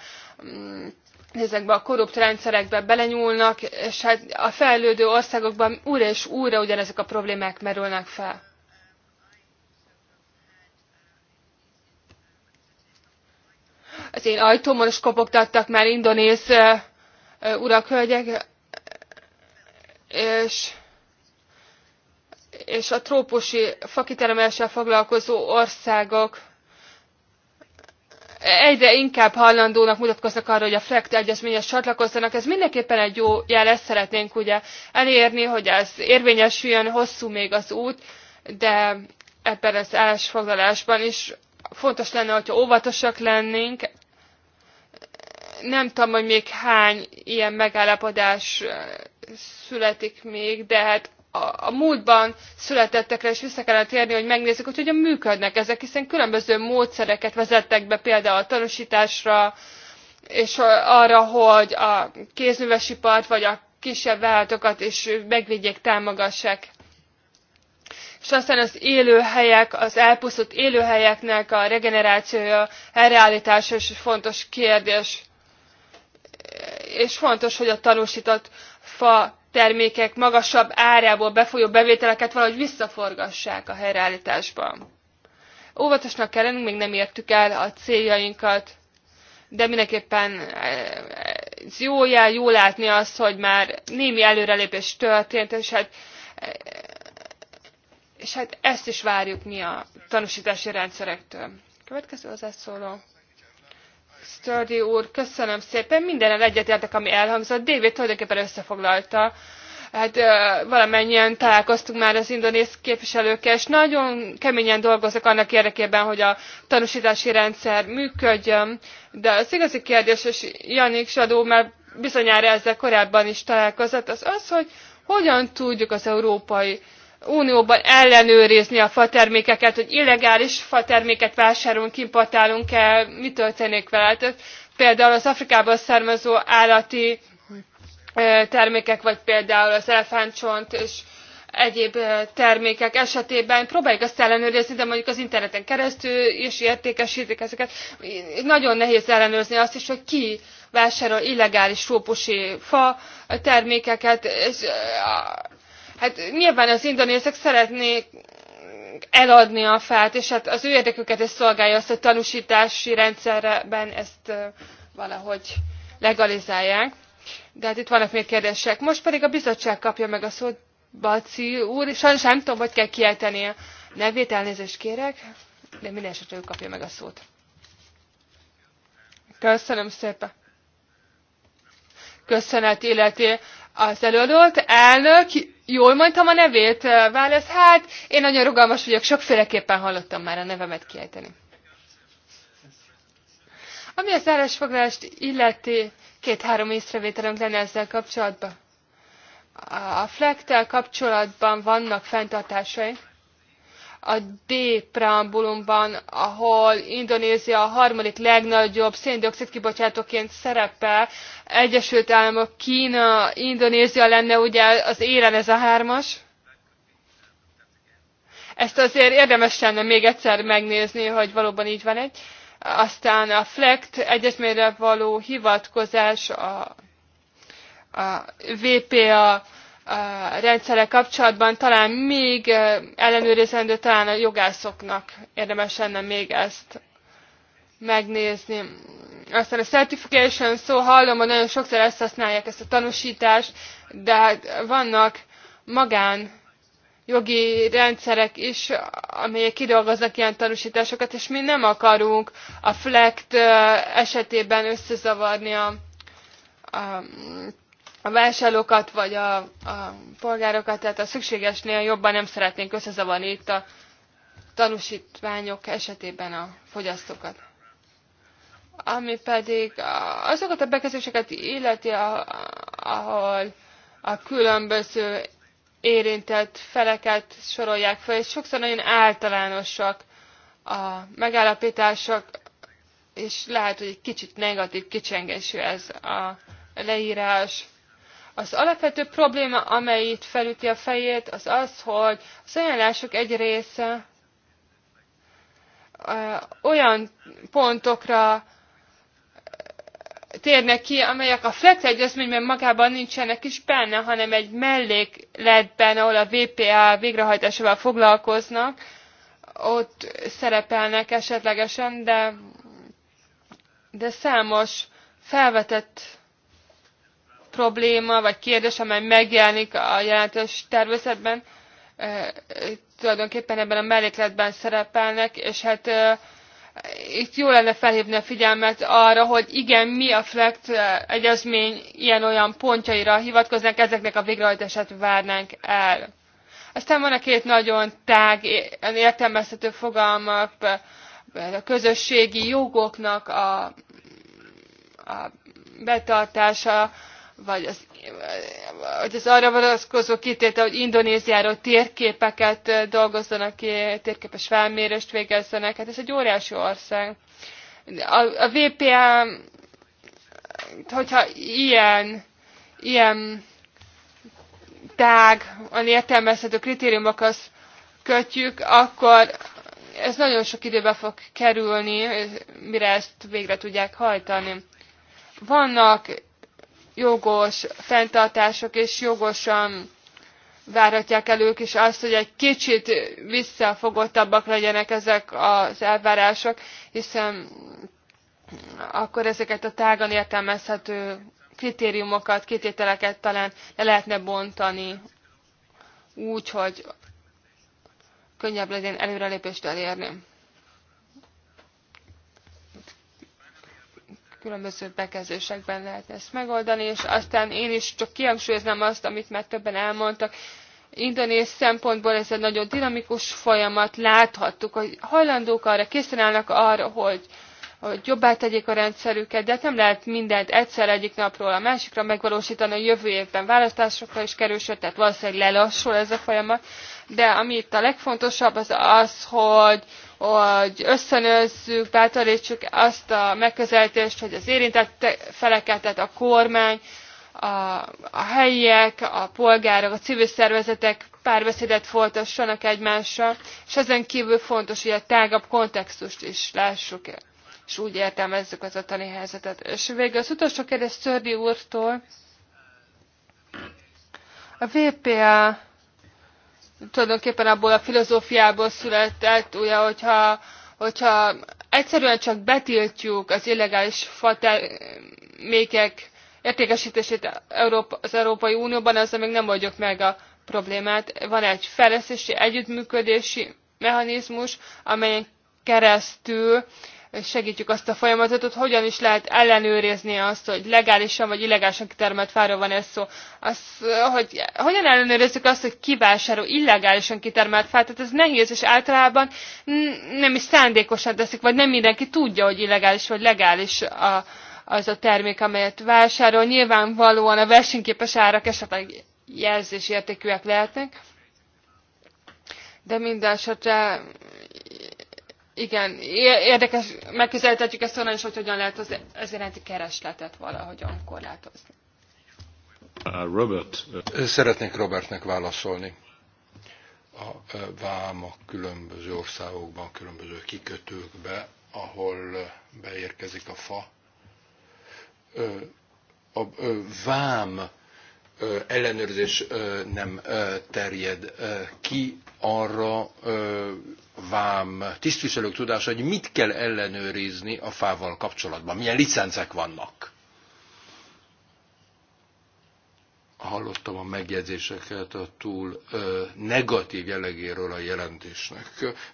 ezekbe mm, a korrupt rendszerekbe belenyúlnak, és hát a fejlődő országokban újra és újra ugyanezek a problémák merülnek fel. Az én ajtómon is kopogtattak már indonéz urak, hölgyek, és, és a trópusi fakitelemeléssel foglalkozó országok egyre inkább hajlandónak mutatkoznak arra, hogy a FLECT egyezményhez csatlakozzanak. Ez mindenképpen egy jó jel, ezt szeretnénk ugye elérni, hogy ez érvényesüljön, hosszú még az út, de ebben az állásfoglalásban is fontos lenne, hogyha óvatosak lennénk, nem tudom, hogy még hány ilyen megállapodás születik még, de hát a, a múltban születettekre is vissza kellene térni, hogy megnézzük, hogy hogyan működnek ezek, hiszen különböző módszereket vezettek be például a tanúsításra, és arra, hogy a kézművesipart vagy a kisebb vállalatokat is megvédjék, támogassák. És aztán az élőhelyek, az elpusztult élőhelyeknek a regenerációja, helyreállítása is fontos kérdés és fontos, hogy a tanúsított fa termékek magasabb árából befolyó bevételeket valahogy visszaforgassák a helyreállításban. Óvatosnak kell lennünk, még nem értük el a céljainkat, de mindenképpen eh, ez jó jel, jó látni azt, hogy már némi előrelépés történt, és hát, eh, és hát ezt is várjuk mi a tanúsítási rendszerektől. Következő az ezt szóló. Sturdy úr, köszönöm szépen, mindenen egyetértek, ami elhangzott. David tulajdonképpen összefoglalta. Hát valamennyien találkoztunk már az indonész képviselőkkel, és nagyon keményen dolgozok annak érdekében, hogy a tanúsítási rendszer működjön. De az igazi kérdés, és Janik Sadó már bizonyára ezzel korábban is találkozott, az az, hogy hogyan tudjuk az európai Unióban ellenőrizni a fatermékeket, hogy illegális faterméket vásárolunk, importálunk-e, mi történik vele. Tehát például az Afrikából származó állati termékek, vagy például az elefántcsont és egyéb termékek esetében próbáljuk azt ellenőrizni, de mondjuk az interneten keresztül is értékesítik ezeket. Nagyon nehéz ellenőrizni azt is, hogy ki vásárol illegális trópusi fa termékeket, és hát nyilván az indonézek szeretnék eladni a fát, és hát az ő érdeküket is szolgálja azt, a tanúsítási rendszerben ezt valahogy legalizálják. De hát itt vannak még kérdések. Most pedig a bizottság kapja meg a szót, Baci úr, sajnos nem tudom, hogy kell kiejteni a nevét, elnézést kérek, de minden esetre ő kapja meg a szót. Köszönöm szépen. Köszönet életé, az előadót, elnök, jól mondtam a nevét? Válasz, hát én nagyon rugalmas vagyok, sokféleképpen hallottam már a nevemet kiejteni. Ami az állásfoglalást illeti, két-három észrevételünk lenne ezzel kapcsolatban. A flektel kapcsolatban vannak fenntartásai a D preambulumban, ahol Indonézia a harmadik legnagyobb széndiokszid kibocsátóként szerepel, Egyesült Államok, Kína, Indonézia lenne ugye az élen ez a hármas. Ezt azért érdemes lenne még egyszer megnézni, hogy valóban így van egy. Aztán a FLECT egyesmére való hivatkozás, a, a VPA rendszere kapcsolatban talán még ellenőrizendő, talán a jogászoknak érdemes lenne még ezt megnézni. Aztán a certification szó, hallom, hogy nagyon sokszor ezt használják, ezt a tanúsítást, de hát vannak magán jogi rendszerek is, amelyek kidolgoznak ilyen tanúsításokat, és mi nem akarunk a FLECT esetében összezavarni a, a a vásárlókat vagy a, a polgárokat, tehát a szükségesnél jobban nem szeretnénk összezavarni itt a tanúsítványok esetében a fogyasztókat. Ami pedig azokat a bekezdéseket illeti, ahol a különböző érintett feleket sorolják fel, és sokszor nagyon általánosak a megállapítások, és lehet, hogy egy kicsit negatív kicsengésű ez a leírás. Az alapvető probléma, amely itt felüti a fejét, az az, hogy az ajánlások egy része olyan pontokra térnek ki, amelyek a FLEX egyezményben magában nincsenek is benne, hanem egy mellékletben, ahol a VPA végrehajtásával foglalkoznak, ott szerepelnek esetlegesen, de, de számos felvetett probléma vagy kérdés, amely megjelenik a jelentős tervezetben, tulajdonképpen ebben a mellékletben szerepelnek, és hát itt jó lenne felhívni a figyelmet arra, hogy igen, mi a FLECT egyezmény ilyen-olyan pontjaira hivatkoznak, ezeknek a végrehajtását várnánk el. Aztán van a két nagyon tág, értelmezhető fogalmak, a közösségi jogoknak a, a betartása, vagy az, vagy az arra vonatkozó kitétel, hogy Indonéziáról térképeket dolgozzanak ki, térképes felmérést végezzenek, hát ez egy óriási ország. A, a VPN, hogyha ilyen, ilyen a értelmezhető kritériumokhoz kötjük, akkor ez nagyon sok időbe fog kerülni, mire ezt végre tudják hajtani. Vannak jogos fenntartások, és jogosan várhatják el ők is azt, hogy egy kicsit visszafogottabbak legyenek ezek az elvárások, hiszen akkor ezeket a tágan értelmezhető kritériumokat, kitételeket talán le lehetne bontani úgy, hogy könnyebb legyen előrelépést elérni. különböző bekezdésekben lehet ezt megoldani, és aztán én is csak kihangsúlyoznám azt, amit már többen elmondtak, indonész szempontból ez egy nagyon dinamikus folyamat, láthattuk, hogy hajlandók arra, készen állnak arra, hogy, hogy jobbá tegyék a rendszerüket, de hát nem lehet mindent egyszer egyik napról a másikra megvalósítani, a jövő évben választásokra is kerül, tehát valószínűleg lelassul ez a folyamat. De ami itt a legfontosabb, az az, hogy hogy összenőzzük, bátorítsuk azt a megközelítést, hogy az érintett feleket, tehát a kormány, a, a helyiek, a polgárok, a civil szervezetek párbeszédet folytassanak egymással, és ezen kívül fontos, hogy a tágabb kontextust is lássuk, és úgy értelmezzük az ottani helyzetet. És végül az utolsó kérdés Szördi úrtól. A VPA tulajdonképpen abból a filozófiából született, ugye, hogyha, hogyha egyszerűen csak betiltjuk az illegális fatermékek értékesítését Európa, az Európai Unióban, azzal még nem oldjuk meg a problémát. Van egy fejlesztési együttműködési mechanizmus, amelyen keresztül segítjük azt a folyamatot, hogy hogyan is lehet ellenőrizni azt, hogy legálisan vagy illegálisan kitermelt fáról van ez szó. Az, hogy hogyan ellenőrizzük azt, hogy kivásárol illegálisan kitermelt fát, tehát ez nehéz, és általában nem is szándékosan teszik, vagy nem mindenki tudja, hogy illegális vagy legális a, az a termék, amelyet vásárol. Nyilvánvalóan a versenyképes árak esetleg jelzésértékűek lehetnek, de minden esetre igen, érdekes, megközelíthetjük ezt onnan is, hogy hogyan lehet az ez jelenti keresletet valahogyan korlátozni. Uh, Robert. Uh, Szeretnék Robertnek válaszolni. A vám a különböző országokban, különböző kikötőkbe, ahol beérkezik a fa, a vám ellenőrzés nem terjed ki arra vám tisztviselők tudása, hogy mit kell ellenőrizni a fával kapcsolatban, milyen licencek vannak. hallottam a megjegyzéseket a túl ö, negatív jellegéről a jelentésnek.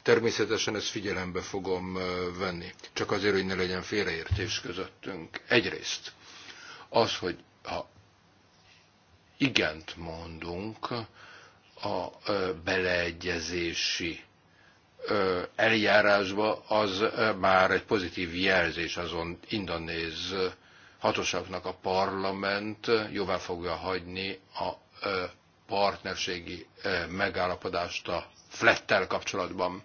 Természetesen ezt figyelembe fogom ö, venni, csak azért, hogy ne legyen félreértés közöttünk. Egyrészt az, hogy ha igent mondunk a beleegyezési eljárásba, az már egy pozitív jelzés azon indonéz hatóságnak a parlament jóvá fogja hagyni a partnerségi megállapodást a flettel kapcsolatban.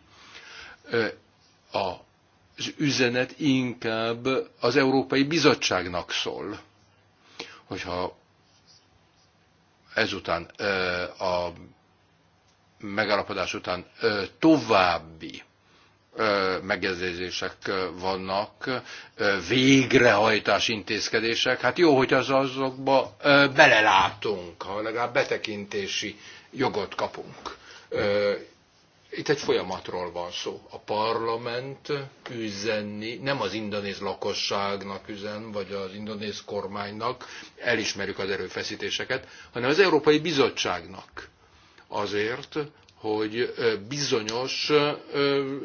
Az üzenet inkább az Európai Bizottságnak szól, hogyha ezután a megállapodás után további megjegyzések vannak, végrehajtás intézkedések. Hát jó, hogy az azokba belelátunk, ha legalább betekintési jogot kapunk itt egy folyamatról van szó. A parlament üzenni, nem az indonéz lakosságnak üzen, vagy az indonéz kormánynak, elismerjük az erőfeszítéseket, hanem az Európai Bizottságnak. Azért, hogy bizonyos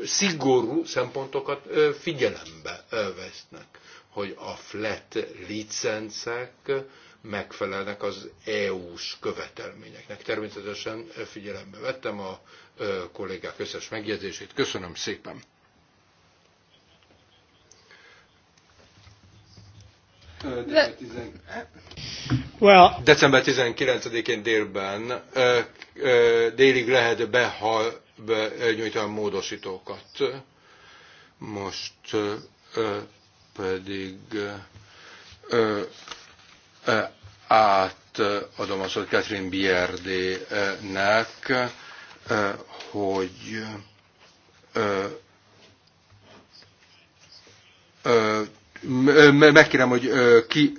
szigorú szempontokat figyelembe vesznek, hogy a flat licencek megfelelnek az EU-s követelményeknek. Természetesen figyelembe vettem a kollégák összes megjegyzését. Köszönöm szépen! December 19-én délben délig lehet behal, a módosítókat. Most pedig Átadom a szót Catherine Bierdének, hogy megkérem, hogy ki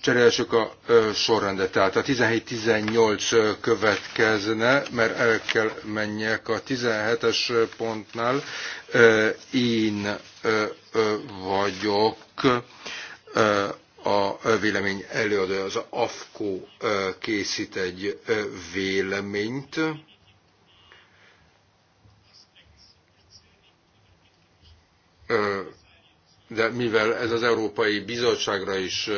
cserélsük a sorrendet. Tehát a 17-18 következne, mert el kell menjek a 17-es pontnál. Én vagyok a vélemény előadója, az AFKO készít egy véleményt, de mivel ez az Európai Bizottságra is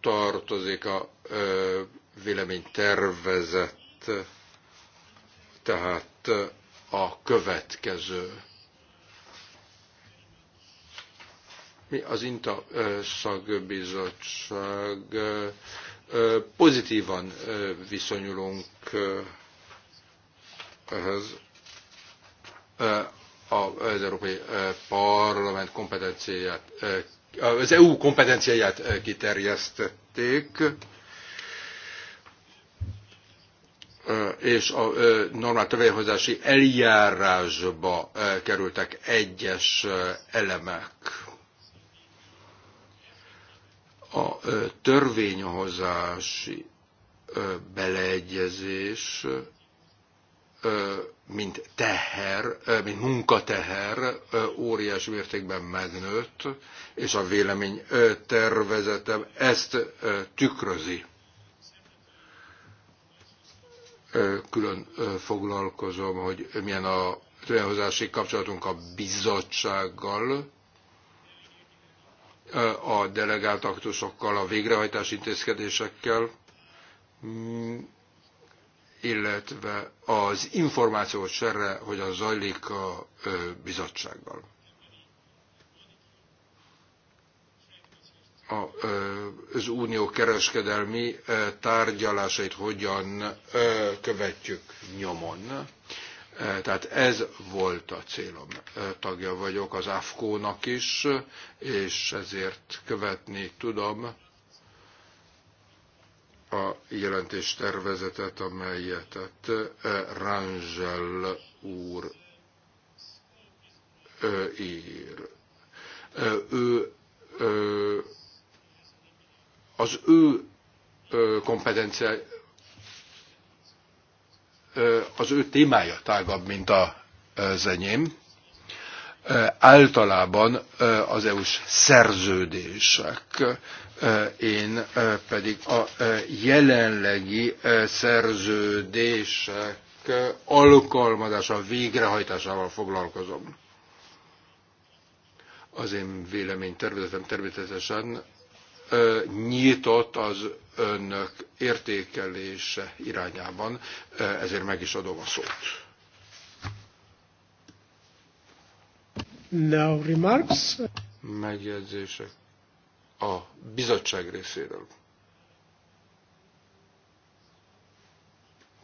tartozik a vélemény tervezett, tehát a következő Mi az INTA szakbizottság pozitívan viszonyulunk ehhez az Európai Parlament kompetenciáját, az EU kompetenciáját kiterjesztették, és a normál törvényhozási eljárásba kerültek egyes elemek törvényhozási beleegyezés, mint teher, mint munkateher óriás mértékben megnőtt, és a vélemény tervezetem ezt tükrözi. Külön foglalkozom, hogy milyen a törvényhozási kapcsolatunk a bizottsággal, a delegált aktusokkal, a végrehajtás intézkedésekkel, illetve az információt serre, hogy az zajlik a bizottsággal. A, az unió kereskedelmi tárgyalásait hogyan követjük nyomon tehát ez volt a célom. Tagja vagyok az AFKÓ-nak is, és ezért követni tudom a jelentéstervezetet, amelyet Rangel úr ír. ő az ő kompetenciája az ő témája tágabb, mint a zenyém. Általában az EU-s szerződések, én pedig a jelenlegi szerződések alkalmazása, végrehajtásával foglalkozom. Az én tervezetem természetesen nyitott az önök értékelése irányában, ezért meg is adom a szót. Now remarks. Megjegyzések a bizottság részéről.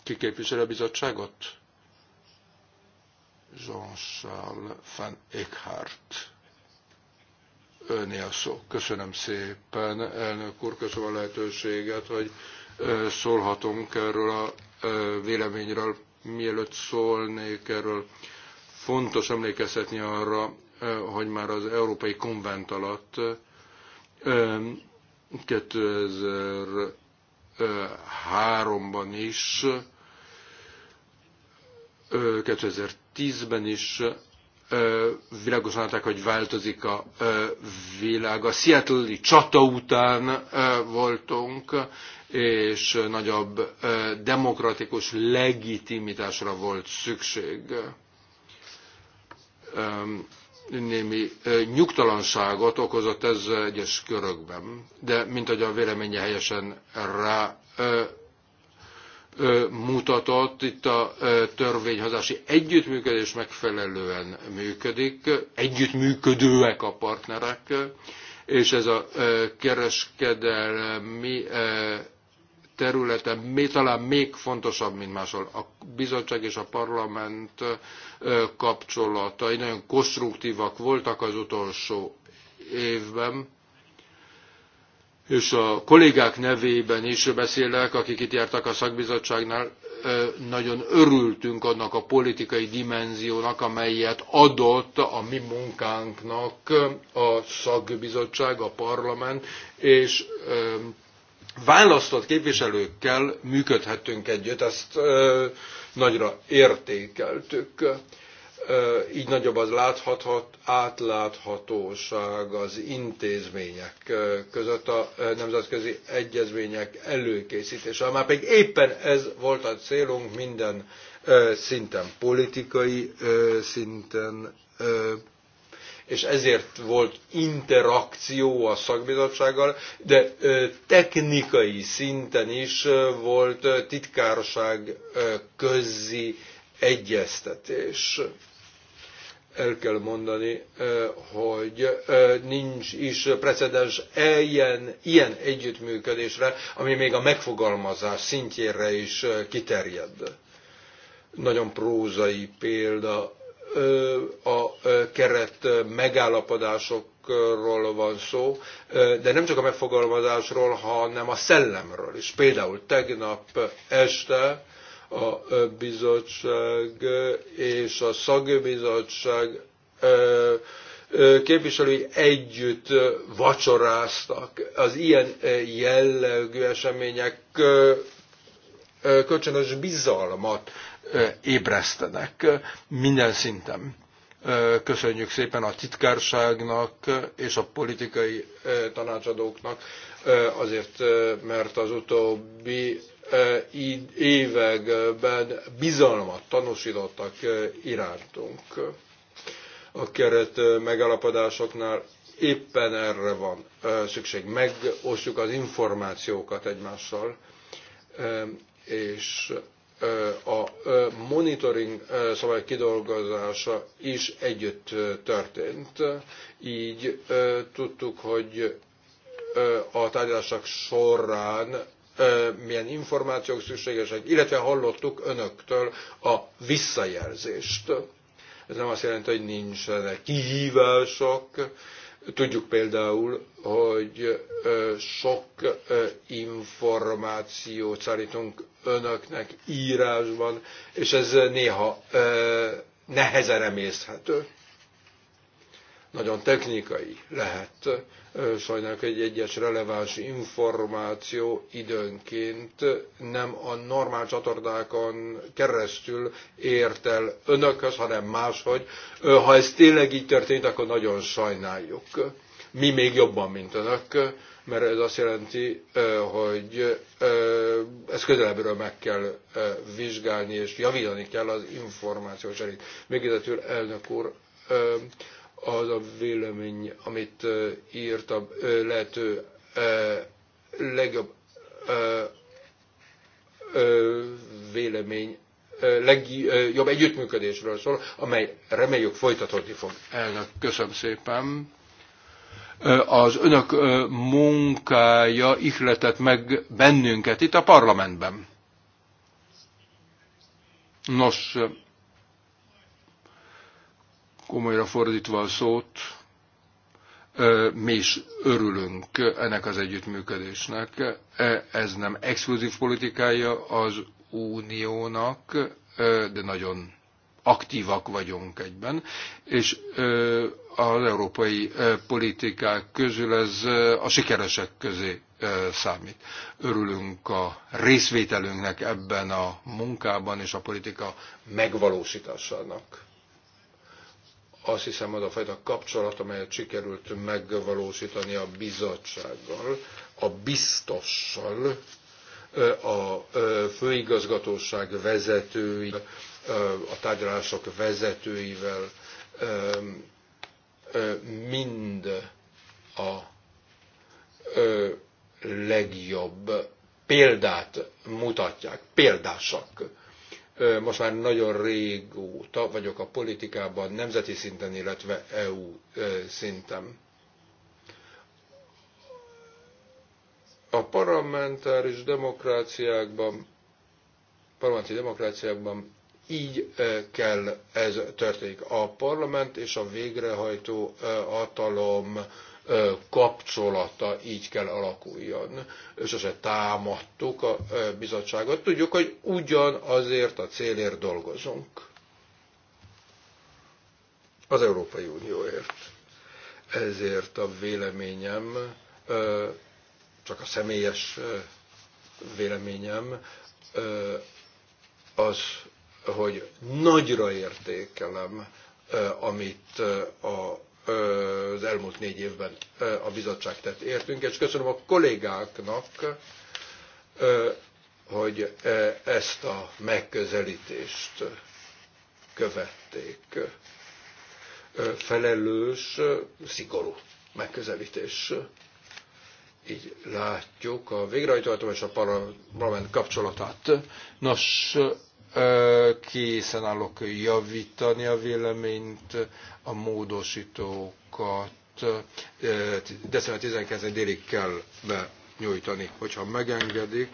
Ki képviseli a bizottságot? Jean-Charles van Eckhart öné a szó. Köszönöm szépen, elnök úr, köszönöm a lehetőséget, hogy szólhatunk erről a véleményről. Mielőtt szólnék erről, fontos emlékeztetni arra, hogy már az Európai Konvent alatt 2003-ban is, 2010-ben is világosan látták, hogy változik a világ. A seattle i csata után voltunk, és nagyobb demokratikus legitimitásra volt szükség. Némi nyugtalanságot okozott ez egyes körökben, de mint ahogy a véleménye helyesen rá mutatott, itt a törvényhozási együttműködés megfelelően működik, együttműködőek a partnerek, és ez a kereskedelmi területen még, talán még fontosabb, mint máshol. A bizottság és a parlament kapcsolatai nagyon konstruktívak voltak az utolsó évben, és a kollégák nevében is beszélek, akik itt jártak a szakbizottságnál, nagyon örültünk annak a politikai dimenziónak, amelyet adott a mi munkánknak a szakbizottság, a parlament, és választott képviselőkkel működhettünk együtt, ezt nagyra értékeltük így nagyobb az átláthatóság az intézmények között a nemzetközi egyezmények előkészítése, már pedig éppen ez volt a célunk minden szinten, politikai szinten, és ezért volt interakció a szakbizottsággal, de technikai szinten is volt titkárság közzi egyeztetés. El kell mondani, hogy nincs is precedens ilyen, ilyen együttműködésre, ami még a megfogalmazás szintjére is kiterjed. Nagyon prózai példa a keret megállapodásokról van szó, de nem csak a megfogalmazásról, hanem a szellemről is. Például tegnap este a bizottság és a szakbizottság képviselői együtt vacsoráztak. Az ilyen jellegű események kölcsönös bizalmat ébresztenek minden szinten. Köszönjük szépen a titkárságnak és a politikai tanácsadóknak, azért, mert az utóbbi években bizalmat tanúsítottak irántunk. A keret megalapodásoknál éppen erre van szükség. Megosztjuk az információkat egymással, és a monitoring szabály kidolgozása is együtt történt. Így tudtuk, hogy a tárgyalások során milyen információk szükségesek, illetve hallottuk önöktől a visszajelzést. Ez nem azt jelenti, hogy nincsenek kihívások, Tudjuk például, hogy sok információt szállítunk önöknek írásban, és ez néha nehezen emészhető nagyon technikai lehet. Sajnálok egy egyes releváns információ időnként nem a normál csatornákon keresztül ért el önökhöz, hanem máshogy. Ha ez tényleg így történt, akkor nagyon sajnáljuk. Mi még jobban, mint önök, mert ez azt jelenti, hogy ezt közelebbről meg kell vizsgálni, és javítani kell az információ szerint. Még illetve, elnök úr, az a vélemény, amit írt a lehető legjobb vélemény, legjobb együttműködésről szól, amely reméljük folytatódni fog. Elnök, köszönöm szépen. Az önök munkája ihletett meg bennünket itt a parlamentben. Nos, Komolyra fordítva a szót, mi is örülünk ennek az együttműködésnek. Ez nem exkluzív politikája az uniónak, de nagyon aktívak vagyunk egyben, és az európai politikák közül ez a sikeresek közé számít. Örülünk a részvételünknek ebben a munkában és a politika megvalósításának. Azt hiszem, az a fajta kapcsolat, amelyet sikerült megvalósítani a bizottsággal, a biztossal, a főigazgatóság vezetői, a tárgyalások vezetőivel, mind a legjobb példát mutatják, példásak most már nagyon régóta vagyok a politikában, nemzeti szinten, illetve EU szinten. A parlamentáris demokráciákban, parlamenti demokráciákban így kell ez történik. A parlament és a végrehajtó hatalom kapcsolata így kell alakuljon. Összesen támadtuk a bizottságot. Tudjuk, hogy ugyanazért a célért dolgozunk. Az Európai Unióért. Ezért a véleményem, csak a személyes véleményem, az, hogy nagyra értékelem, amit a az elmúlt négy évben a bizottság tett értünk, és köszönöm a kollégáknak, hogy ezt a megközelítést követték. Felelős, szigorú megközelítés. Így látjuk a végrehajtóhatom és a parlament kapcsolatát. Nos, készen állok javítani a véleményt, a módosítókat december 19 délig kell benyújtani. Hogyha megengedik,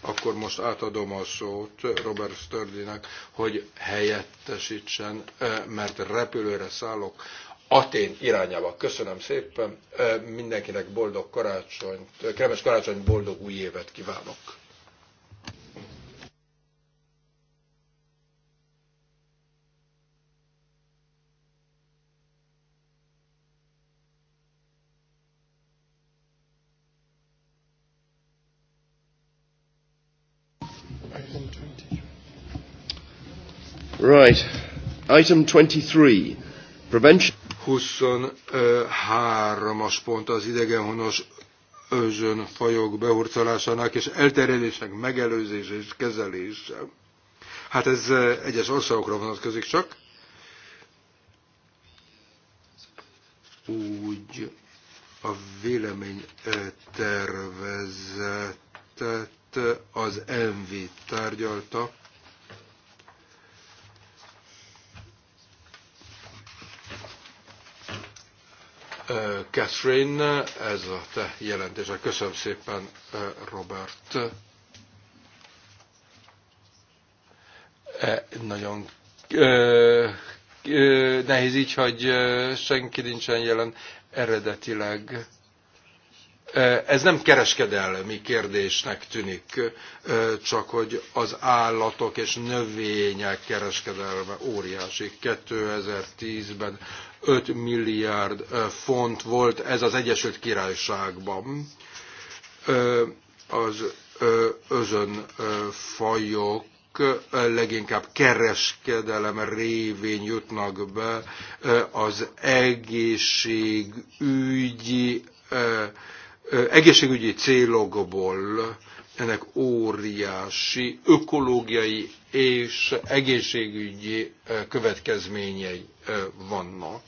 akkor most átadom a szót Robert Sturdynek, hogy helyettesítsen, mert repülőre szállok Atén irányába. Köszönöm szépen, mindenkinek boldog karácsonyt, kremes karácsony, boldog új évet kívánok! Right. Item 23. Prevention. 23-as pont az idegenhonos fajok behurcolásának és elterjedésnek megelőzése és kezelése. Hát ez eh, egyes országokra vonatkozik csak. Úgy a vélemény eh, tervezetet az MV tárgyalta, Catherine, ez a te jelentésed. Köszönöm szépen, Robert. nagyon nehéz így, hogy senki nincsen jelen eredetileg. Ez nem kereskedelmi kérdésnek tűnik, csak hogy az állatok és növények kereskedelme óriási. 2010-ben 5 milliárd font volt ez az Egyesült Királyságban. Az özön fajok leginkább kereskedelem révén jutnak be az egészségügyi egészségügyi célokból ennek óriási ökológiai és egészségügyi következményei vannak.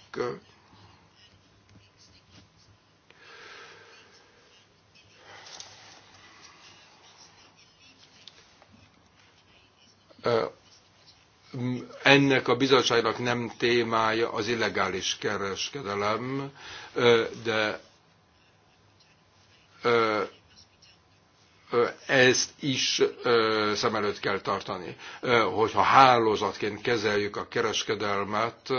Ennek a bizottságnak nem témája az illegális kereskedelem, de ezt is szem előtt kell tartani. Hogyha hálózatként kezeljük a kereskedelmet,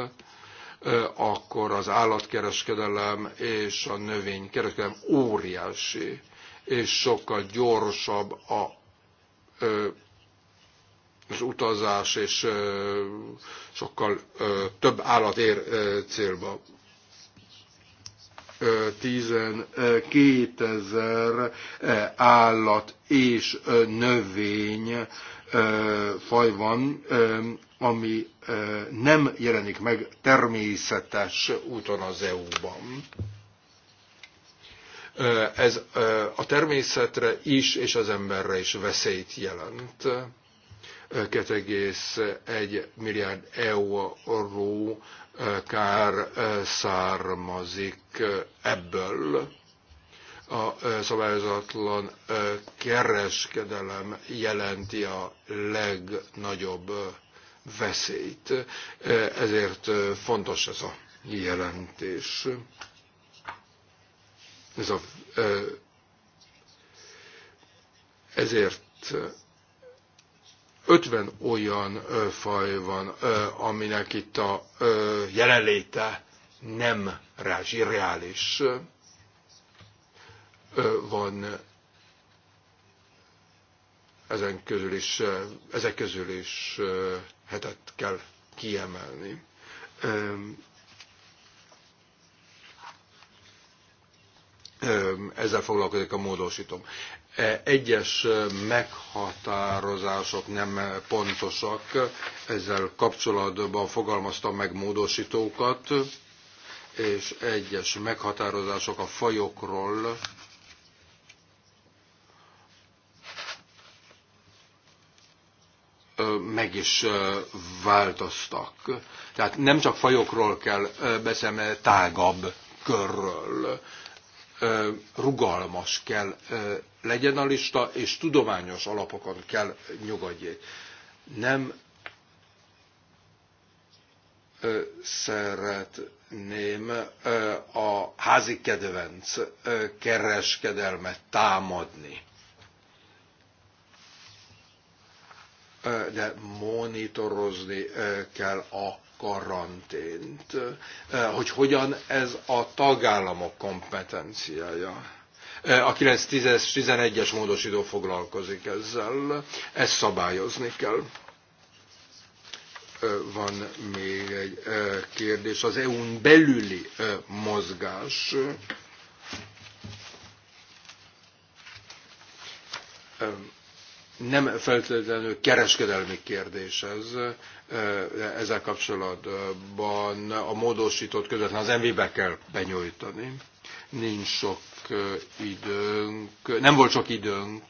akkor az állatkereskedelem és a növénykereskedelem óriási, és sokkal gyorsabb a, az utazás, és sokkal több állat ér célba. 12 ezer eh, állat és eh, növény eh, faj van, ami nem jelenik meg természetes úton az EU-ban. Ez a természetre is és az emberre is veszélyt jelent. 2,1 milliárd euró kár származik ebből a szabályozatlan kereskedelem jelenti a legnagyobb veszélyt. Ezért fontos ez a jelentés. Ez a, ezért 50 olyan faj van, aminek itt a jelenléte nem rázsirreális. Van ezen közül is, ezek közül is hetet kell kiemelni. ezzel foglalkozik a módosítom. E, egyes meghatározások nem pontosak, ezzel kapcsolatban fogalmaztam meg módosítókat, és egyes meghatározások a fajokról meg is változtak. Tehát nem csak fajokról kell beszélni, tágabb körről rugalmas kell legyen a lista, és tudományos alapokon kell nyugodjék. Nem szeretném a házi kedvenc kereskedelmet támadni. De monitorozni kell a karantént, eh, hogy hogyan ez a tagállamok kompetenciája. Eh, a 9-10-es, 11-es módosító foglalkozik ezzel, ezt szabályozni kell. Eh, van még egy kérdés, az EU-n belüli mozgás. Um, nem feltétlenül kereskedelmi kérdés ez, ezzel kapcsolatban a módosított közvetlen az MV-be kell benyújtani. Nincs sok időnk, nem volt sok időnk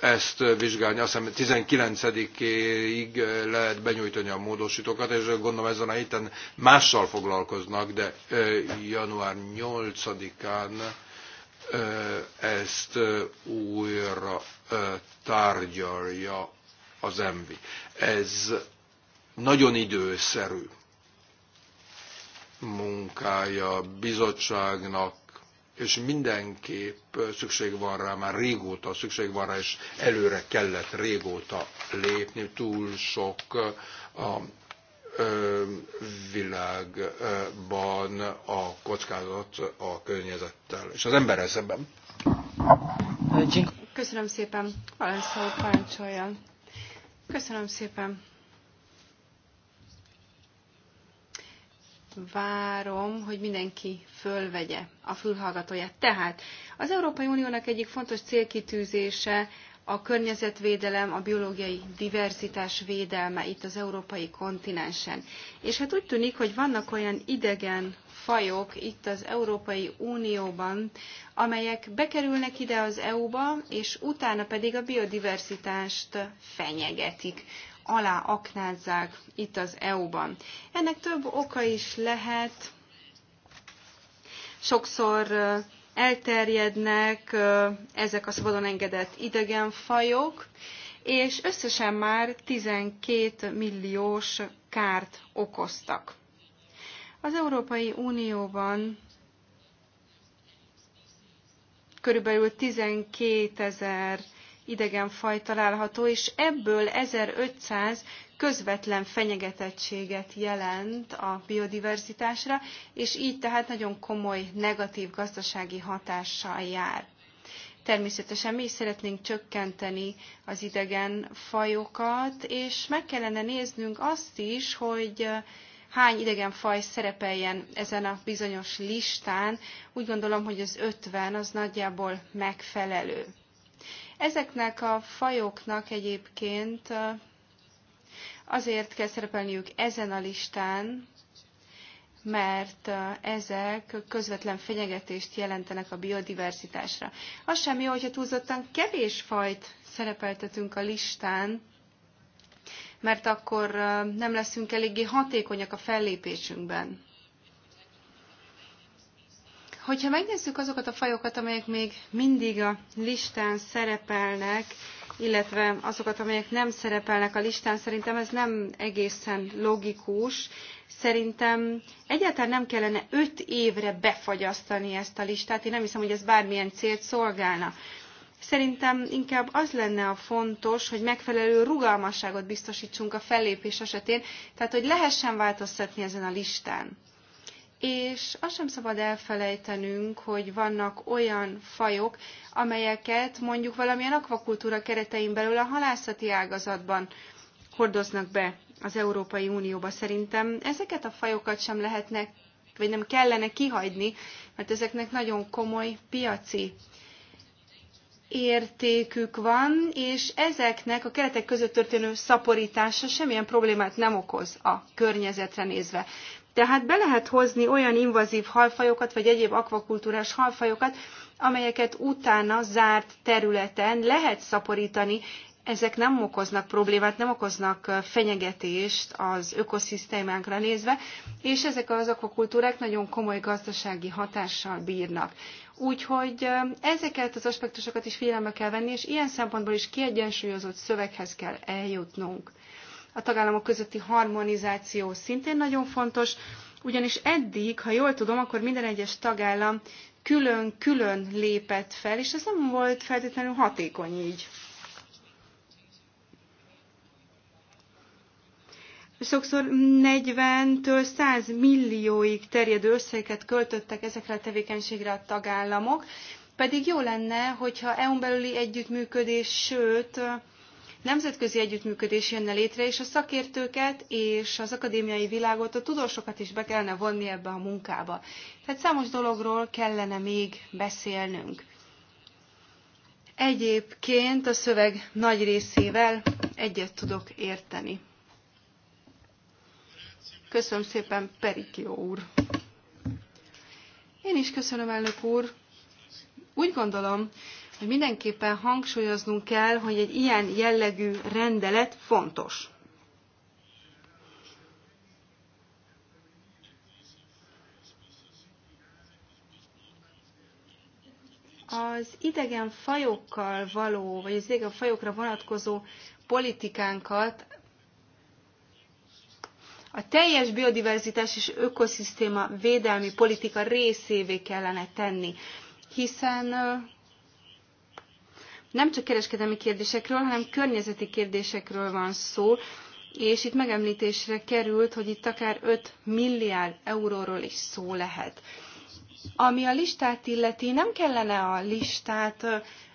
ezt vizsgálni. Azt hiszem 19-ig lehet benyújtani a módosítókat, és gondolom ezen a héten mással foglalkoznak, de január 8-án ezt újra tárgyalja az envi. Ez nagyon időszerű munkája bizottságnak, és mindenképp szükség van rá, már régóta szükség van rá, és előre kellett régóta lépni, túl sok a világban a kockázat a környezettel és az emberrel szemben. Köszönöm szépen. Valenszó parancsoljon. Köszönöm szépen. várom, hogy mindenki fölvegye a fülhallgatóját. Tehát az Európai Uniónak egyik fontos célkitűzése a környezetvédelem, a biológiai diverzitás védelme itt az európai kontinensen. És hát úgy tűnik, hogy vannak olyan idegen fajok itt az Európai Unióban, amelyek bekerülnek ide az EU-ba, és utána pedig a biodiverzitást fenyegetik alá aknázzák itt az EU-ban. Ennek több oka is lehet. Sokszor elterjednek ezek a szabadon engedett idegenfajok, és összesen már 12 milliós kárt okoztak. Az Európai Unióban körülbelül 12 ezer idegenfaj található, és ebből 1500 közvetlen fenyegetettséget jelent a biodiverzitásra, és így tehát nagyon komoly negatív gazdasági hatással jár. Természetesen mi is szeretnénk csökkenteni az idegen fajokat, és meg kellene néznünk azt is, hogy hány idegen faj szerepeljen ezen a bizonyos listán. Úgy gondolom, hogy az 50 az nagyjából megfelelő. Ezeknek a fajoknak egyébként Azért kell szerepelniük ezen a listán, mert ezek közvetlen fenyegetést jelentenek a biodiverzitásra. Az sem jó, hogyha túlzottan kevés fajt szerepeltetünk a listán, mert akkor nem leszünk eléggé hatékonyak a fellépésünkben. Hogyha megnézzük azokat a fajokat, amelyek még mindig a listán szerepelnek, illetve azokat, amelyek nem szerepelnek a listán. Szerintem ez nem egészen logikus. Szerintem egyáltalán nem kellene öt évre befagyasztani ezt a listát. Én nem hiszem, hogy ez bármilyen célt szolgálna. Szerintem inkább az lenne a fontos, hogy megfelelő rugalmasságot biztosítsunk a fellépés esetén, tehát hogy lehessen változtatni ezen a listán és azt sem szabad elfelejtenünk, hogy vannak olyan fajok, amelyeket mondjuk valamilyen akvakultúra keretein belül a halászati ágazatban hordoznak be az Európai Unióba. Szerintem ezeket a fajokat sem lehetnek, vagy nem kellene kihagyni, mert ezeknek nagyon komoly piaci értékük van, és ezeknek a keretek között történő szaporítása semmilyen problémát nem okoz a környezetre nézve. Tehát be lehet hozni olyan invazív halfajokat, vagy egyéb akvakultúrás halfajokat, amelyeket utána zárt területen lehet szaporítani, ezek nem okoznak problémát, nem okoznak fenyegetést az ökoszisztémánkra nézve, és ezek az akvakultúrák nagyon komoly gazdasági hatással bírnak. Úgyhogy ezeket az aspektusokat is figyelembe kell venni, és ilyen szempontból is kiegyensúlyozott szöveghez kell eljutnunk a tagállamok közötti harmonizáció szintén nagyon fontos, ugyanis eddig, ha jól tudom, akkor minden egyes tagállam külön-külön lépett fel, és ez nem volt feltétlenül hatékony így. sokszor 40-től 100 millióig terjedő összeget költöttek ezekre a tevékenységre a tagállamok, pedig jó lenne, hogyha EU-n belüli együttműködés, sőt, Nemzetközi együttműködés jönne létre, és a szakértőket és az akadémiai világot, a tudósokat is be kellene vonni ebbe a munkába. Tehát számos dologról kellene még beszélnünk. Egyébként a szöveg nagy részével egyet tudok érteni. Köszönöm szépen, Perikió úr! Én is köszönöm, elnök úr! Úgy gondolom, hogy mindenképpen hangsúlyoznunk kell, hogy egy ilyen jellegű rendelet fontos. az idegen fajokkal való, vagy az idegen fajokra vonatkozó politikánkat a teljes biodiverzitás és ökoszisztéma védelmi politika részévé kellene tenni, hiszen nem csak kereskedelmi kérdésekről, hanem környezeti kérdésekről van szó, és itt megemlítésre került, hogy itt akár 5 milliárd euróról is szó lehet. Ami a listát illeti, nem kellene a listát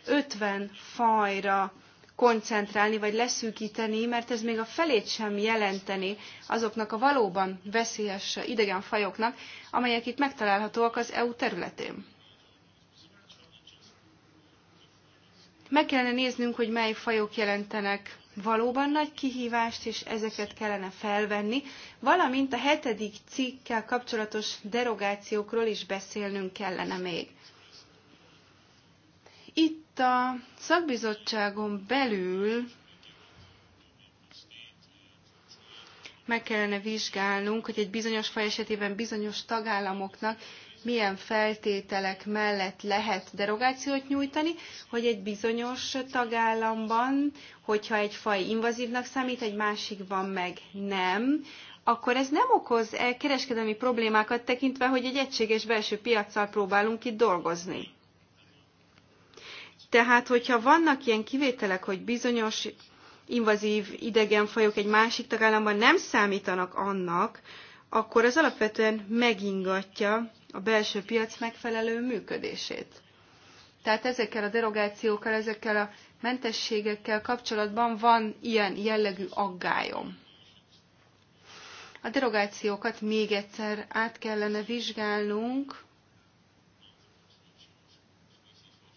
50 fajra koncentrálni vagy leszűkíteni, mert ez még a felét sem jelenteni azoknak a valóban veszélyes idegenfajoknak, amelyek itt megtalálhatóak az EU területén. Meg kellene néznünk, hogy mely fajok jelentenek valóban nagy kihívást, és ezeket kellene felvenni, valamint a hetedik cikkkel kapcsolatos derogációkról is beszélnünk kellene még. Itt a szakbizottságon belül meg kellene vizsgálnunk, hogy egy bizonyos faj esetében bizonyos tagállamoknak milyen feltételek mellett lehet derogációt nyújtani, hogy egy bizonyos tagállamban, hogyha egy faj invazívnak számít, egy másikban meg nem, akkor ez nem okoz -e kereskedelmi problémákat tekintve, hogy egy egységes belső piaccal próbálunk itt dolgozni. Tehát, hogyha vannak ilyen kivételek, hogy bizonyos invazív idegenfajok egy másik tagállamban nem számítanak annak, akkor az alapvetően megingatja a belső piac megfelelő működését. Tehát ezekkel a derogációkkal, ezekkel a mentességekkel kapcsolatban van ilyen jellegű aggályom. A derogációkat még egyszer át kellene vizsgálnunk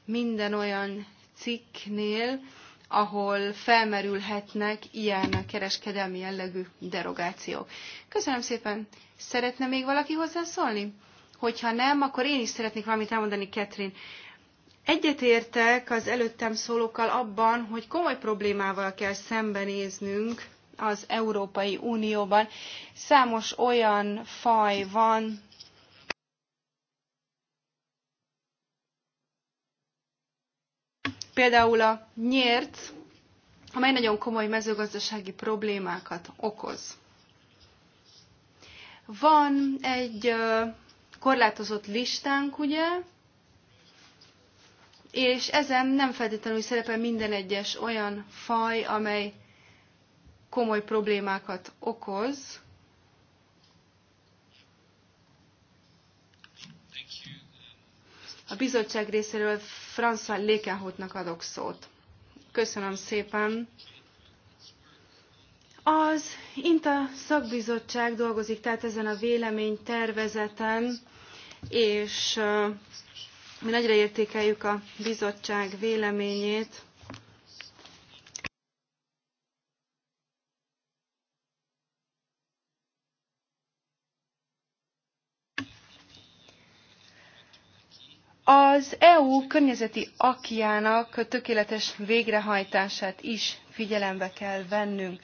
minden olyan cikknél, ahol felmerülhetnek ilyen kereskedelmi jellegű derogációk. Köszönöm szépen! Szeretne még valaki hozzászólni? Hogyha nem, akkor én is szeretnék valamit elmondani, Ketrin. Egyetértek az előttem szólókkal abban, hogy komoly problémával kell szembenéznünk az Európai Unióban. Számos olyan faj van, például a nyérc, amely nagyon komoly mezőgazdasági problémákat okoz. Van egy korlátozott listánk, ugye, és ezen nem feltétlenül szerepel minden egyes olyan faj, amely komoly problémákat okoz. A bizottság részéről François Lékenhotnak adok szót. Köszönöm szépen. Az INTA szakbizottság dolgozik tehát ezen a vélemény tervezeten és mi nagyra értékeljük a bizottság véleményét, Az EU környezeti akiának tökéletes végrehajtását is figyelembe kell vennünk.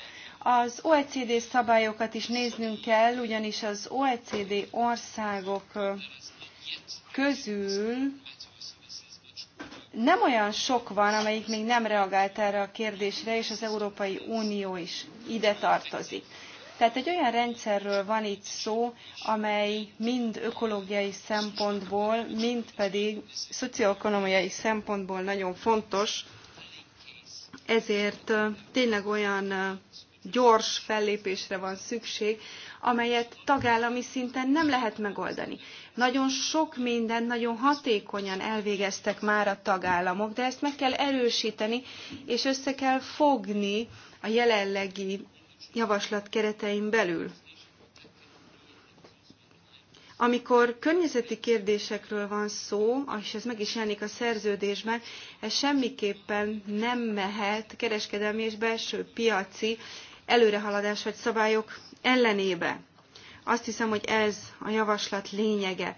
Az OECD szabályokat is néznünk kell, ugyanis az OECD országok közül nem olyan sok van, amelyik még nem reagált erre a kérdésre, és az Európai Unió is ide tartozik. Tehát egy olyan rendszerről van itt szó, amely mind ökológiai szempontból, mind pedig szocioekonomiai szempontból nagyon fontos. Ezért tényleg olyan gyors fellépésre van szükség, amelyet tagállami szinten nem lehet megoldani. Nagyon sok mindent nagyon hatékonyan elvégeztek már a tagállamok, de ezt meg kell erősíteni, és össze kell fogni a jelenlegi javaslat keretein belül. Amikor környezeti kérdésekről van szó, és ez meg is jelenik a szerződésben, ez semmiképpen nem mehet kereskedelmi és belső piaci előrehaladás vagy szabályok ellenébe. Azt hiszem, hogy ez a javaslat lényege.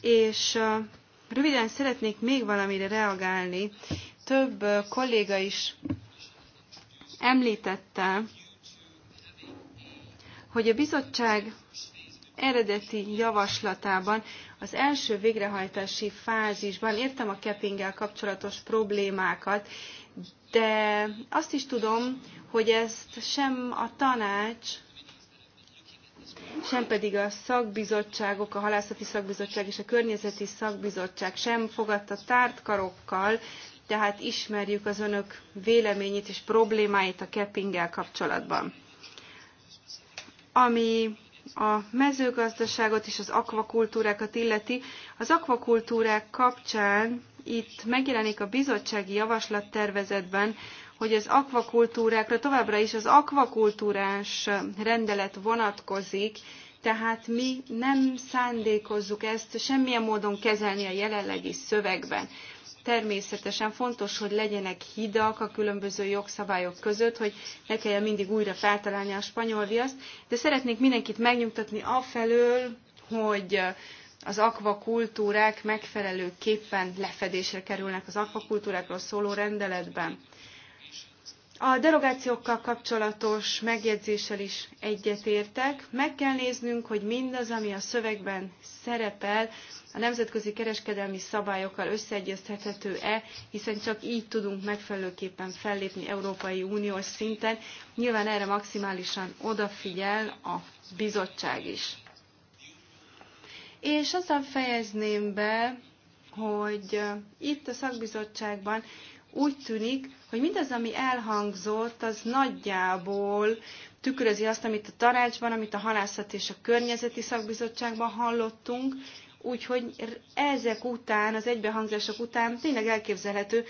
És röviden szeretnék még valamire reagálni. Több kolléga is említette, hogy a bizottság eredeti javaslatában az első végrehajtási fázisban értem a keppinggel kapcsolatos problémákat, de azt is tudom, hogy ezt sem a tanács, sem pedig a szakbizottságok, a halászati szakbizottság és a környezeti szakbizottság sem fogadta tártkarokkal, tehát ismerjük az önök véleményét és problémáit a keppinggel kapcsolatban. Ami a mezőgazdaságot és az akvakultúrákat illeti, az akvakultúrák kapcsán itt megjelenik a bizottsági javaslattervezetben, hogy az akvakultúrákra továbbra is az akvakultúrás rendelet vonatkozik, tehát mi nem szándékozzuk ezt semmilyen módon kezelni a jelenlegi szövegben. Természetesen fontos, hogy legyenek hidak a különböző jogszabályok között, hogy ne kelljen mindig újra feltalálni a spanyol viaszt, de szeretnék mindenkit megnyugtatni afelől, hogy az akvakultúrák megfelelőképpen lefedésre kerülnek az akvakultúrákról szóló rendeletben. A derogációkkal kapcsolatos megjegyzéssel is egyetértek. Meg kell néznünk, hogy mindaz, ami a szövegben szerepel, a nemzetközi kereskedelmi szabályokkal összeegyeztethető-e, hiszen csak így tudunk megfelelőképpen fellépni Európai Uniós szinten. Nyilván erre maximálisan odafigyel a bizottság is. És azzal fejezném be, hogy uh, itt a szakbizottságban úgy tűnik, hogy mindaz, ami elhangzott, az nagyjából tükrözi azt, amit a tanácsban, amit a halászat és a környezeti szakbizottságban hallottunk, úgyhogy ezek után, az egybehangzások után tényleg elképzelhető,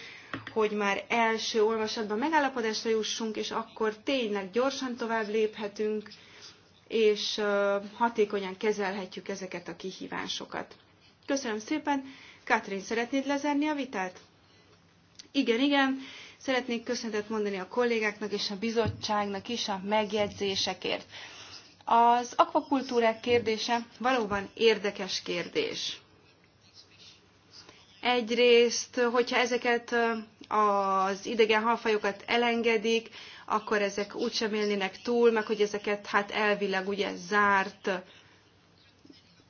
hogy már első olvasatban megállapodásra jussunk, és akkor tényleg gyorsan tovább léphetünk, és hatékonyan kezelhetjük ezeket a kihívásokat. Köszönöm szépen! Katrin, szeretnéd lezárni a vitát? Igen, igen. Szeretnék köszönetet mondani a kollégáknak és a bizottságnak is a megjegyzésekért. Az akvakultúrák kérdése valóban érdekes kérdés. Egyrészt, hogyha ezeket az idegen halfajokat elengedik, akkor ezek úgysem élnének túl, meg hogy ezeket hát elvileg ugye zárt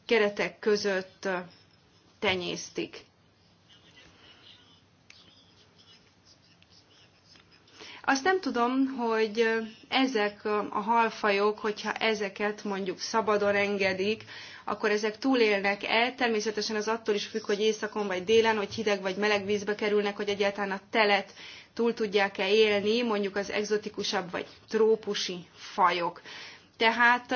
keretek között tenyésztik. Azt nem tudom, hogy ezek a halfajok, hogyha ezeket mondjuk szabadon engedik, akkor ezek túlélnek-e? Természetesen az attól is függ, hogy éjszakon vagy délen, hogy hideg vagy meleg vízbe kerülnek, hogy egyáltalán a telet túl tudják-e élni, mondjuk az egzotikusabb vagy trópusi fajok. Tehát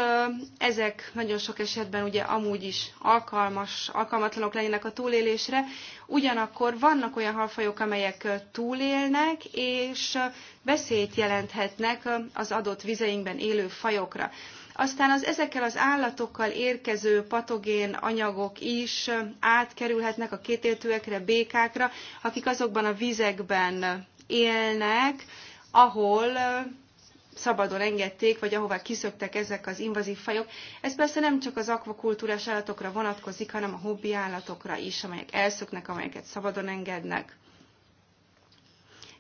ezek nagyon sok esetben ugye amúgy is alkalmas, alkalmatlanok lennének a túlélésre, ugyanakkor vannak olyan halfajok, amelyek túlélnek, és veszélyt jelenthetnek az adott vizeinkben élő fajokra. Aztán az ezekkel az állatokkal érkező patogén anyagok is átkerülhetnek a kétéltőekre, békákra, akik azokban a vizekben élnek, ahol szabadon engedték, vagy ahová kiszöktek ezek az invazív fajok. Ez persze nem csak az akvakultúrás állatokra vonatkozik, hanem a hobbi állatokra is, amelyek elszöknek, amelyeket szabadon engednek.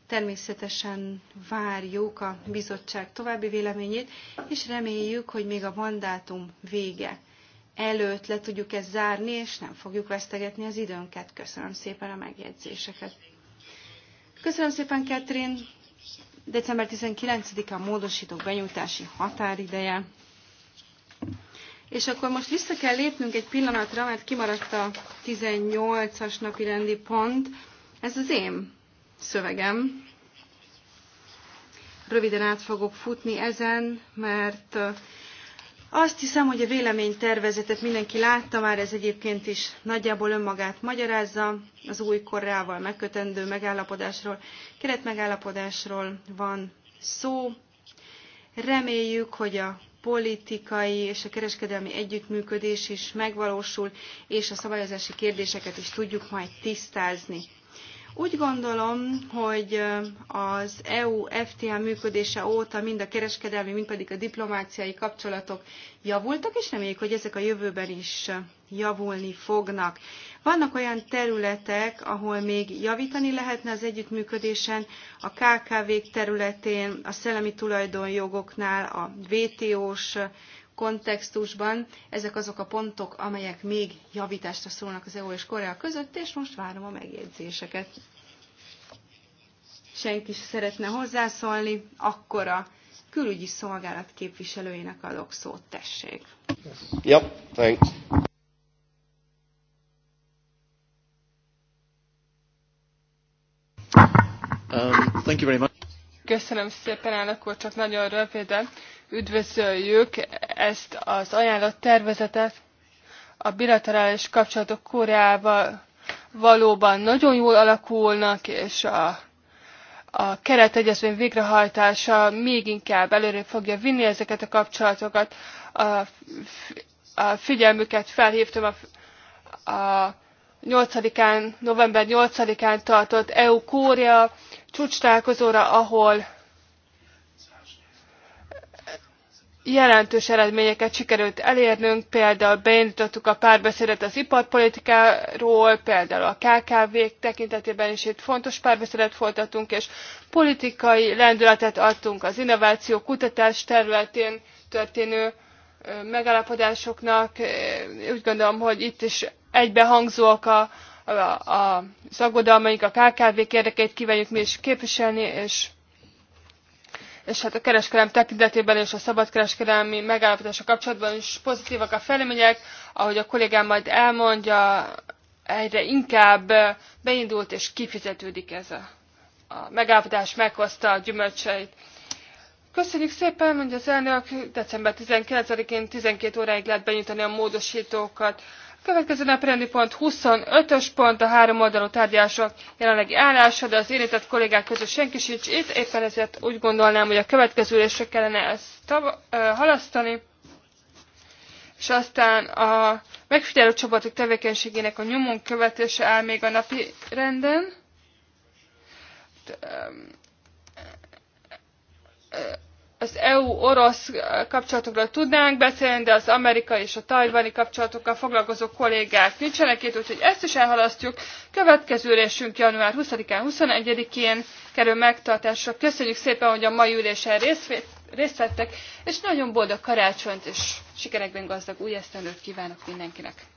Természetesen várjuk a bizottság további véleményét, és reméljük, hogy még a mandátum vége előtt le tudjuk ezt zárni, és nem fogjuk vesztegetni az időnket. Köszönöm szépen a megjegyzéseket. Köszönöm szépen, Ketrin! december 19-a módosítók benyújtási határideje. És akkor most vissza kell lépnünk egy pillanatra, mert kimaradt a 18-as napi rendi pont. Ez az én szövegem. Röviden át fogok futni ezen, mert azt hiszem, hogy a véleménytervezetet mindenki látta már, ez egyébként is nagyjából önmagát magyarázza. Az új korrával megkötendő megállapodásról, keretmegállapodásról van szó. Reméljük, hogy a politikai és a kereskedelmi együttműködés is megvalósul, és a szabályozási kérdéseket is tudjuk majd tisztázni. Úgy gondolom, hogy az EU-FTA működése óta mind a kereskedelmi, mind pedig a diplomáciai kapcsolatok javultak, és reméljük, hogy ezek a jövőben is javulni fognak. Vannak olyan területek, ahol még javítani lehetne az együttműködésen, a KKV-k területén, a szellemi tulajdonjogoknál, a vto s kontextusban. Ezek azok a pontok, amelyek még javításra szólnak az EU és Korea között, és most várom a megjegyzéseket. Senki se szeretne hozzászólni, akkor a külügyi szolgálat képviselőjének adok szót, tessék. Yep, thanks. Um, thank you very much. Köszönöm szépen, elnök úr, csak nagyon röviden üdvözöljük ezt az ajánlott tervezetet. A bilaterális kapcsolatok Koreával valóban nagyon jól alakulnak, és a, a keretegyezmény végrehajtása még inkább előrébb fogja vinni ezeket a kapcsolatokat. A, a figyelmüket felhívtam a, a 8-án, november 8-án tartott EU-Kórea csúcstálkozóra, ahol jelentős eredményeket sikerült elérnünk, például beindítottuk a párbeszédet az iparpolitikáról, például a kkv tekintetében is itt fontos párbeszédet folytatunk, és politikai lendületet adtunk az innováció kutatás területén történő megállapodásoknak. Úgy gondolom, hogy itt is egybehangzóak a, a, a, az aggodalmaink, a KKV-k érdekeit kívánjuk mi is képviselni, és és hát a kereskedelem tekintetében és a szabadkereskedelmi megállapodása kapcsolatban is pozitívak a fejlemények, ahogy a kollégám majd elmondja, egyre inkább beindult és kifizetődik ez a, a megállapodás, meghozta a gyümölcseit. Köszönjük szépen, mondja az elnök, december 19-én 12 óráig lehet benyújtani a módosítókat. Következő rendi pont 25-ös pont a három oldalú tárgyalások jelenlegi állása, de az érintett kollégák közül senki sincs itt, éppen ezért úgy gondolnám, hogy a következő ülésre kellene ezt tava, halasztani. És aztán a megfigyelő csoportok tevékenységének a nyomon követése áll még a napi renden. De, um, uh, az EU-orosz kapcsolatokról tudnánk beszélni, de az amerikai és a tajvani kapcsolatokkal foglalkozó kollégák nincsenek itt, úgyhogy ezt is elhalasztjuk. Következő ülésünk január 20-án, 21-én kerül megtartásra. Köszönjük szépen, hogy a mai ülésen részt, vettek, és nagyon boldog karácsonyt és sikerekben gazdag új esztendőt kívánok mindenkinek!